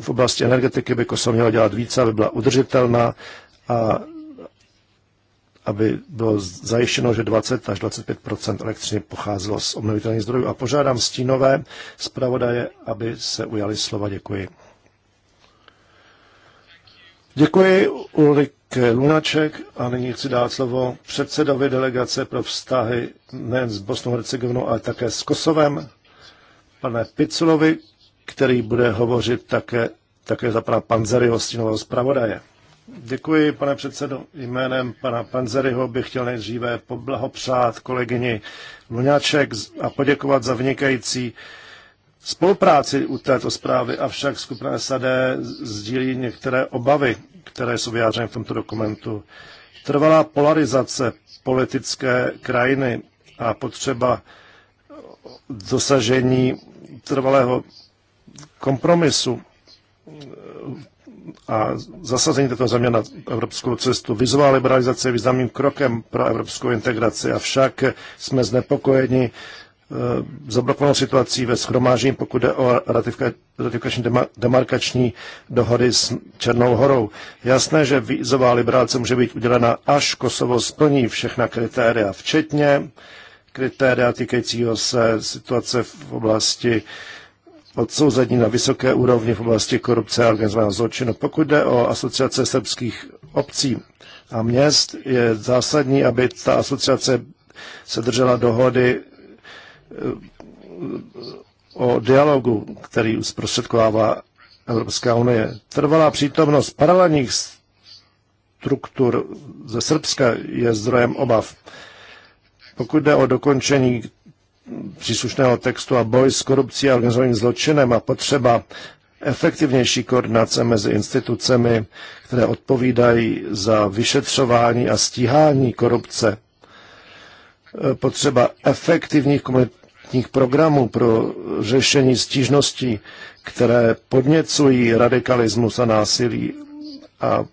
v oblasti energetiky by Kosovo mělo dělat více, aby byla udržitelná a aby bylo zajištěno, že 20 až 25 elektřiny pocházelo z obnovitelných zdrojů. A požádám stínové zpravodaje, aby se ujali slova. Děkuji. Děkuji Ulrik Lunaček a nyní chci dát slovo předsedovi delegace pro vztahy nejen s Bosnou Hercegovinou, ale také s Kosovem, pane Piculovi, který bude hovořit také, také za pana Panzeryho stínového zpravodaje. Děkuji, pane předsedo. Jménem pana Panzeryho bych chtěl nejdříve poblahopřát kolegyni Luňáček a poděkovat za vynikající spolupráci u této zprávy, avšak skupina SAD sdílí některé obavy, které jsou vyjádřeny v tomto dokumentu. Trvalá polarizace politické krajiny a potřeba dosažení trvalého kompromisu a zasazení této země na evropskou cestu. Vizová liberalizace je významným krokem pro evropskou integraci, avšak jsme znepokojeni zablokovanou eh, situací ve schromážení, pokud jde o ratifikační demarkační dohody s Černou horou. Jasné, že vízová liberalizace může být udělena, až Kosovo splní všechna kritéria, včetně kritéria týkajícího se situace v oblasti e, odsouzení na vysoké úrovni v oblasti korupce a organizovaného zločinu. Pokud jde o asociace srbských obcí a měst, je zásadní, aby ta asociace se držela dohody eh, o dialogu, který zprostředkovává Evropská unie. Trvalá přítomnost paralelních struktur ze Srbska je zdrojem obav. Pokud jde o dokončení příslušného textu a boj s korupcí a organizovaným zločinem a potřeba efektivnější koordinace mezi institucemi, které odpovídají za vyšetřování a stíhání korupce. E, potřeba efektivních komunitních programů pro řešení stížností, které podněcují radikalismus a násilí a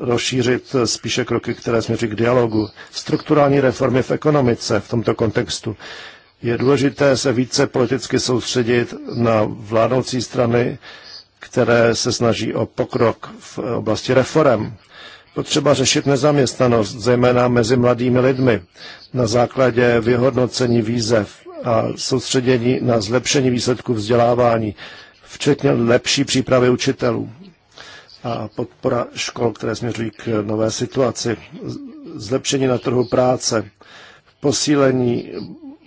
rozšířit spíše kroky, které směří k dialogu. Strukturální reformy v ekonomice v tomto kontextu je důležité se více politicky soustředit na vládnoucí strany, které se snaží o pokrok v oblasti reform. Potřeba řešit nezaměstnanost, zejména mezi mladými lidmi, na základě vyhodnocení výzev a soustředění na zlepšení výsledků vzdělávání, včetně lepší přípravy učitelů a podpora škol, které směřují k nové situaci, zlepšení na trhu práce, posílení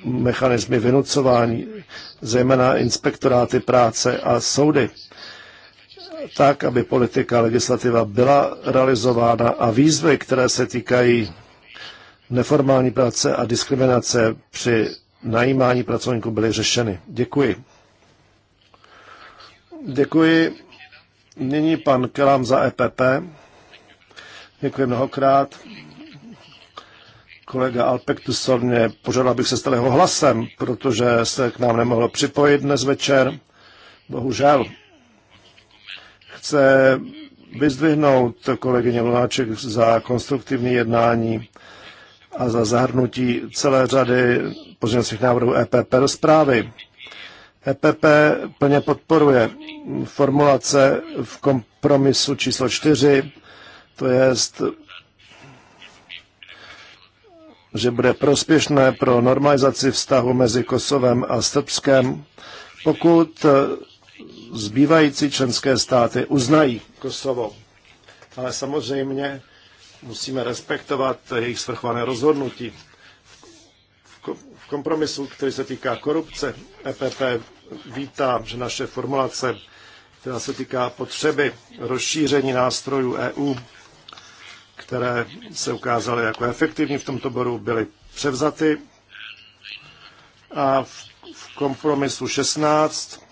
mechanismy vynucování, zejména inspektoráty práce a soudy, tak, aby politika legislativa byla realizována a výzvy, které se týkají neformální práce a diskriminace při najímání pracovníků byly řešeny. Děkuji. Děkuji. Nyní pan Kelam za EPP. Děkuji mnohokrát kolega Alpektuson mě požádal, abych se stal jeho hlasem, protože se k nám nemohl připojit dnes večer. Bohužel. Chce vyzdvihnout kolegyně Lunáček za konstruktivní jednání a za zahrnutí celé řady pozměňovacích návrhů EPP do zprávy. EPP plně podporuje formulace v kompromisu číslo 4, to je že bude prospěšné pro normalizaci vztahu mezi Kosovem a Srbskem, pokud eh, zbývající členské státy uznají Kosovo. Ale samozřejmě musíme respektovat jejich svrchované rozhodnutí. V kompromisu, který se týká korupce, EPP vítá, že naše formulace, která se týká potřeby rozšíření nástrojů EU které se ukázaly jako efektivní v tomto bodu, byly převzaty. A v kompromisu 16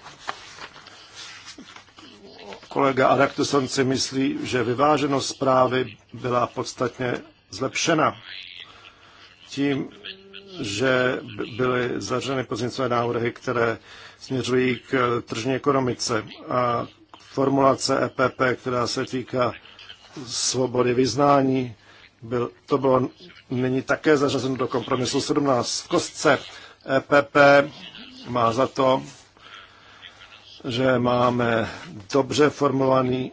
kolega Adaktuson si myslí, že vyváženost zprávy byla podstatně zlepšena tím, že byly zařeny pozicové návrhy, které směřují k tržní ekonomice a formulace EPP, která se týká svobody vyznání. Byl, to bylo nyní také zařazeno do kompromisu 17. V kostce EPP má za to, že máme dobře formovaný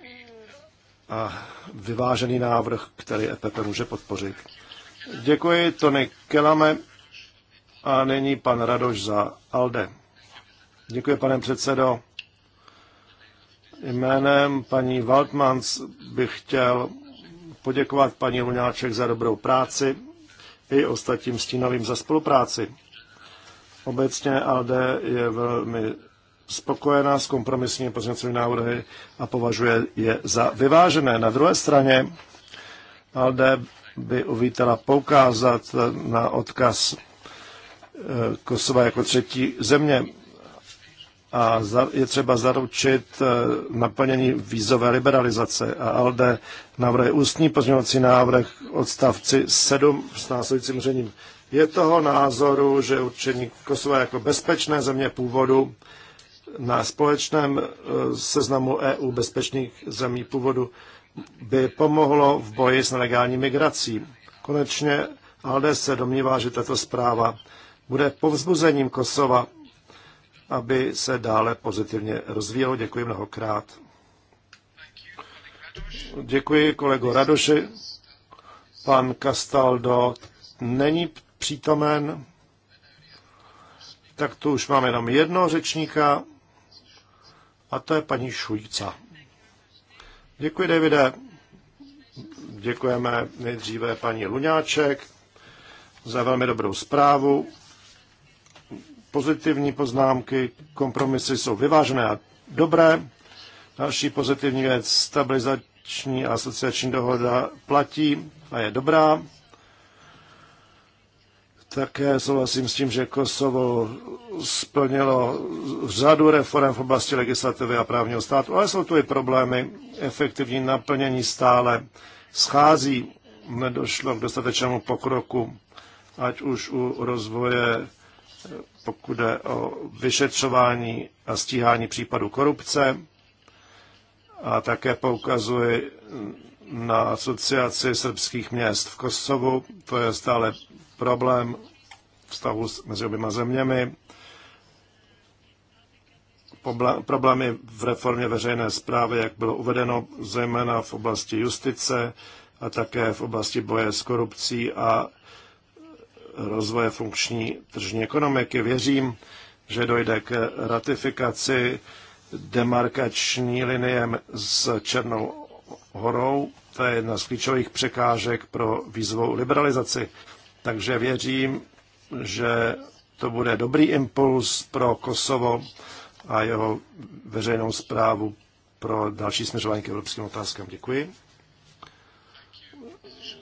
a vyvážený návrh, který EPP může podpořit. Děkuji, Tony Kelame. A nyní pan Radoš za ALDE. Děkuji, pane předsedo. Jménem paní Waldmans bych chtěl poděkovat paní Luňáček za dobrou práci i ostatním stínovým za spolupráci. Obecně ALDE je velmi spokojená s kompromisními pozměňovacími návrhy a považuje je za vyvážené. Na druhé straně ALDE by uvítala poukázat na odkaz eh, Kosova jako třetí země a je třeba zaručit eh, naplnění výzové liberalizace. A ALDE navrhuje ústní pozměňovací návrh odstavci 7 s následujícím řením. Je toho názoru, že určení Kosova jako bezpečné země původu na společném eh, seznamu EU bezpečných zemí původu by pomohlo v boji s nelegální migrací. Konečně ALDE se domnívá, že tato zpráva bude povzbuzením Kosova aby se dále pozitivně rozvíjelo. Děkuji mnohokrát. Děkuji kolego Radoši. Pan Castaldo není přítomen. Tak tu už máme jenom jednoho řečníka a to je paní Šujca. Děkuji, Davide. Děkujeme nejdříve paní Luňáček za velmi dobrou zprávu pozitivní poznámky, kompromisy jsou vyvážené a dobré. Další pozitivní věc, stabilizační a asociační dohoda platí a je dobrá. Také souhlasím s tím, že Kosovo splnilo řadu reform v oblasti legislativy a právního státu, ale jsou tu i problémy. Efektivní naplnění stále schází, nedošlo k dostatečnému pokroku, ať už u rozvoje pokud jde o vyšetřování a stíhání případů korupce. A také poukazuji na asociaci srbských měst v Kosovu. To je stále problém vztahu mezi oběma zeměmi. Problémy v reformě veřejné zprávy, jak bylo uvedeno, zejména v oblasti justice a také v oblasti boje s korupcí a rozvoje funkční tržní ekonomiky. Věřím, že dojde k ratifikaci demarkační linie s Černou horou. To je jedna z klíčových překážek pro výzvou liberalizaci. Takže věřím, že to bude dobrý impuls pro Kosovo a jeho veřejnou zprávu pro další směřování k evropským otázkám. Děkuji.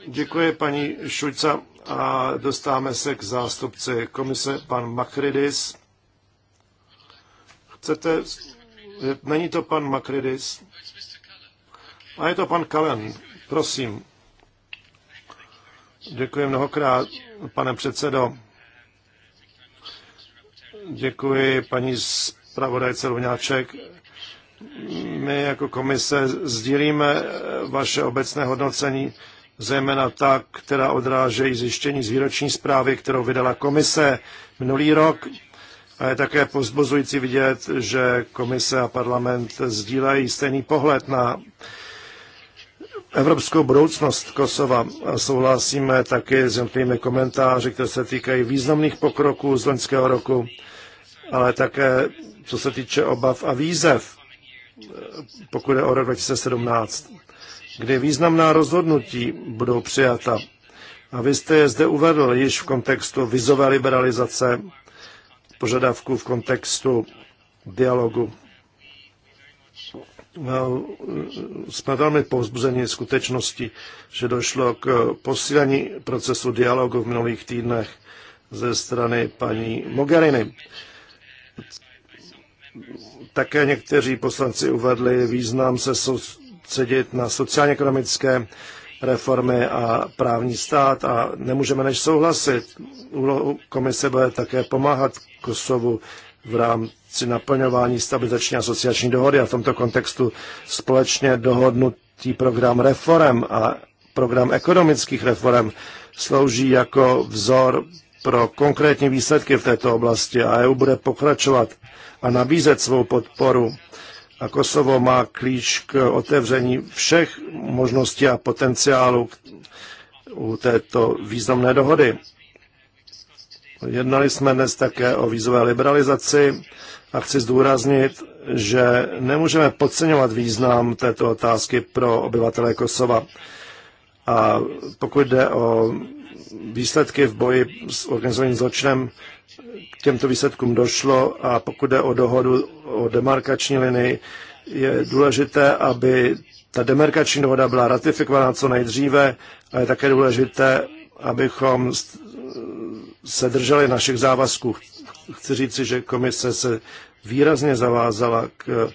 Děkuji, paní Šulca. A dostáváme se k zástupci komise, pan Makridis. Chcete... Není to pan Makridis? A je to pan Kalen. Prosím. Děkuji mnohokrát, pane předsedo. Děkuji paní zpravodajce Luňáček. My jako komise sdílíme vaše obecné hodnocení zejména ta, která odrážejí zjištění z výroční zprávy, kterou vydala komise minulý rok. A je také pozbozující vidět, že komise a parlament sdílejí stejný pohled na evropskou budoucnost Kosova. A souhlasíme také s jednotlivými komentáři, které se týkají významných pokroků z loňského roku, ale také co se týče obav a výzev, pokud je o rok 2017 kde významná rozhodnutí budou přijata. A vy jste je zde uvedl již v kontextu vizové liberalizace, požadavků v kontextu dialogu. No, jsme velmi povzbuzeni skutečnosti, že došlo k posílení procesu dialogu v minulých týdnech ze strany paní Mogherini. Také někteří poslanci uvedli význam se soustředit na sociálně-ekonomické reformy a právní stát a nemůžeme než souhlasit. Úlohou komise bude také pomáhat Kosovu v rámci naplňování stabilizační asociační dohody a v tomto kontextu společně dohodnutý program reform a program ekonomických reform slouží jako vzor pro konkrétní výsledky v této oblasti a EU bude pokračovat a nabízet svou podporu a Kosovo má klíč k otevření všech možností a potenciálu u této významné dohody. Jednali jsme dnes také o vízové liberalizaci a chci zdůraznit, že nemůžeme podceňovat význam této otázky pro obyvatele Kosova. A pokud jde o výsledky v boji s organizovaným zločinem, těmto výsledkům došlo a pokud jde o dohodu o demarkační linii, je důležité, aby ta demarkační dohoda byla ratifikována co nejdříve a je také důležité, abychom se drželi našich závazků. Chci říci, že komise se výrazně zavázala k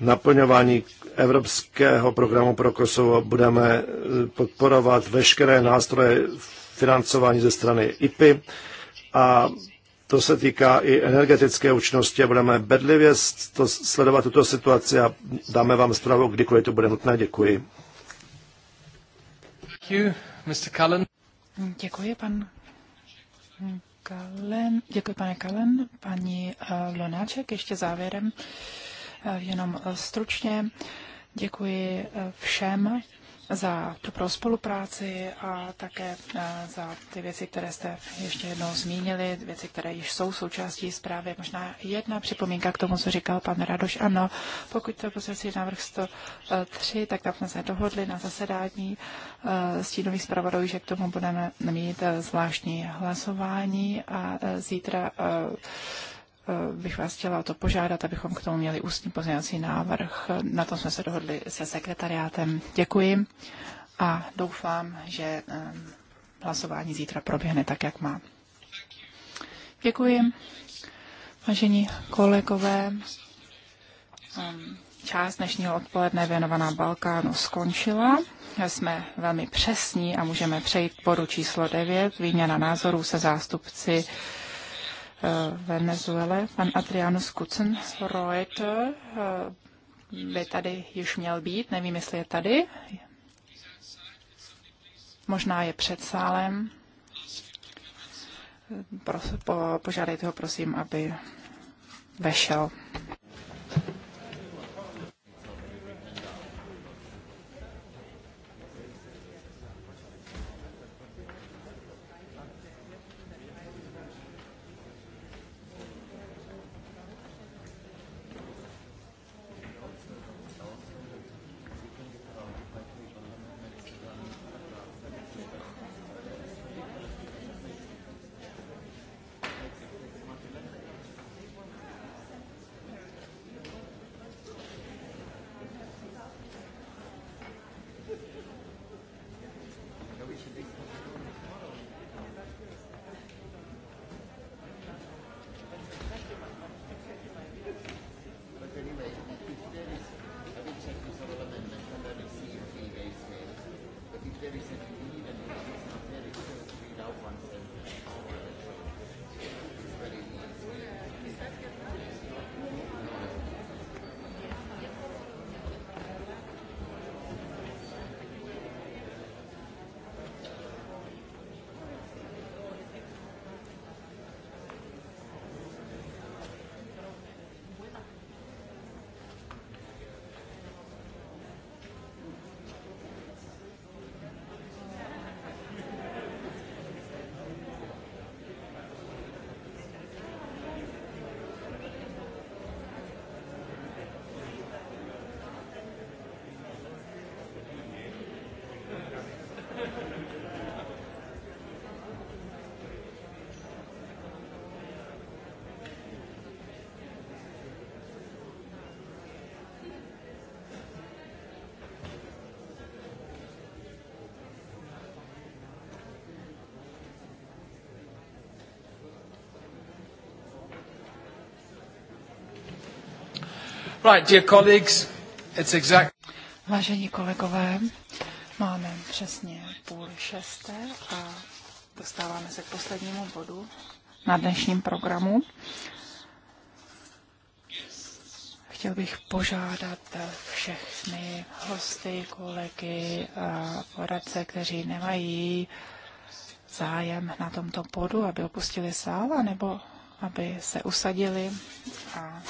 naplňování evropského programu pro Kosovo. Budeme podporovat veškeré nástroje financování ze strany IPy a to se týká i energetické účinnosti a budeme bedlivě to, sledovat tuto situaci a dáme vám zprávu, kdykoliv to bude nutné. Děkuji. Děkuji, pan Kalen. Děkuji, pane Kalen. Paní eh, Lonáček, ještě závěrem, eh, jenom stručně. Děkuji eh, všem za dobrou spolupráci a také eh, za ty věci, které jste ještě jednou zmínili, věci, které již jsou součástí zprávy. Možná jedna připomínka k tomu, co říkal pan Radoš. Ano, pokud to pozorcí návrh 103, tak tam jsme se dohodli na zasedání eh, stínových zpravodajů, že k tomu budeme mít eh, zvláštní hlasování a zítra Eh, bych vás chtěla o to požádat, abychom k tomu měli ústní pozměňovací návrh. Na tom jsme se dohodli se sekretariátem. Děkuji a doufám, že eh, hlasování zítra proběhne tak, jak má. Děkuji. Vážení kolegové, ehm, část dnešního odpoledne věnovaná Balkánu skončila. Jsme velmi přesní a můžeme přejít k bodu číslo 9, výměna názorů se zástupci Venezuele. Pan Adrianus Kucen Reuters eh, by tady již měl být, nevím, jestli je tady. Možná je před sálem. po, požádejte ho, prosím, aby vešel. Vážení kolegové, máme přesně půl šesté a dostáváme se k poslednímu bodu na dnešním programu. Chtěl bych požádat všechny hosty, kolegy a poradce, kteří nemají zájem na tomto bodu, aby opustili sál, nebo aby se usadili a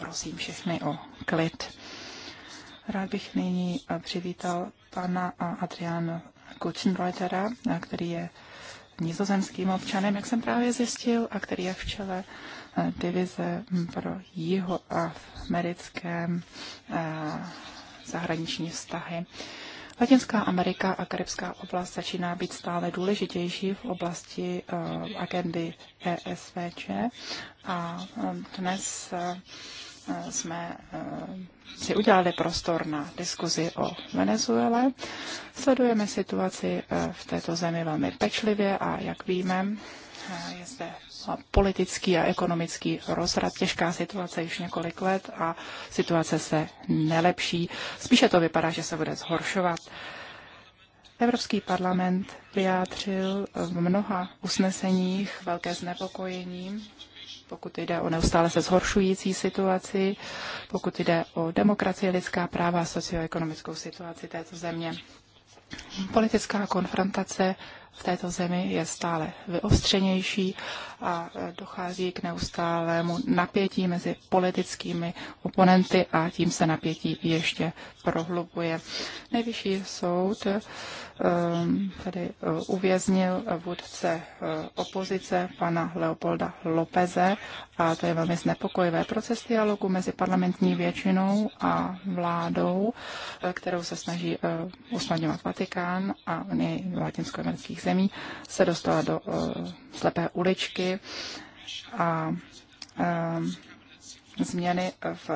prosím všechny o klid. Rád bych nyní eh, přivítal pana Adriana Kutschenreutera, eh, který je nizozemským občanem, jak jsem právě zjistil, a který je v čele eh, divize pro jihoamerické zahraniční vztahy. Latinská Amerika a karibská oblast začíná být stále důležitější v oblasti uh, agendy ESVČ a um, dnes uh, Eh, jsme eh, si udělali prostor na diskuzi o Venezuele. Sledujeme situaci eh, v této zemi velmi pečlivě a jak víme, je zde politický a ekonomický rozrad, těžká situace již několik let a situace se nelepší. Spíše to vypadá, že se bude zhoršovat. Evropský parlament vyjádřil v mnoha usneseních velké znepokojení pokud jde o neustále se zhoršující situaci, pokud jde o demokracii, lidská práva a socioekonomickou situaci této země. Politická konfrontace v této zemi je stále vyostřenější a e, dochází k neustálému napětí mezi politickými oponenty a tím se napětí ještě prohlubuje. Nejvyšší soud e, tedy e, uvěznil vůdce opozice pana Leopolda Lopeze a to je velmi znepokojivé. Proces dialogu mezi parlamentní většinou a vládou, kterou se snaží usnadňovat Vatikán a v latinskoamerických zemí, zemí se dostala do eh, slepé uličky a eh, změny v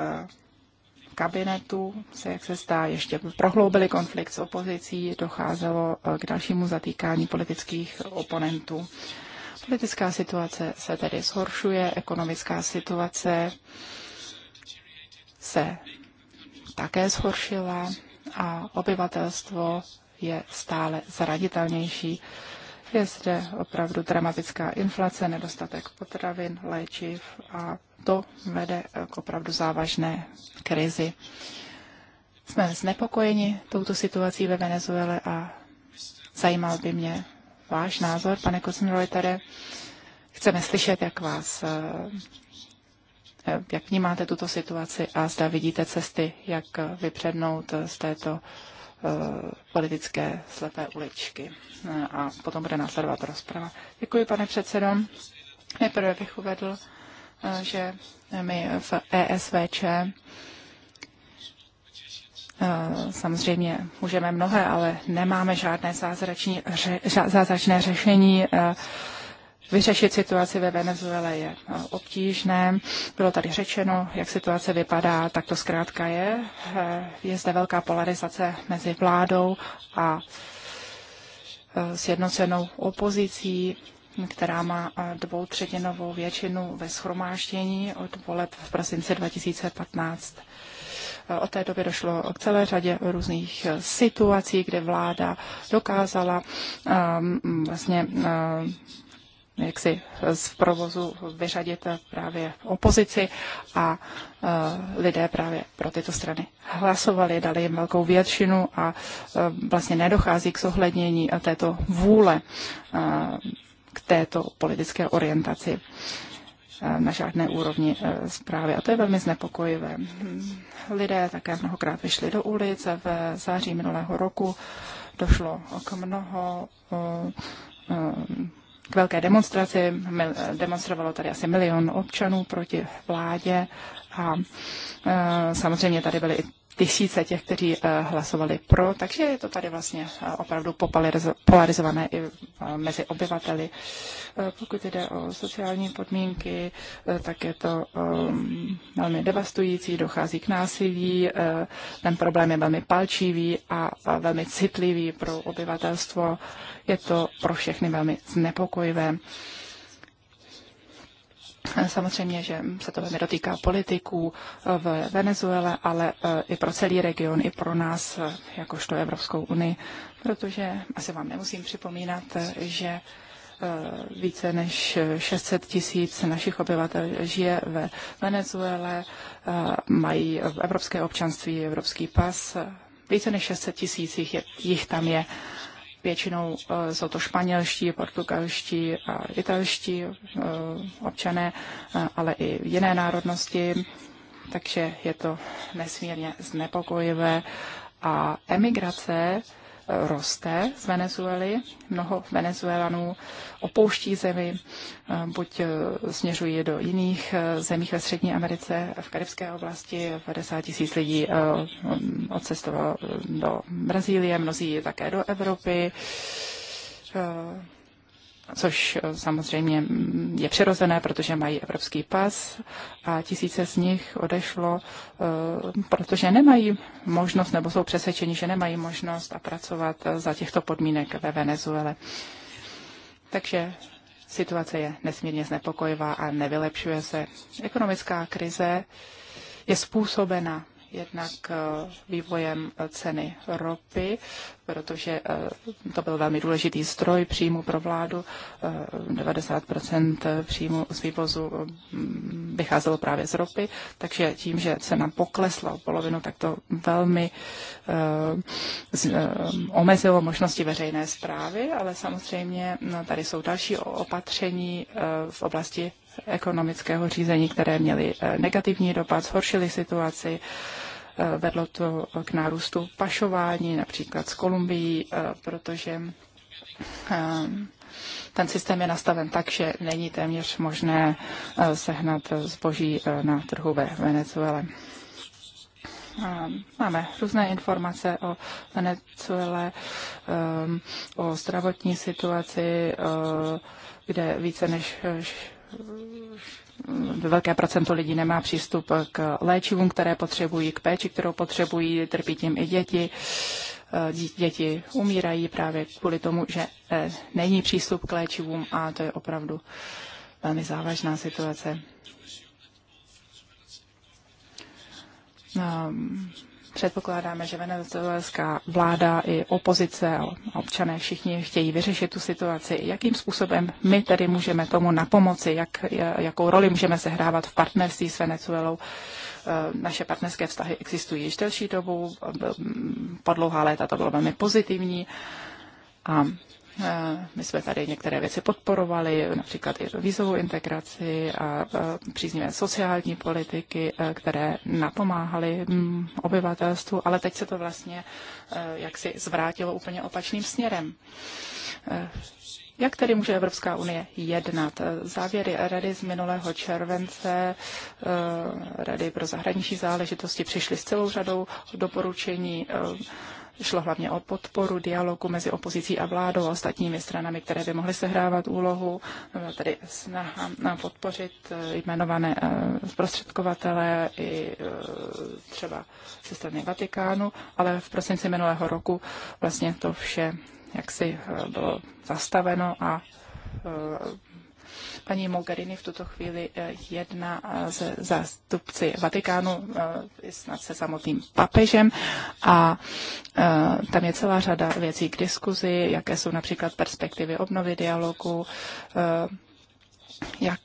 kabinetu se, jak se stá, ještě prohloubili konflikt s opozicí, docházelo eh, k dalšímu zatýkání politických oponentů. Politická situace se tedy zhoršuje, ekonomická situace se také zhoršila a obyvatelstvo je stále zranitelnější. Je zde opravdu dramatická inflace, nedostatek potravin, léčiv a to vede k opravdu závažné krizi. Jsme znepokojeni touto situací ve Venezuele a zajímal by mě váš názor, pane tady. Chceme slyšet, jak vás eh, jak vnímáte tuto situaci a zda vidíte cesty, jak vypřednout z této Eh, politické slepé uličky. Eh, a potom bude následovat rozprava. Děkuji, pane předsedo. Nejprve bych uvedl, eh, že my v ESVČ Samozřejmě můžeme mnohé, ale nemáme žádné zázračné, ře, řešení. Vyřešit situaci ve Venezuele je eh, obtížné. Bylo tady řečeno, jak situace vypadá, tak to zkrátka je. Eh, je zde velká polarizace mezi vládou a eh, sjednocenou opozicí která má dvoutřetinovou většinu ve schromáždění od voleb v prosinci 2015. Od té doby došlo k celé řadě různých situací, kde vláda dokázala um, vlastně um, jak si eh, z provozu vyřadit eh, právě opozici a eh, lidé právě pro tyto strany hlasovali, dali jim velkou většinu a vlastně nedochází k zohlednění této vůle k této politické orientaci na žádné úrovni zprávy. A to je velmi znepokojivé. Lidé také mnohokrát vyšli do ulic. V září minulého roku došlo k mnoho k velké demonstraci. Demonstrovalo tady asi milion občanů proti vládě a e, samozřejmě tady byly i tisíce těch, kteří eh, hlasovali pro, takže je to tady vlastně eh, opravdu polarizované i eh, mezi obyvateli. Pokud jde o sociální podmínky, tak je to ehm, velmi devastující, dochází k násilí, ten problém je velmi palčivý a velmi citlivý pro obyvatelstvo. Je to pro všechny velmi znepokojivé. Samozřejmě, že se to velmi dotýká politiků eh, v Venezuele, ale eh, i pro celý region, i pro nás, eh, jakožto Evropskou unii, protože asi vám nemusím připomínat, že více než 600 tisíc našich obyvatel žije ve Venezuele, mají evropské občanství, evropský pas, více než 600 tisíc jich, je, jich tam je Většinou eh, jsou to španělští, portugalští a italští eh, občané, eh, ale i jiné národnosti, takže je to nesmírně znepokojivé. A emigrace roste z Venezuely. Mnoho Venezuelanů opouští zemi, eh, buď eh, směřují do jiných eh, zemí ve Střední Americe, v karibské oblasti. 50 tisíc lidí odcestovalo do Brazílie, mnozí také do Evropy což eh, samozřejmě mm, je přirozené, protože mají evropský pas a tisíce z nich odešlo, eh, protože nemají možnost nebo jsou přesvědčeni, že nemají možnost a pracovat eh, za těchto podmínek ve Venezuele. Takže situace je nesmírně znepokojivá a nevylepšuje se. Ekonomická krize je způsobena jednak vývojem ceny ropy, protože eh, to byl velmi důležitý stroj příjmu pro vládu. 90 eh, eh, příjmu z vývozu vycházelo právě z ropy, takže tím, že cena poklesla o polovinu, tak to velmi omezilo možnosti veřejné zprávy, ale samozřejmě no, tady jsou další opatření v oblasti ekonomického řízení, které měly negativní dopad, zhoršily situaci Eh, vedlo to k nárůstu pašování, například z Kolumbií, eh, protože eh, ten systém je nastaven tak, že není téměř možné sehnat zboží na trhu ve Venezuele. Máme různé informace o Venezuele, o zdravotní situaci, kde více než velké procento lidí nemá přístup k léčivům, které potřebují, k péči, kterou potřebují, trpí tím i děti. Eh, děti umírají právě kvůli tomu, že eh, není přístup k léčivům a to je opravdu velmi závažná situace. Um, Předpokládáme, že venezuelská vláda i opozice a občané všichni chtějí vyřešit tu situaci. Jakým způsobem my tedy můžeme tomu napomoci, jak, jakou roli můžeme sehrávat v partnerství s Venezuelou? Eh, naše partnerské vztahy existují již delší dobu, eh, po dlouhá léta to bylo velmi pozitivní. A Eh, my jsme tady některé věci podporovali, například i vízovou integraci a eh, příznivé sociální politiky, eh, které napomáhaly mm, obyvatelstvu, ale teď se to vlastně jaksi zvrátilo úplně opačným směrem. Jak tedy může Evropská unie jednat? Závěry Rady z minulého července, Rady pro zahraniční záležitosti, přišly s celou řadou doporučení Šlo hlavně o podporu dialogu mezi opozicí a vládou a ostatními stranami, které by mohly sehrávat úlohu, eh, tedy snaha eh, podpořit eh, jmenované zprostředkovatele i třeba ze strany Vatikánu, ale v prosinci minulého roku vlastně to vše jaksi bylo zastaveno a Paní Mogherini v tuto chvíli eh, jedna eh, ze zástupci Vatikánu, eh, snad se samotným papežem a tam je celá řada věcí k diskuzi, jaké jsou například perspektivy obnovy dialogu, jak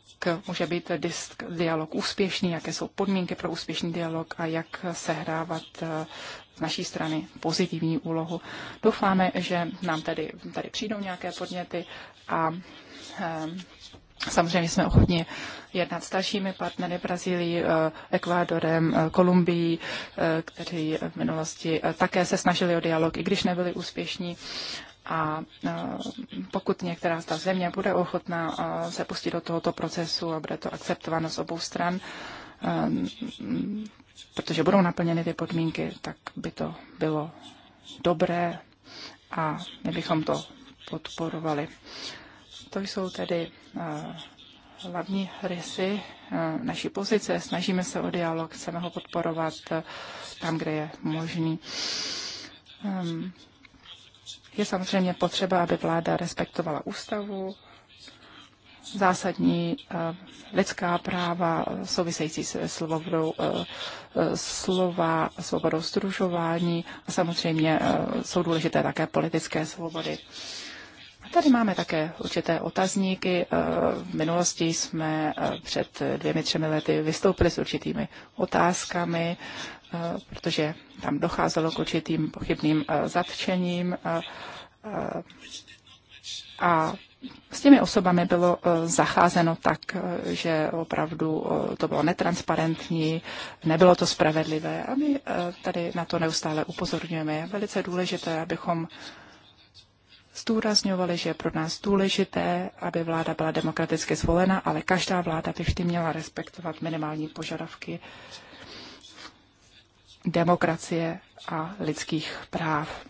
může být disk, dialog úspěšný, jaké jsou podmínky pro úspěšný dialog a jak sehrávat z naší strany pozitivní úlohu. Doufáme, že nám tady, tady přijdou nějaké podněty a Samozřejmě jsme ochotni jednat s dalšími partnery Brazílií, eh, Ekvádorem, eh, Kolumbií, eh, kteří v minulosti také se snažili o dialog, i když nebyli úspěšní. A pokud některá z ta země bude ochotná se pustit do tohoto procesu a bude to akceptováno z obou stran, protože budou naplněny ty podmínky, tak by to bylo dobré a my bychom to podporovali. To jsou tedy eh, hlavní rysy eh, naší pozice. Snažíme se o dialog, chceme ho podporovat eh, tam, kde je možný. Ehm, je samozřejmě potřeba, aby vláda respektovala ústavu, zásadní lidská práva související se svobodou slova, svobodou združování a samozřejmě jsou důležité také politické svobody. Tady máme také určité otazníky. Eh, v minulosti jsme eh, před dvěmi, třemi lety vystoupili s určitými otázkami, eh, protože tam docházelo k určitým pochybným zatčením a s těmi osobami bylo zacházeno tak, že opravdu to bylo netransparentní, nebylo to spravedlivé a my tady na to neustále upozorňujeme. Je velice důležité, abychom zdůrazňovali, že je pro nás důležité, aby vláda byla demokraticky zvolena, ale každá vláda by vždy měla respektovat minimální požadavky demokracie a lidských práv.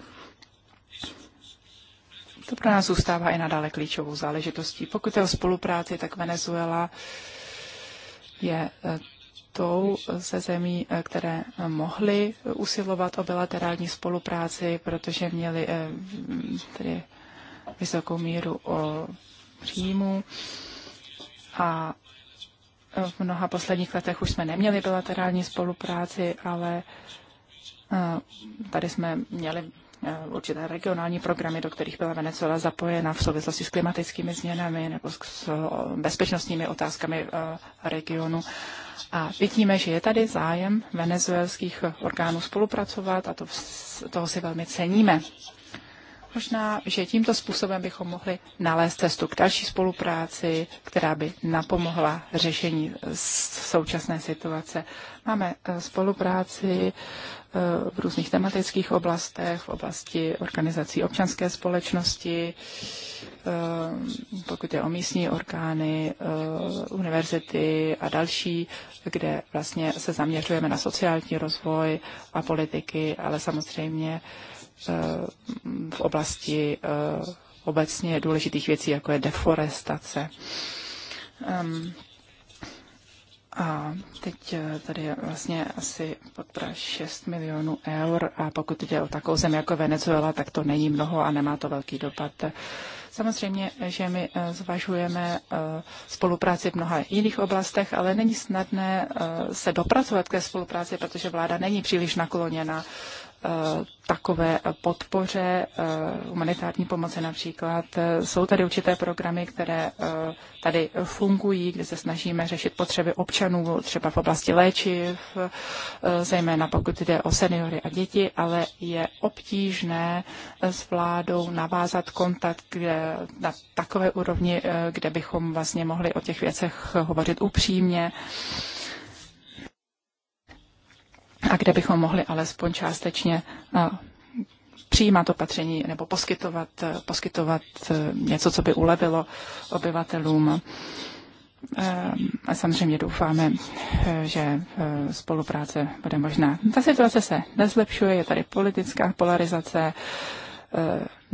To pro nás zůstává i nadále klíčovou záležitostí. Pokud je o spolupráci, tak Venezuela je eh, tou se zemí, eh, které eh, mohly usilovat o bilaterální spolupráci, protože měly tedy vysokou míru o příjmu a v mnoha posledních letech už jsme neměli bilaterální spolupráci, ale eh, tady jsme měli eh, určité regionální programy, do kterých byla Venezuela zapojena v souvislosti s klimatickými změnami nebo s bezpečnostními otázkami eh, regionu. A vidíme, že je tady zájem venezuelských orgánů spolupracovat a to, toho si velmi ceníme. Možná, že tímto způsobem bychom mohli nalézt cestu k další spolupráci, která by napomohla řešení současné situace. Máme e, spolupráci e, v různých tematických oblastech, v oblasti organizací občanské společnosti, e, pokud je o místní orgány, univerzity a další, kde vlastně se zaměřujeme na sociální rozvoj a politiky, ale samozřejmě Eh, v oblasti eh, obecně důležitých věcí, jako je deforestace. A teď eh, tady je vlastně asi podpora 6 milionů eur a pokud jde o takovou zemi jako Venezuela, tak to není mnoho a nemá to velký dopad. Samozřejmě, že my zvažujeme spolupráci v mnoha jiných oblastech, ale není snadné se dopracovat ke spolupráci, protože vláda není příliš nakloněna Eh, takové podpoře eh, humanitární pomoci například. Jsou tady určité programy, které eh, tady fungují, kde se snažíme řešit potřeby občanů, třeba v oblasti léčiv, zejména pokud jde o seniory a děti, ale je obtížné s vládou navázat kontakt kde, na takové úrovni, kde bychom vlastně mohli o těch věcech hovořit upřímně a kde bychom mohli alespoň částečně eh, přijímat opatření nebo poskytovat, eh, poskytovat eh, něco, co by ulevilo obyvatelům. A samozřejmě doufáme, že spolupráce bude možná. Ta situace se nezlepšuje, je tady politická polarizace,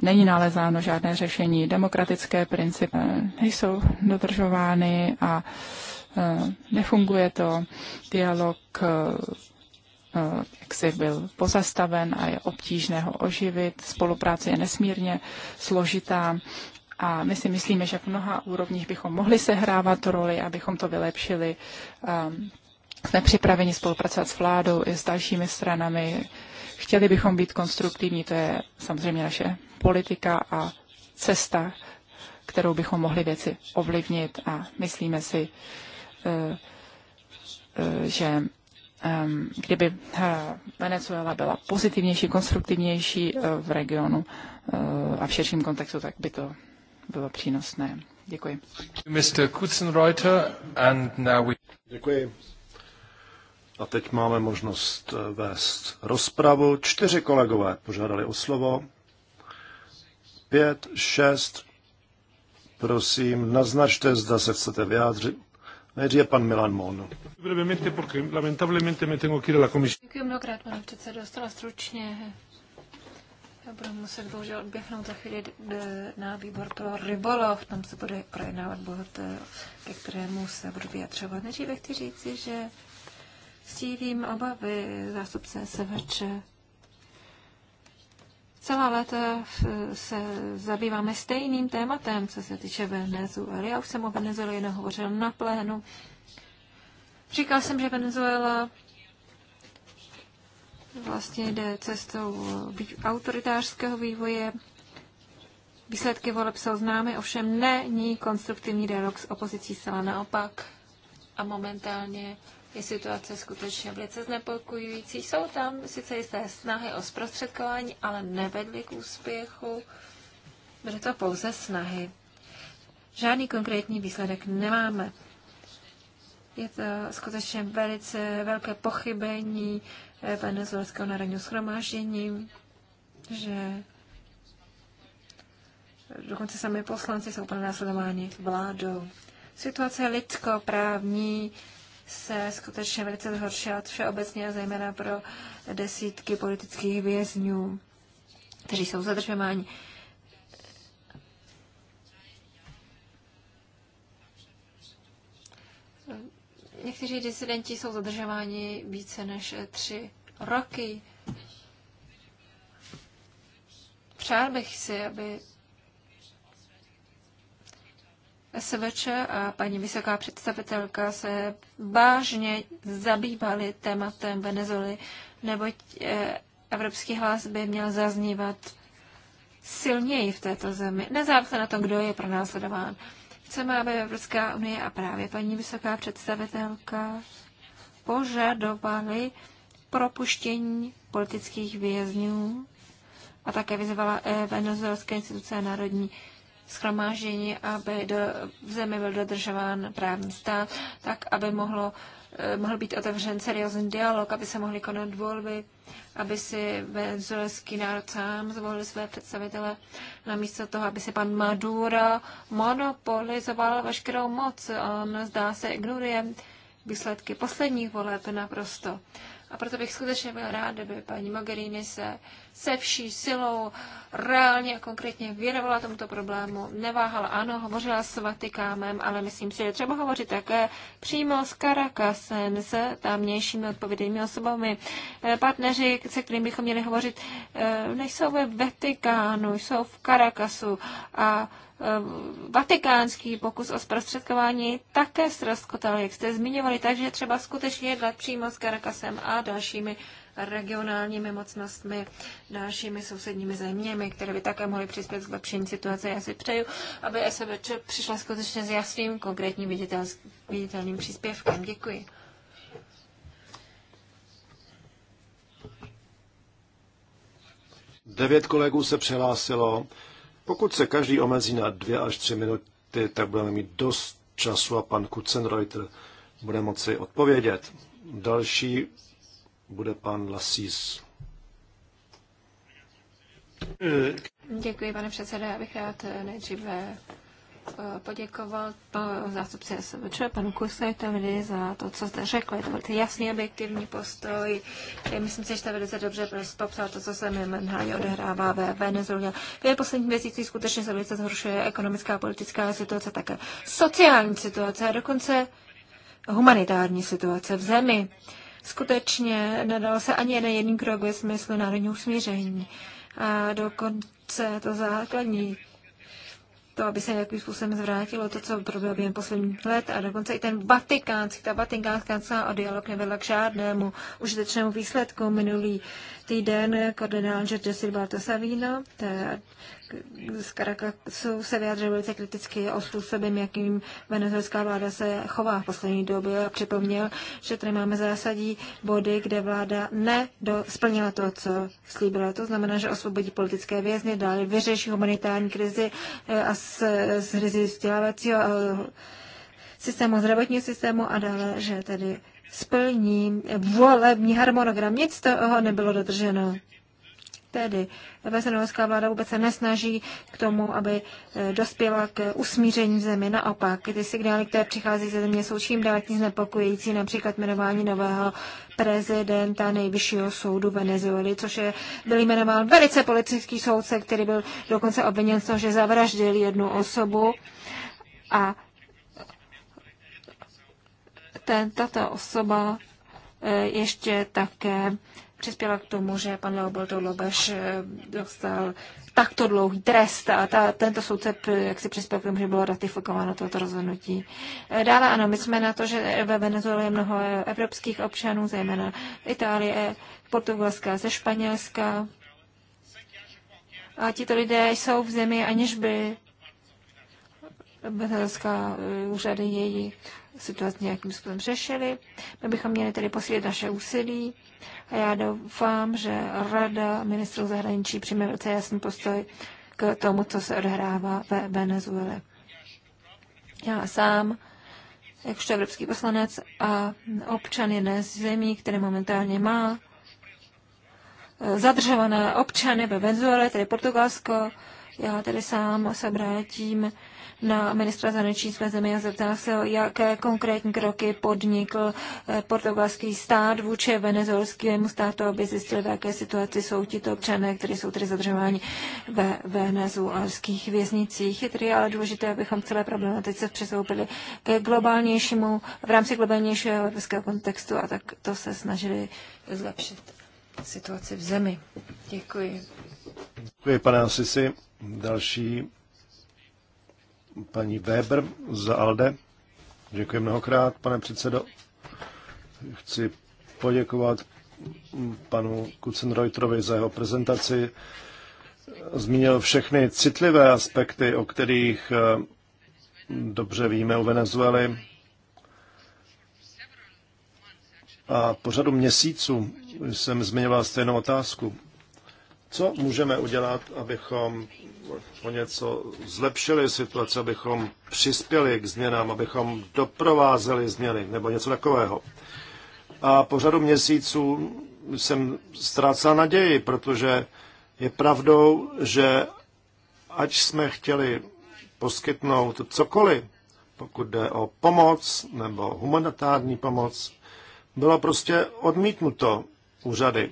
není nalezáno žádné řešení, demokratické principy nejsou dodržovány a nefunguje to. Dialog Eh, si byl pozastaven a je obtížné ho oživit. Spolupráce je nesmírně složitá a my si myslíme, že v mnoha úrovních bychom mohli sehrávat roli, abychom to vylepšili. Ehm, jsme připraveni spolupracovat s vládou i s dalšími stranami. Chtěli bychom být konstruktivní, to je samozřejmě naše politika a cesta, kterou bychom mohli věci ovlivnit a myslíme si, eh, eh, že Ehm, kdyby eh, Venezuela byla pozitivnější, konstruktivnější eh, v regionu eh, a v širším kontextu, tak by to bylo přínosné. Děkuji. Mr. and now we... Děkuji. A teď máme možnost vést rozpravu. Čtyři kolegové požádali o slovo. Pět, šest. Prosím, naznačte, zda se chcete vyjádřit. Nejdříve pan Milan Mono. Děkuji mnohokrát, pane předsedo, dostala stručně. Já budu muset bohužel odběhnout za chvíli na výbor pro rybolov. Tam se bude projednávat bod, eh, ke kterému se budu vyjadřovat. Nejdříve chci říci, že sdílím obavy zástupce Severče Celá léta eh, se zabýváme stejným tématem, co se týče Venezuely. Já už jsem o Venezuele nehovořil hovořil na plénu. Říkal jsem, že Venezuela vlastně jde cestou autoritářského vývoje. Výsledky voleb jsou známy, ovšem není konstruktivní dialog s opozicí, zcela naopak. A momentálně je situace skutečně velice znepokojující. Jsou tam sice jisté snahy o zprostředkování, ale nevedly k úspěchu. Byly to pouze snahy. Žádný konkrétní výsledek nemáme. Je to skutečně velice velké pochybení eh, venezuelského národního schromáždění, že dokonce sami poslanci jsou pronásledováni vládou. Situace lidskoprávní se skutečně velice zhoršila všeobecně a zejména pro desítky politických vězňů, kteří jsou zadržováni. Někteří disidenti jsou zadržováni více než tři roky. Přál bych si, aby SVČ a paní vysoká představitelka se vážně zabývali tématem Venezuely, neboť eh, evropský hlas by měl zaznívat silněji v této zemi, nezávisle na tom, kdo je pronásledován. Chceme, aby Evropská unie a právě paní vysoká představitelka požadovali propuštění politických vězňů a také vyzvala eh, venezuelské instituce a národní schromáždění, aby do, v zemi byl dodržován právní stát, tak aby mohlo, eh, mohl být otevřen seriózní dialog, aby se mohly konat volby, aby si venezuelský národ sám zvolil své představitele, namísto toho, aby se pan Maduro monopolizoval veškerou moc. On zdá se ignoruje výsledky posledních voleb naprosto. A proto bych skutečně byl rád, kdyby paní Mogherini se se vší silou reálně a konkrétně věnovala tomuto problému, neváhala, ano, hovořila s Vatikánem, ale myslím si, že třeba hovořit také přímo s Karakasem, s tamnějšími odpovědnými osobami. Eh, partneři, se kterými bychom měli hovořit, eh, nejsou ve Vatikánu, jsou v Karakasu a eh, vatikánský pokus o zprostředkování také ztroskotal, jak jste zmiňovali, takže třeba skutečně jednat přímo s Karakasem a dalšími regionálními mocnostmi, dalšími sousedními zeměmi, které by také mohly přispět k zlepšení situace. Já si přeju, aby SVČ přišla skutečně s jasným konkrétním viditel, viditelným příspěvkem. Děkuji. Devět kolegů se přihlásilo. Pokud se každý omezí na dvě až tři minuty, tak budeme mít dost času a pan Kucenreuter bude moci odpovědět. Další bude pan Děkuji, pane předsedo. Já bych rád eh, nejdříve eh, poděkoval zástupci SVČ, panu Kusajtovi, za to, co zde řekl. Je to byl jasný objektivní postoj. Myslím si, že to velice dobře popsal to, co se momentálně odehrává ve Venezuele. V posledních měsících skutečně se velice zhoršuje ekonomická a politická situace, také sociální situace a dokonce humanitární situace v zemi skutečně nedal se ani jeden jediný krok ve smyslu národního smíření. A dokonce to základní, to, aby se nějakým způsobem zvrátilo to, co proběhlo během posledních let a dokonce i ten vatikánský, ta vatikánská o dialog nevedla k žádnému užitečnému výsledku. Minulý týden kardinál Giorgio Silva Savino, z Caracasu se vyjádřil velice kriticky o způsobem, jakým venezuelská vláda se chová v poslední době a připomněl, že tady máme zásadní body, kde vláda nedosplnila to, co slíbila. To znamená, že osvobodí politické vězně, dále vyřeší humanitární krizi eh, a s, s krizi vzdělávacího eh, systému, zdravotního systému a dále, že tedy splní volební harmonogram. Nic toho nebylo dodrženo. Tedy venezuelská vláda vůbec se nesnaží k tomu, aby e, dospěla k usmíření v zemi. Naopak, ty signály, které přichází ze země, jsou čím dál tím znepokojící, například jmenování nového prezidenta nejvyššího soudu Venezuely, což je, byl jmenován velice politický soudce, který byl dokonce obviněn z toho, že zavraždil jednu osobu. A ten, tato osoba e, ještě také přispěla k tomu, že pan Leopoldo Lobeš eh, dostal takto dlouhý trest a ta, tento soudce eh, jak si přispěl k tomu, že bylo ratifikováno toto rozhodnutí. Eh, dále ano, my jsme na to, že ve Venezuele je mnoho evropských občanů, zejména Itálie, Portugalska, ze Španělska. A tito lidé jsou v zemi, aniž by Bezhledská eh, úřady její situaci nějakým způsobem řešily. My bychom měli tedy posílit naše úsilí a já doufám, že Rada ministrů zahraničí přijme velice jasný postoj k tomu, co se odhrává ve Venezuele. Já sám, jakožto evropský poslanec a občan jedné z zemí, které momentálně má eh, zadržované občany ve Venezuele, tedy Portugalsko, já tedy sám se obrátím na ministra zahraničí své země a zeptala se, jaké konkrétní kroky podnikl eh, portugalský stát vůči venezuelskému státu, aby zjistil, v jaké situaci jsou tito občané, kteří jsou tedy zadržováni ve venezuelských věznicích. Je tedy ale důležité, abychom celé problematice přesoupili ke globálnějšímu, v rámci globálnějšího evropského kontextu a tak to se snažili zlepšit situaci v zemi. Děkuji. Děkuji, pane Asisi. Další paní Weber za ALDE. Děkuji mnohokrát, pane předsedo. Chci poděkovat panu Kucenreuterovi za jeho prezentaci. Zmínil všechny citlivé aspekty, o kterých eh, dobře víme u Venezuely. A po řadu měsíců jsem zmiňoval stejnou otázku. Co můžeme udělat, abychom o něco zlepšili situaci, abychom přispěli k změnám, abychom doprovázeli změny nebo něco takového. A po řadu měsíců jsem ztrácel naději, protože je pravdou, že ať jsme chtěli poskytnout cokoliv, pokud jde o pomoc nebo humanitární pomoc, bylo prostě odmítnuto úřady.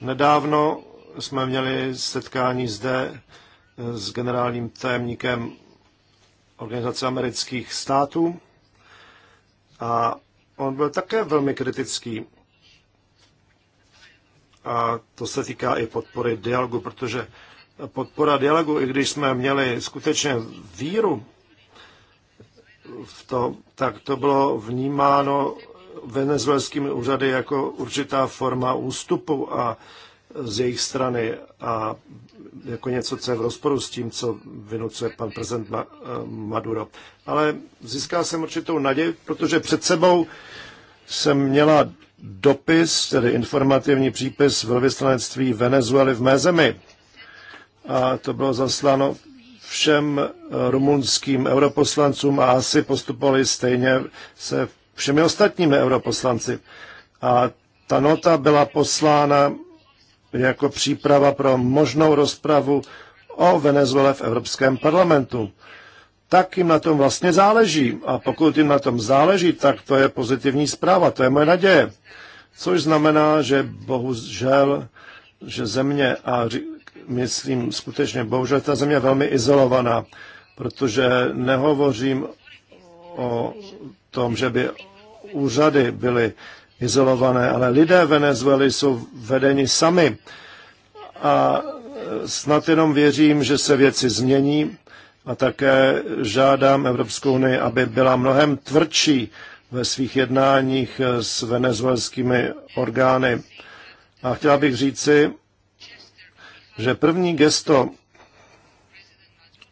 Nedávno jsme měli setkání zde eh, s generálním tajemníkem Organizace amerických států a on byl také velmi kritický. A to se týká i podpory dialogu, protože podpora dialogu, i když jsme měli skutečně víru v to, tak to bylo vnímáno venezuelskými úřady jako určitá forma ústupu a z jejich strany a jako něco, co je v rozporu s tím, co vynucuje pan prezident eh, Maduro. Ale získal jsem určitou naději, protože před sebou jsem měla dopis, tedy informativní přípis velvyslanectví Venezuely v mé zemi. A to bylo zasláno všem eh, rumunským europoslancům a asi postupovali stejně se všemi ostatními europoslanci. A ta nota byla poslána jako příprava pro možnou rozpravu o Venezuele v Evropském parlamentu. Tak jim na tom vlastně záleží. A pokud jim na tom záleží, tak to je pozitivní zpráva, to je moje naděje. Což znamená, že bohužel, že země, a myslím skutečně bohužel, ta země je velmi izolovaná, protože nehovořím o tom, že by úřady byly izolované, ale lidé Venezuely jsou vedeni sami. A e, snad jenom věřím, že se věci změní a také žádám Evropskou unii, aby byla mnohem tvrdší ve svých jednáních e, s venezuelskými orgány. A chtěla bych říci, že první gesto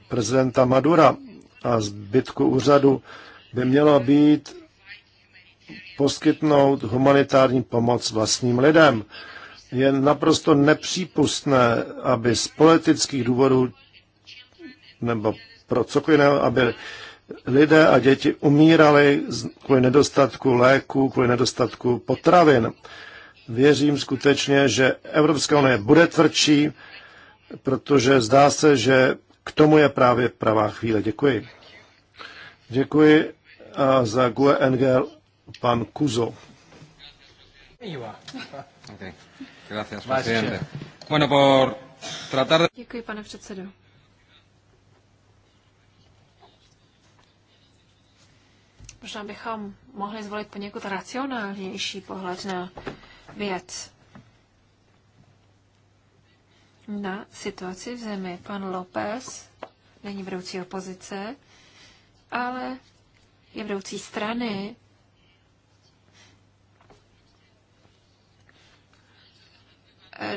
prezidenta Madura a zbytku úřadu by mělo být poskytnout humanitární pomoc vlastním lidem. Je naprosto nepřípustné, aby z politických důvodů nebo pro cokoliv jiného, aby lidé a děti umírali kvůli nedostatku léků, kvůli nedostatku potravin. Věřím skutečně, že Evropská unie bude tvrdší, protože zdá se, že k tomu je právě pravá chvíle. Děkuji. Děkuji a za GUE NGL Pan Kuzo. Děkuji, pane předsedo. Možná bychom mohli zvolit poněkud racionálnější pohled na věc. Na situaci v zemi. Pan López není vedoucí opozice, ale je vedoucí strany,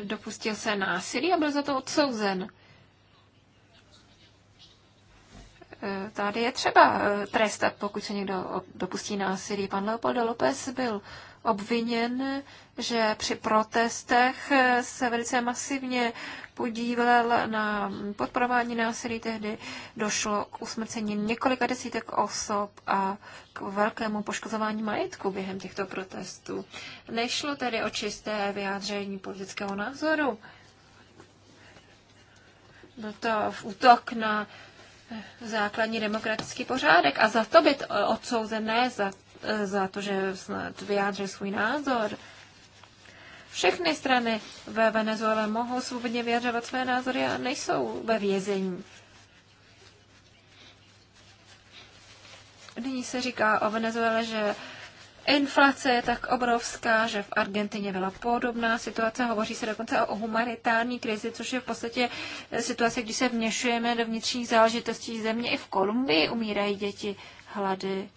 dopustil se násilí a byl za to odsouzen. Eh, tady je třeba eh, trestat, pokud se někdo dopustí násilí. Pan Leopoldo López byl obviněn, že při protestech se velice masivně podílel na podporování násilí. Tehdy došlo k usmrcení několika desítek osob a k velkému poškozování majetku během těchto protestů. Nešlo tedy o čisté vyjádření politického názoru. Byl to v útok na základní demokratický pořádek a za to být odsouzené, za Eh, za to, že snad vyjádřil svůj názor. Všechny strany ve Venezuele mohou svobodně vyjadřovat své názory a nejsou ve vězení. Nyní se říká o Venezuele, že inflace je tak obrovská, že v Argentině byla podobná situace. Hovoří se dokonce o humanitární krizi, což je v podstatě situace, kdy se vměšujeme do vnitřních záležitostí země. I v Kolumbii umírají děti hlady.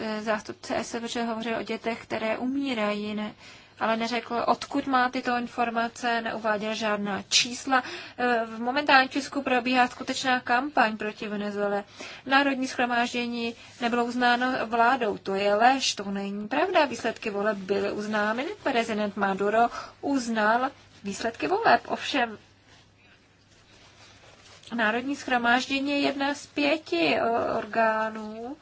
Eh, zástupce SVČ hovořil o dětech, které umírají, ne, ale neřekl, odkud má tyto informace, neuváděl žádná čísla. Eh, v momentálním Česku probíhá skutečná kampaň proti Venezuele. Národní schromáždění nebylo uznáno vládou. To je lež, to není pravda. Výsledky voleb byly uznámeny. Prezident Maduro uznal výsledky voleb. Ovšem, Národní schromáždění je jedna z pěti eh, orgánů,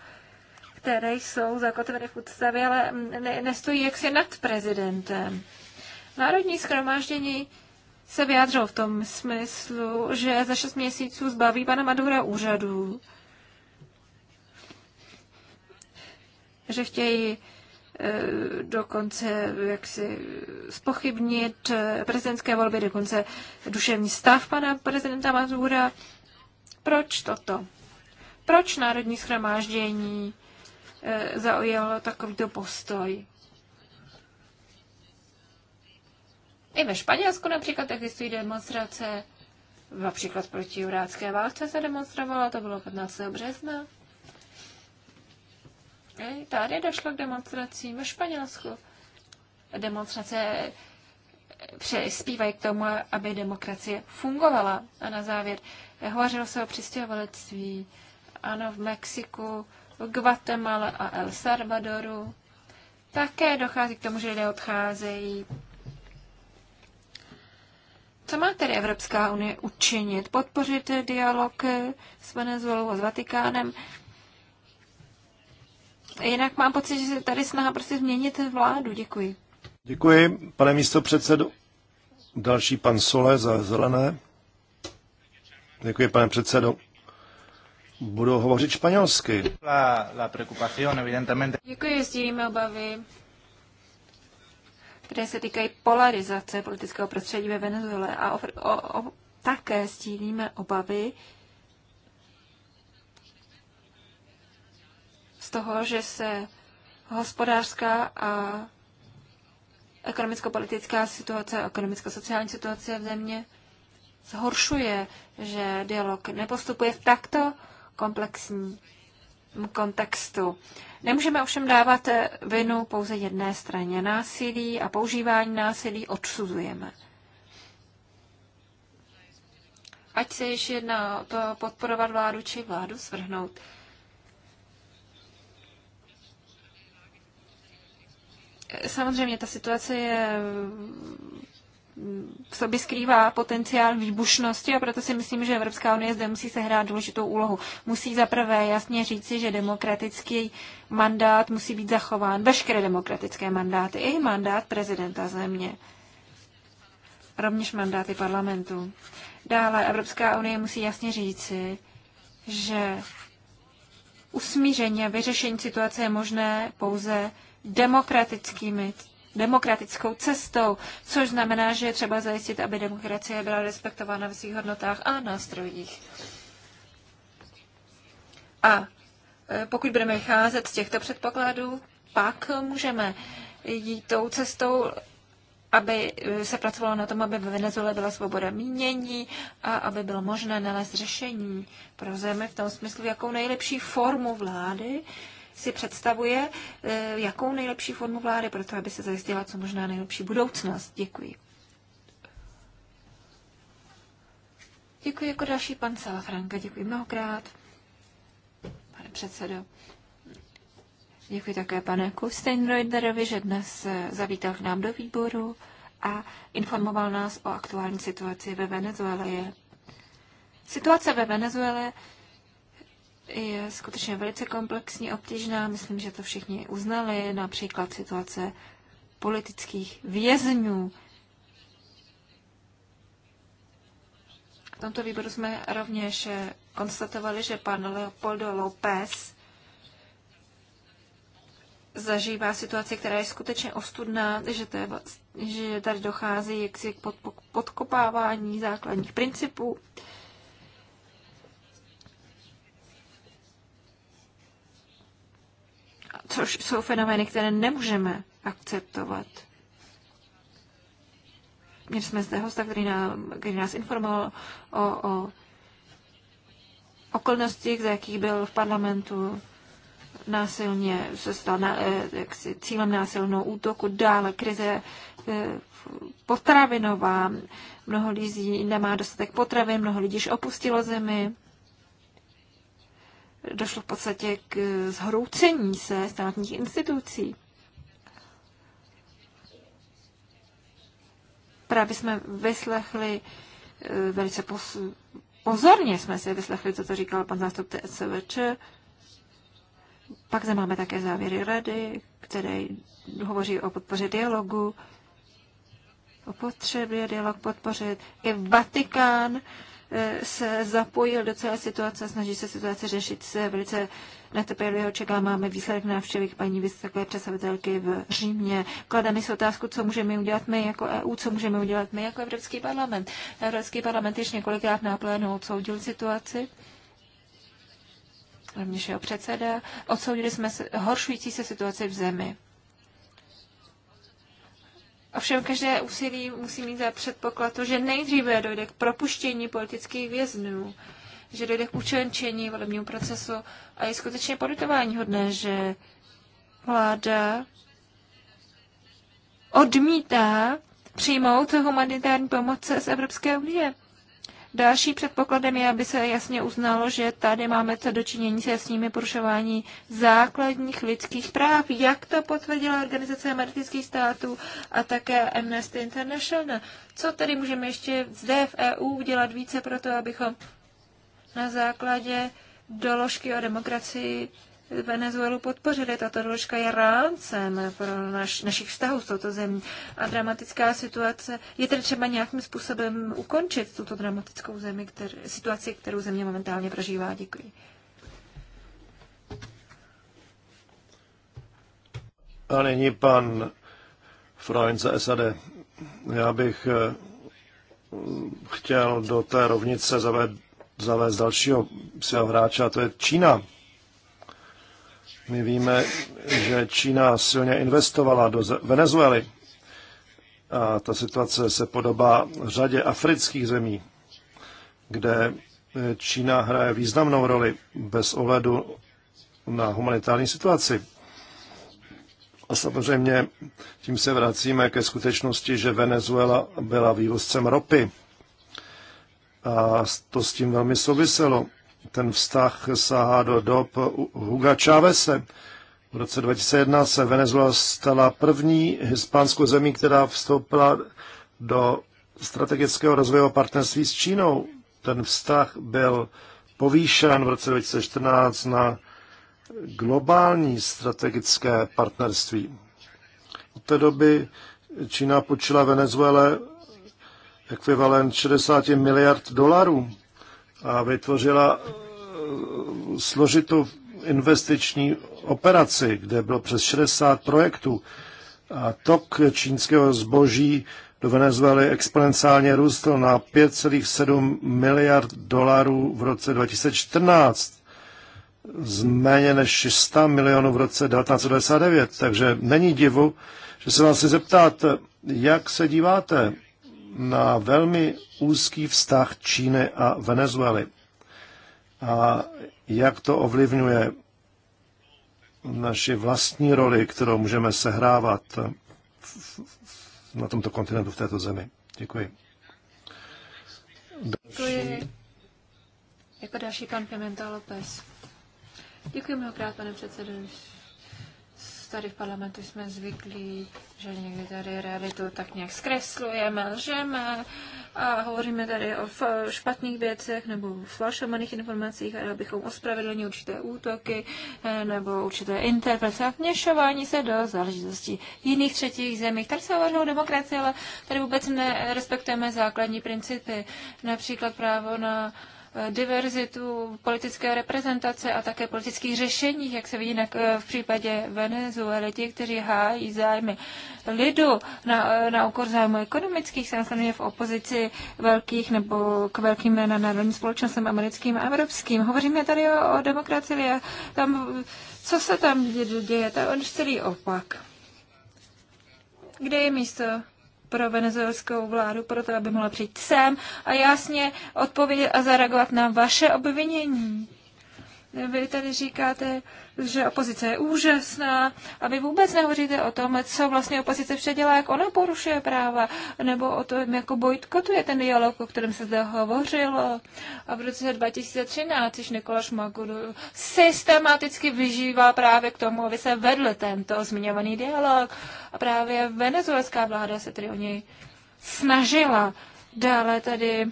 které jsou zakotveny v ústavě, ale ne, nestojí jaksi nad prezidentem. Národní schromáždění se vyjádřilo v tom smyslu, že za šest měsíců zbaví pana Madura úřadu, že chtějí e, dokonce jaksi spochybnit e, prezidentské volby, dokonce duševní stav pana prezidenta Mazura. Proč toto? Proč národní schromáždění E, zaujalo takovýto postoj. I ve Španělsku například existují demonstrace, například proti jurácké válce se demonstrovalo, to bylo 15. března. I e, tady došlo k demonstracím ve Španělsku. Demonstrace e, přispívají k tomu, aby demokracie fungovala. A na závěr, hovořilo se o přistěhovalectví. Ano, v Mexiku v Guatemala a El Salvadoru. Také dochází k tomu, že lidé odcházejí. Co má tedy Evropská unie učinit? Podpořit dialog s Venezuelou a s Vatikánem? Jinak mám pocit, že se tady snaha prostě změnit vládu. Děkuji. Děkuji, pane místo předsedu. Další pan Sole za zelené. Děkuji, pane předsedo budou hovořit španělsky. Děkuji, sdílíme obavy, které se týkají polarizace politického prostředí ve Venezuele a o, o, o, také sdílíme obavy z toho, že se hospodářská a ekonomicko-politická situace, ekonomicko-sociální situace v země zhoršuje, že dialog nepostupuje v takto komplexním kontextu. Nemůžeme ovšem dávat vinu pouze jedné straně. Násilí a používání násilí odsuzujeme. Ať se již jedná to podporovat vládu či vládu svrhnout. Samozřejmě ta situace je v sobě skrývá potenciál výbušnosti a proto si myslím, že Evropská unie zde musí sehrát důležitou úlohu. Musí zaprvé jasně říci, že demokratický mandát musí být zachován, veškeré demokratické mandáty, i mandát prezidenta země, rovněž mandáty parlamentu. Dále Evropská unie musí jasně říci, že usmíření a vyřešení situace je možné pouze demokratickými demokratickou cestou, což znamená, že je třeba zajistit, aby demokracie byla respektována v svých hodnotách a nástrojích. A e, pokud budeme vycházet z těchto předpokladů, pak můžeme jít tou cestou, aby se pracovalo na tom, aby ve Venezuele byla svoboda mínění a aby bylo možné nalézt řešení pro zemi v tom smyslu, jakou nejlepší formu vlády si představuje, eh, jakou nejlepší formu vlády pro to, aby se zajistila co možná nejlepší budoucnost. Děkuji. Děkuji jako další pan Franka. Děkuji mnohokrát, pane předsedo. Děkuji také pane Kusteinreuterovi, že dnes eh, zavítal k nám do výboru a informoval nás o aktuální situaci ve Venezuele. Situace ve Venezuele je skutečně velice komplexní, obtížná. Myslím, že to všichni uznali, například situace politických vězňů. V tomto výboru jsme rovněž konstatovali, že pan Leopoldo López zažívá situaci, která je skutečně ostudná, že, to je, že tady dochází jaksi k podkopávání základních principů což jsou fenomény, které nemůžeme akceptovat. Měli jsme zde hosta, který, nám, který nás informoval o, o okolnostích, za jakých byl v parlamentu násilně, se stal na, eh, jaksi, cílem násilného útoku, dále krize eh, potravinová, mnoho lidí nemá dostatek potravy, mnoho lidí již opustilo zemi došlo v podstatě k eh, zhroucení se státních institucí. Právě jsme vyslechli eh, velice pozorně jsme si vyslechli, co to říkal pan zástupce TSVČ. Pak zde máme také závěry rady, které hovoří o podpoře dialogu, o potřebě dialog podpořit. I Vatikán Eh, se zapojil do celé situace snaží se situaci řešit. Se velice netrpělivě očeká, máme výsledek návštěvy paní vysoké představitelky v Římě. Klademe si otázku, co můžeme udělat my jako EU, co můžeme udělat my jako Evropský parlament. Evropský parlament již několikrát na plénu odsoudil situaci rovněž jeho předseda. Odsoudili jsme horšující se situaci v zemi. Ovšem každé úsilí musí mít za předpoklad to, že nejdříve dojde k propuštění politických vězňů, že dojde k učenčení volebního procesu a je skutečně politování hodné, že vláda odmítá přijmout humanitární pomoc z Evropské unie. Další předpokladem je, aby se jasně uznalo, že tady máme co dočinění s jasnými porušování základních lidských práv, jak to potvrdila Organizace amerických států a také Amnesty International. Co tedy můžeme ještě zde v EU udělat více pro to, abychom na základě doložky o demokracii Venezuelu podpořili. Tato doložka je rámcem pro naš, našich vztahů s touto zemí. A dramatická situace je tedy třeba nějakým způsobem ukončit tuto dramatickou zemi, kter, situaci, kterou země momentálně prožívá. Děkuji. A nyní pan Freund za SAD. Já bych eh, chtěl do té rovnice zavést, zavést dalšího svého hráče, a to je Čína. My víme, že Čína silně investovala do Venezuely a ta situace se podobá řadě afrických zemí, kde eh, Čína hraje významnou roli bez ohledu na humanitární situaci. A samozřejmě tím se vracíme ke skutečnosti, že Venezuela byla vývozcem ropy. A to s tím velmi souviselo ten vztah sahá do dob Huga Chávese. V roce 2001 se Venezuela stala první hispánskou zemí, která vstoupila do strategického rozvojového partnerství s Čínou. Ten vztah byl povýšen v roce 2014 na globální strategické partnerství. Od té doby Čína počila Venezuele ekvivalent 60 miliard dolarů a vytvořila eh, složitou investiční operaci, kde bylo přes 60 projektů. A tok čínského zboží do Venezuely exponenciálně růstl na 5,7 miliard dolarů v roce 2014 z méně než 600 milionů v roce 1999. Takže není divu, že se vás chci zeptat, jak se díváte na velmi úzký vztah Číny a Venezuely. A jak to ovlivňuje naši vlastní roli, kterou můžeme sehrávat na tomto kontinentu, v této zemi. Děkuji. Děkuji. Jako další pan Pimenta López. Děkuji mnohokrát, pane předsedo. Tady v parlamentu jsme zvyklí, že někdy tady realitu tak nějak zkreslujeme, lžeme a hovoříme tady o špatných věcech nebo falšovaných informacích, ale abychom ospravedlnili určité útoky eh, nebo určité interpretace a vněšování se do záležitostí jiných třetích zemí. Tady se hovoří o demokracii, ale tady vůbec nerespektujeme základní principy, například právo na diverzitu politické reprezentace a také politických řešeních, jak se vidí na, v případě Venezuely. Ti, kteří hájí zájmy lidu na, na úkor zájmu ekonomických, samozřejmě v opozici velkých nebo k velkým národním společnostem americkým a evropským. Hovoříme tady o, o demokracii a tam, co se tam děje, to je on celý opak. Kde je místo pro venezuelskou vládu, proto aby mohla přijít sem a jasně odpovědět a zareagovat na vaše obvinění. Vy tady říkáte, že opozice je úžasná a vy vůbec nehovoříte o tom, co vlastně opozice vše dělá, jak ona porušuje práva, nebo o tom, jako bojkotuje ten dialog, o kterém se zde hovořilo. A v roce 2013, když Nikolaš Maguru systematicky vyžívá právě k tomu, aby se vedl tento zmiňovaný dialog. A právě venezuelská vláda se tedy o něj snažila. Dále tady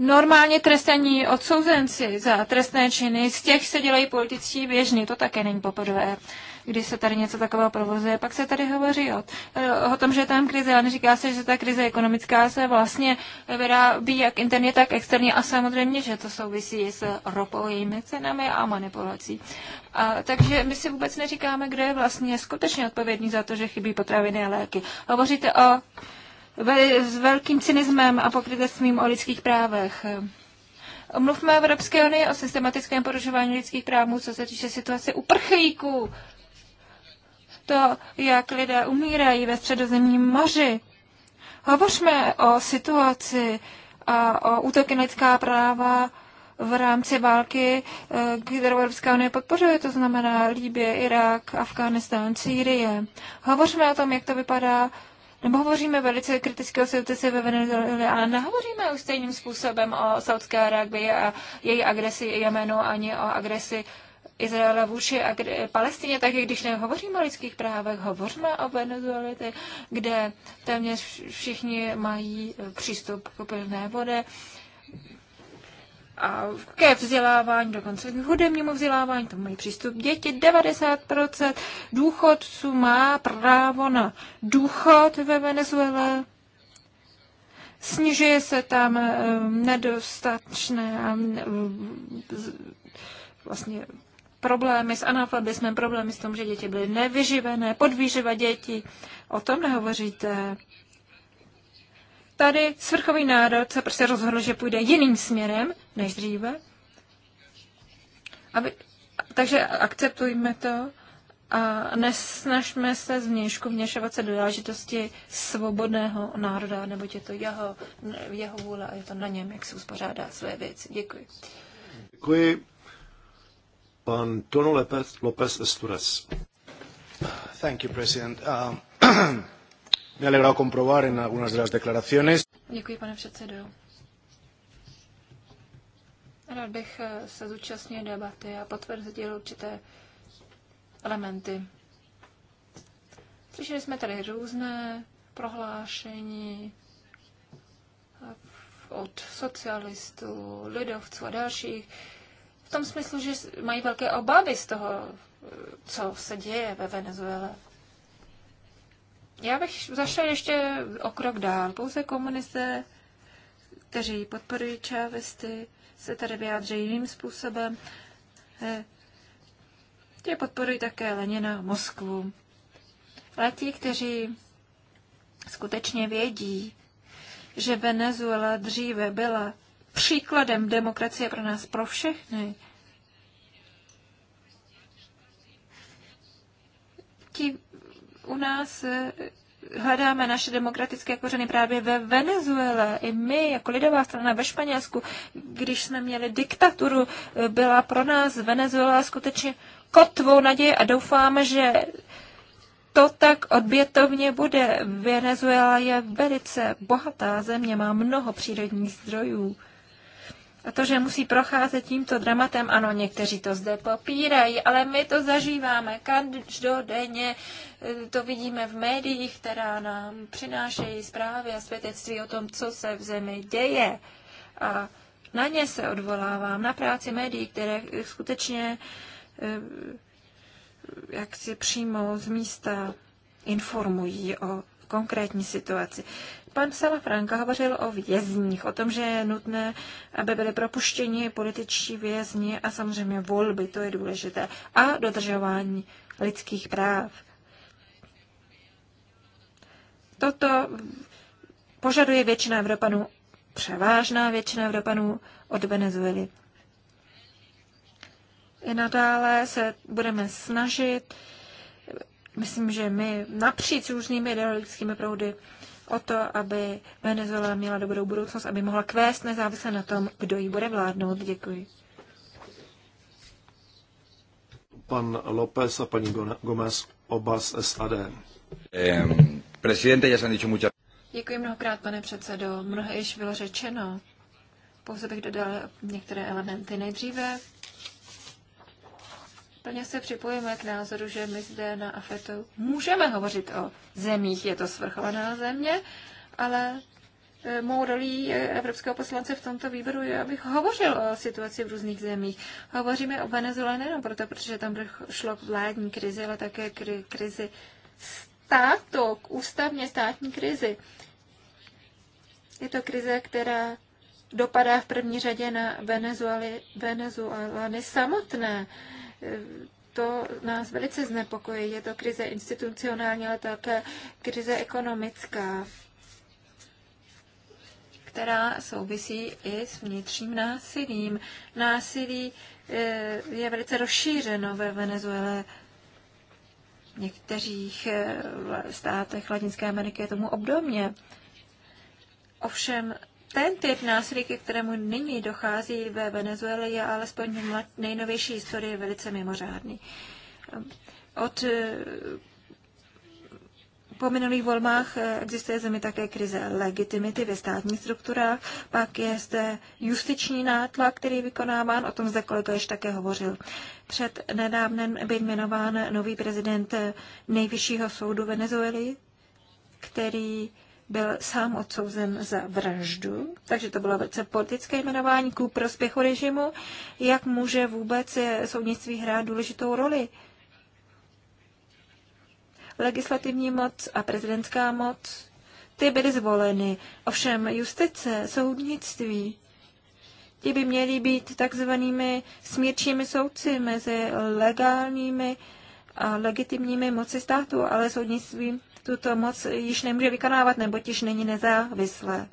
normálně trestaní odsouzenci za trestné činy, z těch se dělají političtí běžní, to také není poprvé když se tady něco takového provozuje. Pak se tady hovoří o, o tom, že je tam krize, ale neříká se, že ta krize ekonomická se vlastně vyrábí jak interně, tak externě a samozřejmě, že to souvisí s ropovými cenami a manipulací. A, takže my si vůbec neříkáme, kdo je vlastně skutečně odpovědný za to, že chybí potraviny a léky. Hovoříte o s velkým cynismem a pokrytectvím o lidských právech. o Evropské unii o systematickém porušování lidských právů, co se týče situace uprchlíků. To, jak lidé umírají ve středozemním moři. Hovořme o situaci a o útoky na lidská práva v rámci války, eh, kterou Evropská unie podpořuje, to znamená Líbě, Irák, Afghánistán, Sýrie. Hovořme o tom, jak to vypadá nebo hovoříme velice kriticky o situaci ve Venezuele, ale nehovoříme už stejným způsobem o Saudské Arábii a její agresi Jemenu ani o agresi Izraela vůči Palestině, tak i když nehovoříme o lidských právech, hovoříme o Venezuele, kde téměř všichni mají přístup k pilné vody, a ke vzdělávání, dokonce k hudebnímu vzdělávání, to mají přístup děti, 90% důchodců má právo na důchod ve Venezuele. Snižuje se tam eh, nedostatečné eh, vlastně problémy s analfabismem, problémy s tom, že děti byly nevyživené, podvýživa děti. O tom nehovoříte tady svrchový národ se prostě rozhodl, že půjde jiným směrem než dříve. Aby, takže akceptujme to a nesnažme se zvnějšku vněšovat se do dážitosti svobodného národa, nebo je to jeho, jeho vůle a je to na něm, jak se uspořádá své věci. Děkuji. Děkuji. Pan Tono López, López Estures. Thank you, President. Um, [CLEARS THROAT] me ha alegrado comprobar en algunas de las declaraciones. Děkuji, pane předsedo. Rád bych eh, se zúčastnil debaty a potvrdil určité elementy. Slyšeli jsme tady různé prohlášení eh, od socialistů, lidovců a dalších, v tom smyslu, že mají velké obavy z toho, eh, co se děje ve Venezuele. Já bych zašel ještě o krok dál. Pouze komunisté, kteří podporují čávesty, se tady vyjádří jiným způsobem. Eh, ti podporují také Lenina a Moskvu. Ale ti, kteří skutečně vědí, že Venezuela dříve byla příkladem demokracie pro nás, pro všechny, ti u nás eh, hledáme naše demokratické kořeny právě ve Venezuele. I my, jako lidová strana ve Španělsku, když jsme měli diktaturu, eh, byla pro nás Venezuela skutečně kotvou naděje a doufáme, že to tak odbětovně bude. Venezuela je velice bohatá země, má mnoho přírodních zdrojů. A to, že musí procházet tímto dramatem, ano, někteří to zde popírají, ale my to zažíváme každodenně, e, to vidíme v médiích, která nám přinášejí zprávy a svědectví o tom, co se v zemi děje. A na ně se odvolávám, na práci médií, které skutečně e, jak si přímo z místa informují o konkrétní situaci. Pan Franka hovořil o vězních, o tom, že je nutné, aby byly propuštěni političtí vězni a samozřejmě volby, to je důležité, a dodržování lidských práv. Toto požaduje většina Evropanů, převážná většina Evropanů od Venezuely. I nadále se budeme snažit myslím, že my napříč různými ideologickými proudy o to, aby Venezuela měla dobrou budoucnost, aby mohla kvést nezávisle na tom, kdo ji bude vládnout. Děkuji. Pan López a paní Gomez, oba z SAD. Prezidente, já jsem dicho mucha... Děkuji mnohokrát, pane předsedo. Mnohé již bylo řečeno. Pouze bych dodal některé elementy. Nejdříve Plně se připojíme k názoru, že my zde na AFETu můžeme hovořit o zemích, je to svrchovaná země, ale e, mou rolí evropského poslance v tomto výboru je, abych hovořil o situaci v různých zemích. Hovoříme o Venezuele nejenom proto, protože tam šlo k vládní krizi, ale také k krizi státu, k ústavně státní krizi. Je to krize, která dopadá v první řadě na Venezuely, Venezuelany samotné to nás velice znepokojí. Je to krize institucionální, ale také krize ekonomická, která souvisí i s vnitřním násilím. Násilí eh, je velice rozšířeno ve Venezuele. V některých eh, státech Latinské Ameriky je tomu obdobně. Ovšem ten typ násilí, ke kterému nyní dochází ve Venezuele, je alespoň v nejnovější historii velice mimořádný. Od eh, po minulých volbách eh, existuje zemi také krize legitimity ve státních strukturách, pak je zde justiční nátlak, který je vykonáván, o tom zde kolega již také hovořil. Před nedávnem byl jmenován nový prezident eh, nejvyššího soudu Venezuely, který byl sám odsouzen za vraždu, takže to bylo velice politické jmenování ku prospěchu režimu. Jak může vůbec soudnictví hrát důležitou roli? Legislativní moc a prezidentská moc, ty byly zvoleny. Ovšem justice, soudnictví, ti by měli být takzvanými smírčími soudci mezi legálními a legitimními moci státu, ale soudnictví tuto moc již nemůže vykonávat, nebo již není nezávislé.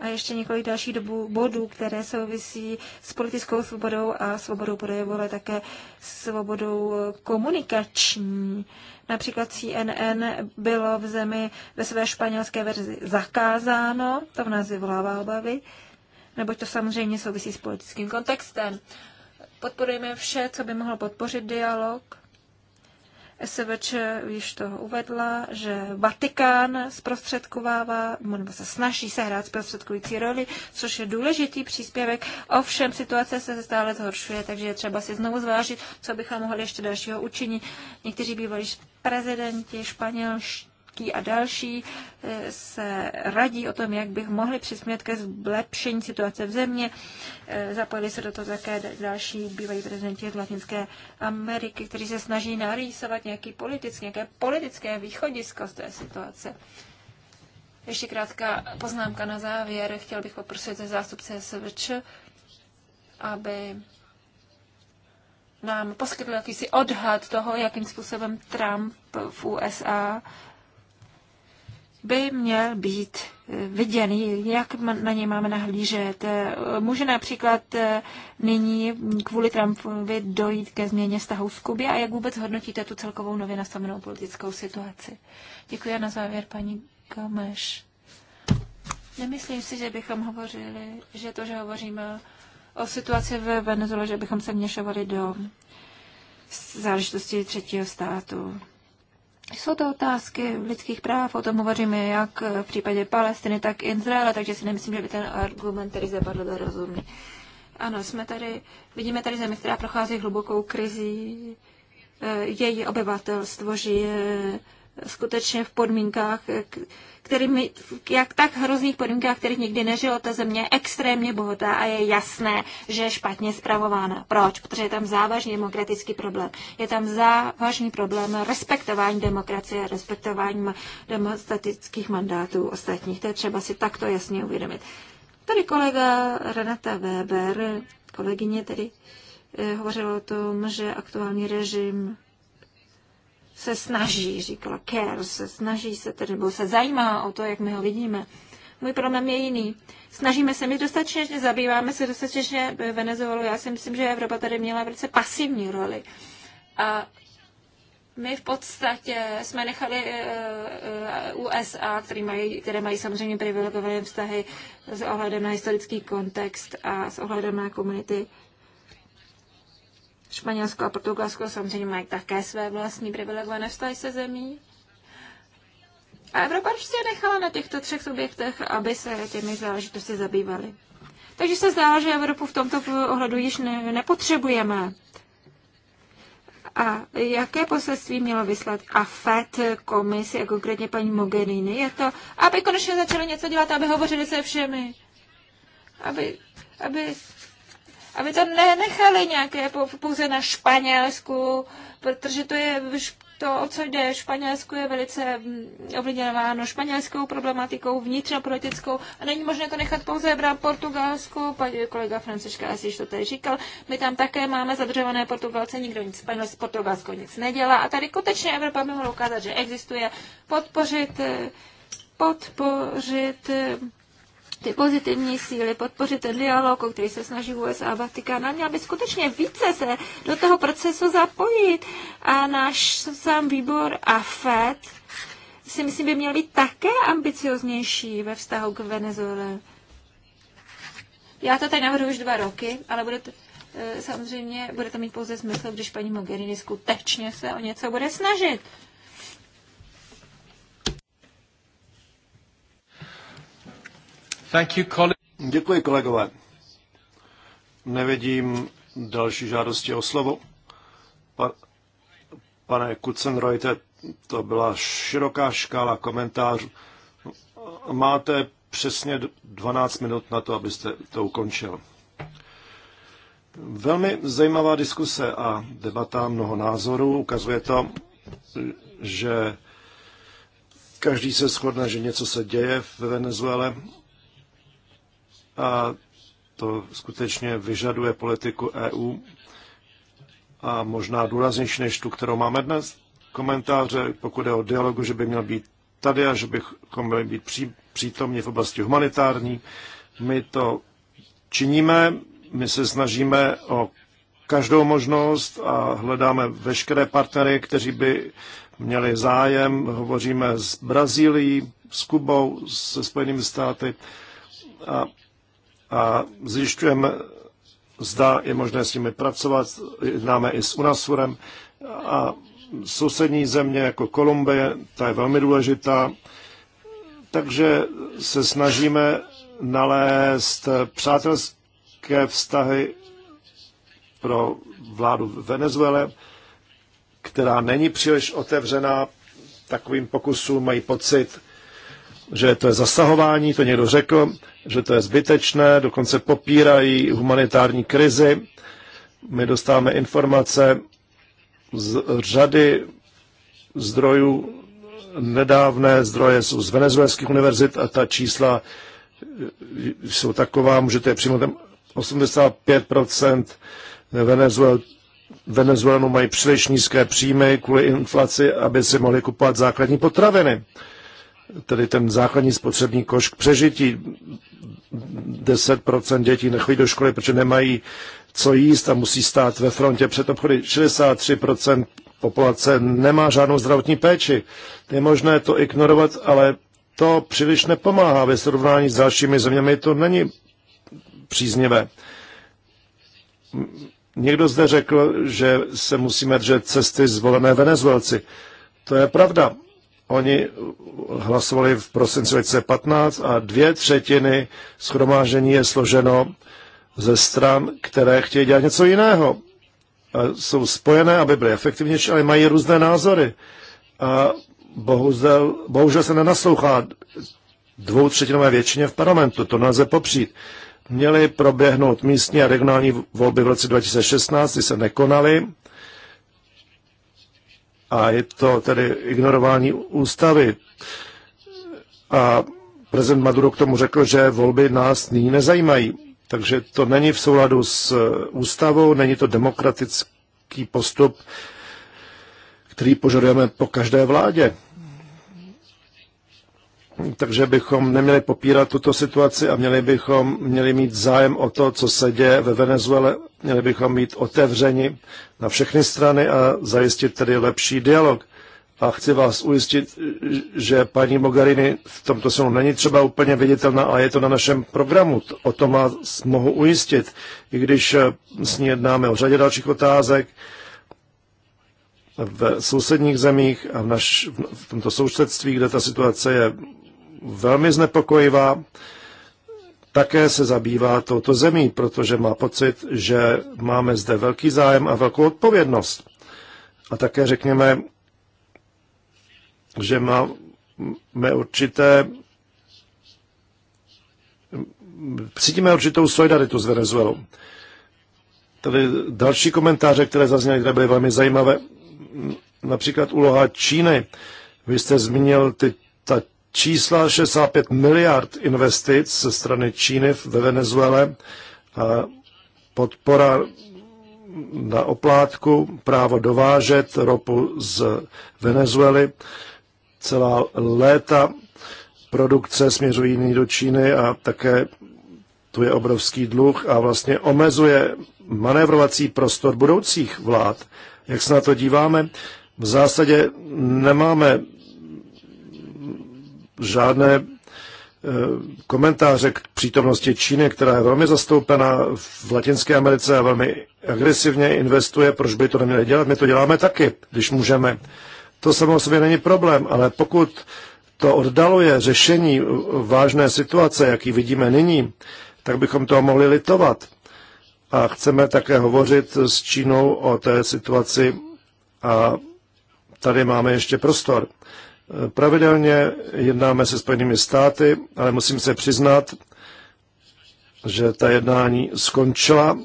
A ještě několik dalších dobu, bodů, které souvisí s politickou svobodou a svobodou projevu, ale také svobodou eh, komunikační. Například CNN bylo v zemi ve své španělské verzi zakázáno, to v nás vyvolává obavy, neboť to samozřejmě souvisí s politickým kontextem. Podporujeme vše, co by mohlo podpořit dialog, SVČ již to uvedla, že Vatikán zprostředkovává, nebo se snaží sehrát zprostředkující roli, což je důležitý příspěvek. Ovšem situace se stále zhoršuje, takže je třeba si znovu zvážit, co bychom mohli ještě dalšího učinit. Někteří bývalí prezidenti španělští Ký a další eh, se radí o tom, jak bych mohli přispět ke zlepšení situace v země. Eh, zapojili se do toho také další bývalí prezidenti z Latinské Ameriky, kteří se snaží narýsovat nějaký politický, nějaké politické východisko z té situace. Ještě krátká poznámka na závěr. Chtěl bych poprosit ze zástupce SVČ, aby nám poskytl jakýsi odhad toho, jakým způsobem Trump v USA by měl být eh, viděn, jak na něj máme nahlížet. Eh, může například eh, nyní kvůli Trumpovi dojít ke změně vztahu v Kubě a jak vůbec hodnotíte tu celkovou nově nastavenou politickou situaci? Děkuji a na závěr paní Gameš. Nemyslím si, že bychom hovořili, že to, že hovoříme o situaci ve Venezuele, že bychom se měšovali do záležitosti třetího státu. Jsou to otázky lidských práv, o tom hovoříme jak v případě Palestiny, tak Izraela, takže si nemyslím, že by ten argument, který zapadl, byl rozumný. Ano, jsme tady, vidíme tady zemi, která prochází hlubokou krizí, e, její obyvatelstvo žije skutečně v podmínkách, kterými, jak tak hrozných podmínkách, kterých nikdy nežilo ta země, extrémně bohatá a je jasné, že je špatně zpravována. Proč? Protože je tam závažný demokratický problém. Je tam závažný problém respektování demokracie, respektování demokratických mandátů ostatních. To je třeba si takto jasně uvědomit. Tady kolega Renata Weber, kolegyně tedy, eh, hovořila o tom, že aktuální režim se snaží, říkala care, se snaží se tedy, nebo se zajímá o to, jak my ho vidíme. Můj problém je jiný. Snažíme se, my dostatečně zabýváme se dostatečně Venezuelu. Já si myslím, že Evropa tady měla velice pasivní roli. A my v podstatě jsme nechali eh, eh, USA, který mají, které mají samozřejmě privilegované vztahy s ohledem na historický kontext a s ohledem na komunity Španělsko a Portugalsko samozřejmě mají také své vlastní privilegované vztahy se zemí. A Evropa prostě nechala na těchto třech subjektech, aby se těmi záležitosti zabývaly. Takže se zdá, že Evropu v tomto ohledu již ne, nepotřebujeme. A jaké poselství mělo vyslat A Fed komisi a konkrétně paní Mogherini? Je to, aby konečně začali něco dělat, aby hovořili se všemi. Aby, aby aby to nenechali nějaké pouze na Španělsku, protože to je to, o co jde. Španělsku je velice mm, ovlivňováno španělskou problematikou, vnitřnopolitickou a není možné to nechat pouze v Portugalsku. Pan kolega Franciška asi to tady říkal. My tam také máme zadržované Portugalce, nikdo nic z Portugalsko nic nedělá a tady konečně Evropa by mohla ukázat, že existuje podpořit eh, podpořit eh, ty pozitivní síly, podpořit ten dialog, o který se snaží USA a Vatikán, a měl by skutečně více se do toho procesu zapojit. A náš sám výbor a Fed si myslím, by měl být také ambicioznější ve vztahu k Venezuele. Já to tady navrhuji už dva roky, ale bude to, eh, samozřejmě bude to mít pouze smysl, když paní Mogherini skutečně se o něco bude snažit. Děkuji, kolegové. Nevidím další žádosti o slovo. Pa, pane Kucenrojte, to byla široká škála komentářů. Máte přesně 12 minut na to, abyste to ukončil. Velmi zajímavá diskuse a debata, mnoho názorů. Ukazuje to, že každý se shodne, že něco se děje ve Venezuele a to skutečně vyžaduje politiku EU a možná důraznější než tu, kterou máme dnes. Komentáře, pokud je o dialogu, že by měl být tady a že bychom měli být pří, přítomní v oblasti humanitární. My to činíme, my se snažíme o každou možnost a hledáme veškeré partnery, kteří by měli zájem. Hovoříme s Brazílií, s Kubou, se Spojenými státy a a zjišťujeme, zda je možné s nimi pracovat. Jednáme i s UNASURem a sousední země jako Kolumbie, ta je velmi důležitá. Takže se snažíme nalézt přátelské vztahy pro vládu Venezuele, která není příliš otevřená takovým pokusům, mají pocit, že to je zasahování, to někdo řekl, že to je zbytečné, dokonce popírají humanitární krizi. My dostáváme informace z řady zdrojů, nedávné zdroje jsou z venezuelských univerzit a ta čísla jsou taková, můžete je přijmout, 85% Venezuel, Venezuelanů mají příliš nízké příjmy kvůli inflaci, aby si mohli kupovat základní potraviny tedy ten základní spotřební koš k přežití. 10% dětí nechodí do školy, protože nemají co jíst a musí stát ve frontě před obchody. 63% populace nemá žádnou zdravotní péči. Je možné to ignorovat, ale to příliš nepomáhá. Ve srovnání s dalšími zeměmi to není příznivé. Někdo zde řekl, že se musíme držet cesty zvolené Venezuelci. To je pravda. Oni hlasovali v prosinci 2015 a dvě třetiny schromážení je složeno ze stran, které chtějí dělat něco jiného. A jsou spojené, aby byly efektivnější, ale mají různé názory. A bohužel, bohužel se nenaslouchá dvou třetinové většině v parlamentu, to nelze popřít. Měly proběhnout místní a regionální volby v roce 2016, ty se nekonaly a je to tedy ignorování ústavy. A prezident Maduro k tomu řekl, že volby nás nyní nezajímají. Takže to není v souladu s eh, ústavou, není to demokratický postup, který požadujeme po každé vládě takže bychom neměli popírat tuto situaci a měli bychom měli mít zájem o to, co se děje ve Venezuele. Měli bychom být otevřeni na všechny strany a zajistit tedy lepší dialog. A chci vás ujistit, že paní Mogherini v tomto snu není třeba úplně viditelná a je to na našem programu. O tom vás mohu ujistit, i když eh, s ní jednáme o řadě dalších otázek v sousedních zemích a v, naš, v tomto sousedství, kde ta situace je velmi znepokojivá. Také se zabývá touto zemí, protože má pocit, že máme zde velký zájem a velkou odpovědnost. A také řekněme, že máme určité cítíme určitou solidaritu s Venezuelou. Tady další komentáře, které zazněly, které byly velmi zajímavé, například úloha Číny. Vy jste zmínil ty, ta čísla 65 miliard investic ze strany Číny ve Venezuele, podpora na oplátku, právo dovážet ropu z Venezuely, celá léta produkce směřují do Číny a také tu je obrovský dluh a vlastně omezuje manévrovací prostor budoucích vlád. Jak se na to díváme, v zásadě nemáme žádné eh, komentáře k přítomnosti Číny, která je velmi zastoupena v Latinské Americe a velmi agresivně investuje, proč by to neměli dělat? My to děláme taky, když můžeme. To samo sobě není problém, ale pokud to oddaluje řešení vážné situace, jaký vidíme nyní, tak bychom toho mohli litovat. A chceme také hovořit s Čínou o té situaci a tady máme ještě prostor. Pravidelně jednáme se Spojenými státy, ale musím se přiznat, že ta jednání skončila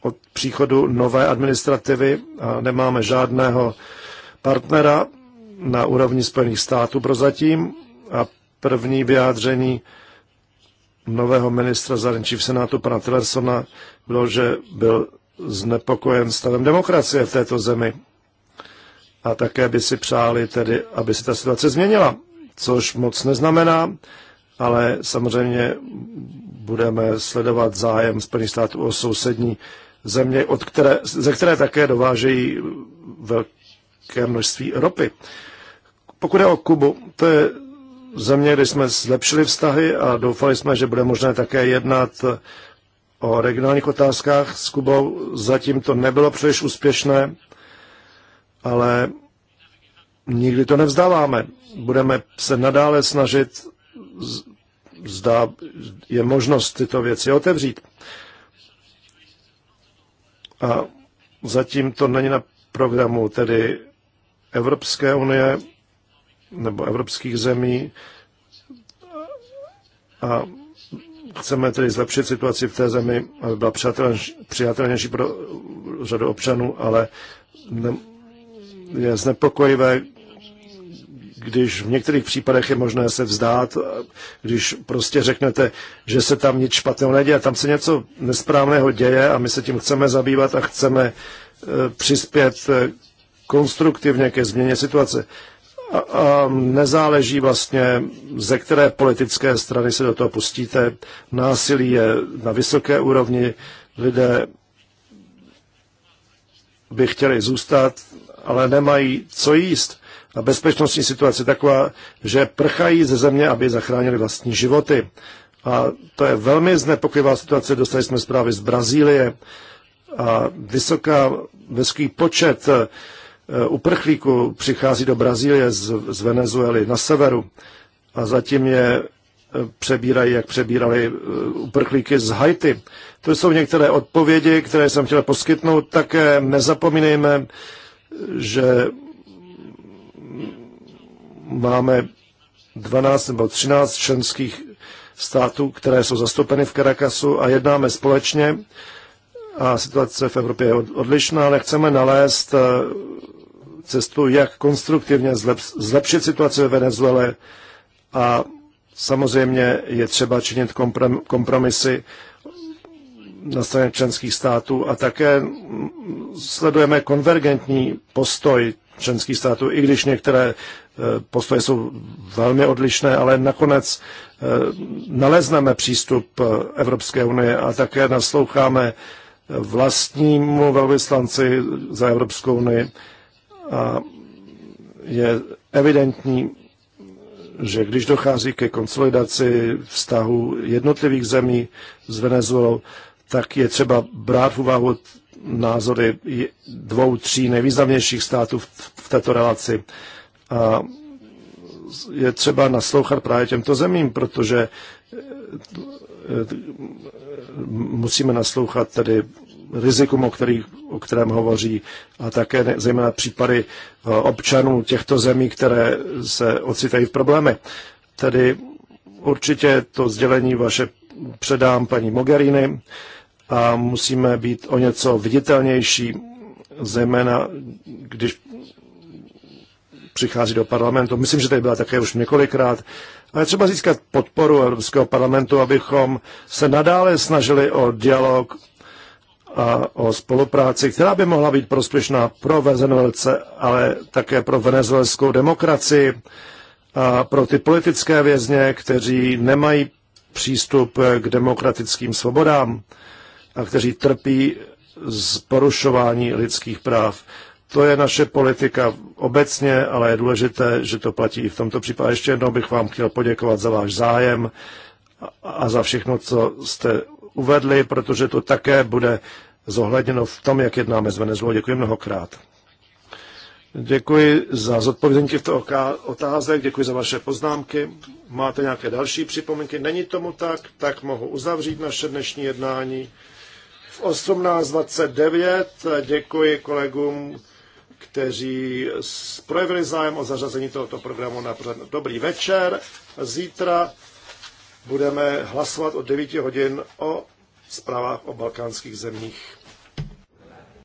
od příchodu nové administrativy a nemáme žádného partnera na úrovni Spojených států prozatím a první vyjádření nového ministra zahraničí v Senátu, pana Tillersona, bylo, že byl znepokojen stavem demokracie v této zemi a také by si přáli tedy, aby se si ta situace změnila, což moc neznamená, ale samozřejmě budeme sledovat zájem Spojených států o sousední země, od které, ze které také dovážejí velké množství ropy. Pokud je o Kubu, to je země, kde jsme zlepšili vztahy a doufali jsme, že bude možné také jednat o regionálních otázkách s Kubou. Zatím to nebylo příliš úspěšné ale nikdy to nevzdáváme. Budeme se nadále snažit, zda je možnost tyto věci otevřít. A zatím to není na programu tedy Evropské unie nebo evropských zemí a chceme tedy zlepšit situaci v té zemi, aby byla přijatelnější pro řadu občanů, ale je znepokojivé, když v některých případech je možné se vzdát, když prostě řeknete, že se tam nic špatného neděje, tam se něco nesprávného děje a my se tím chceme zabývat a chceme eh, přispět eh, konstruktivně ke změně situace. A, a nezáleží vlastně, ze které politické strany se do toho pustíte. Násilí je na vysoké úrovni, lidé by chtěli zůstat ale nemají co jíst. A bezpečnostní situace je taková, že prchají ze země, aby zachránili vlastní životy. A to je velmi znepokojivá situace. Dostali jsme zprávy z Brazílie a vysoká, vysoký počet eh, uprchlíků přichází do Brazílie z, z Venezuely na severu a zatím je eh, přebírají, jak přebírali eh, uprchlíky z Haiti. To jsou některé odpovědi, které jsem chtěl poskytnout. Také nezapomínejme, že máme 12 nebo 13 členských států, které jsou zastoupeny v Caracasu a jednáme společně. A situace v Evropě je odlišná, ale chceme nalézt eh, cestu, jak konstruktivně zlepšit situaci ve Venezuele a samozřejmě je třeba činit kompromisy na straně členských států a také sledujeme konvergentní postoj členských států, i když některé e, postoje jsou velmi odlišné, ale nakonec e, nalezneme přístup e, Evropské unie a také nasloucháme vlastnímu velvyslanci za Evropskou unii a je evidentní, že když dochází ke konsolidaci vztahu jednotlivých zemí s Venezuelou, tak je třeba brát v úvahu názory dvou, tří nejvýznamnějších států v této relaci. A je třeba naslouchat právě těmto zemím, protože eh, musíme naslouchat tedy rizikům, o, který, o kterém hovoří, a také zejména případy eh, občanů těchto zemí, které se ocitají v problémy. Tedy určitě to sdělení vaše předám paní Mogherini a musíme být o něco viditelnější, zejména když přichází do parlamentu. Myslím, že tady byla také už několikrát. Ale třeba získat podporu Evropského parlamentu, abychom se nadále snažili o dialog a o spolupráci, která by mohla být prospěšná pro Venezuelce, ale také pro venezuelskou demokracii a pro ty politické vězně, kteří nemají přístup k demokratickým svobodám a kteří trpí z porušování lidských práv. To je naše politika obecně, ale je důležité, že to platí i v tomto případě. Ještě jednou bych vám chtěl poděkovat za váš zájem a za všechno, co jste uvedli, protože to také bude zohledněno v tom, jak jednáme s Venezuelou. Děkuji mnohokrát. Děkuji za zodpovězení těchto otázek, děkuji za vaše poznámky. Máte nějaké další připomínky? Není tomu tak, tak mohu uzavřít naše dnešní jednání v 18.29. Děkuji kolegům, kteří projevili zájem o zařazení tohoto programu na pořad. Dobrý večer. Zítra budeme hlasovat od 9 hodin o zprávách o balkánských zemích.